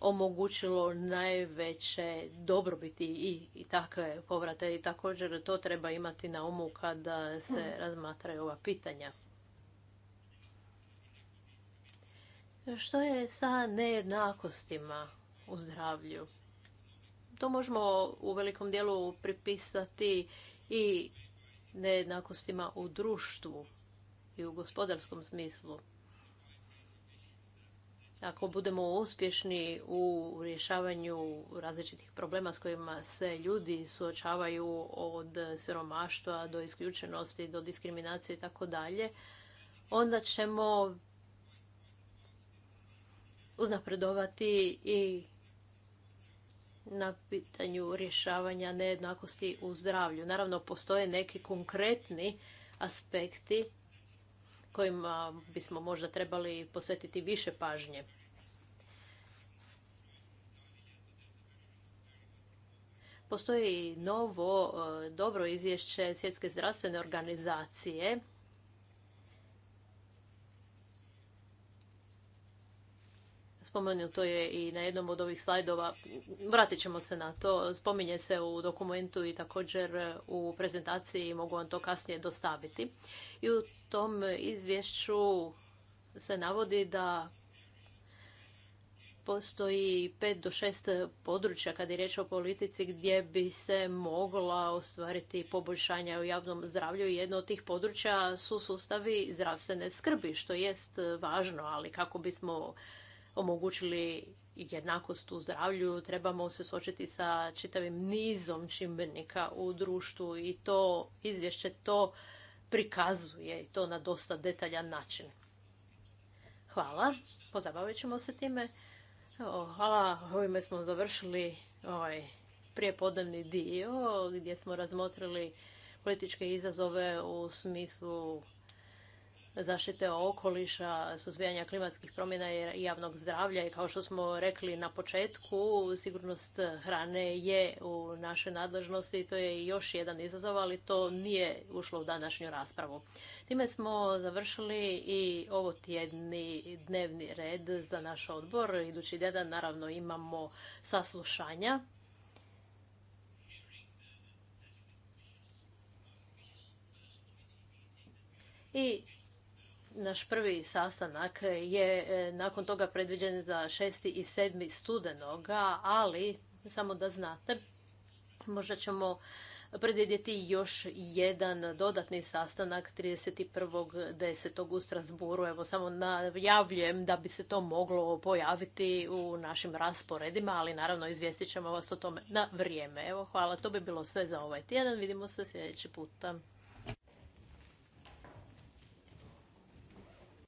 omogućilo najveće dobrobiti i, i takve povrate i također to treba imati na umu kada se hmm. razmatraju ova pitanja. Što je sa nejednakostima u zdravlju? To možemo u velikom dijelu pripisati i nejednakostima u društvu i u gospodarskom smislu ako budemo uspješni u rješavanju različitih problema s kojima se ljudi suočavaju od siromaštva do isključenosti, do diskriminacije i tako dalje, onda ćemo uznapredovati i na pitanju rješavanja nejednakosti u zdravlju. Naravno, postoje neki konkretni aspekti kojima bismo možda trebali posvetiti više pažnje. Postoji novo e, dobro izvješće Svjetske zdravstvene organizacije Spomenuto je i na jednom od ovih slajdova, vratit ćemo se na to, spominje se u dokumentu i također u prezentaciji, mogu vam to kasnije dostaviti. I u tom izvješću se navodi da postoji pet do šest područja kada je riječ o politici gdje bi se mogla ostvariti poboljšanja u javnom zdravlju i jedno od tih područja su sustavi zdravstvene skrbi, što jest važno, ali kako bismo omogućili jednakost u zdravlju, trebamo se suočiti sa čitavim nizom čimbenika u društvu i to izvješće to prikazuje i to na dosta detaljan način. Hvala, pozabavit ćemo se time. hvala, ovime smo završili ovaj prijepodnevni dio gdje smo razmotrili političke izazove u smislu zaštite okoliša, suzbijanja klimatskih promjena i javnog zdravlja i kao što smo rekli na početku, sigurnost hrane je u našoj nadležnosti i to je još jedan izazov, ali to nije ušlo u današnju raspravu. Time smo završili i ovo tjedni dnevni red za naš odbor. Idući tjedan naravno imamo saslušanja i naš prvi sastanak je e, nakon toga predviđen za 6. i 7. studenoga, ali samo da znate, možda ćemo predvidjeti još jedan dodatni sastanak 31.10. u Strasburu. Evo samo najavljujem da bi se to moglo pojaviti u našim rasporedima, ali naravno izvijestit ćemo vas o tome na vrijeme. Evo hvala, to bi bilo sve za ovaj tjedan. Vidimo se sljedeći puta.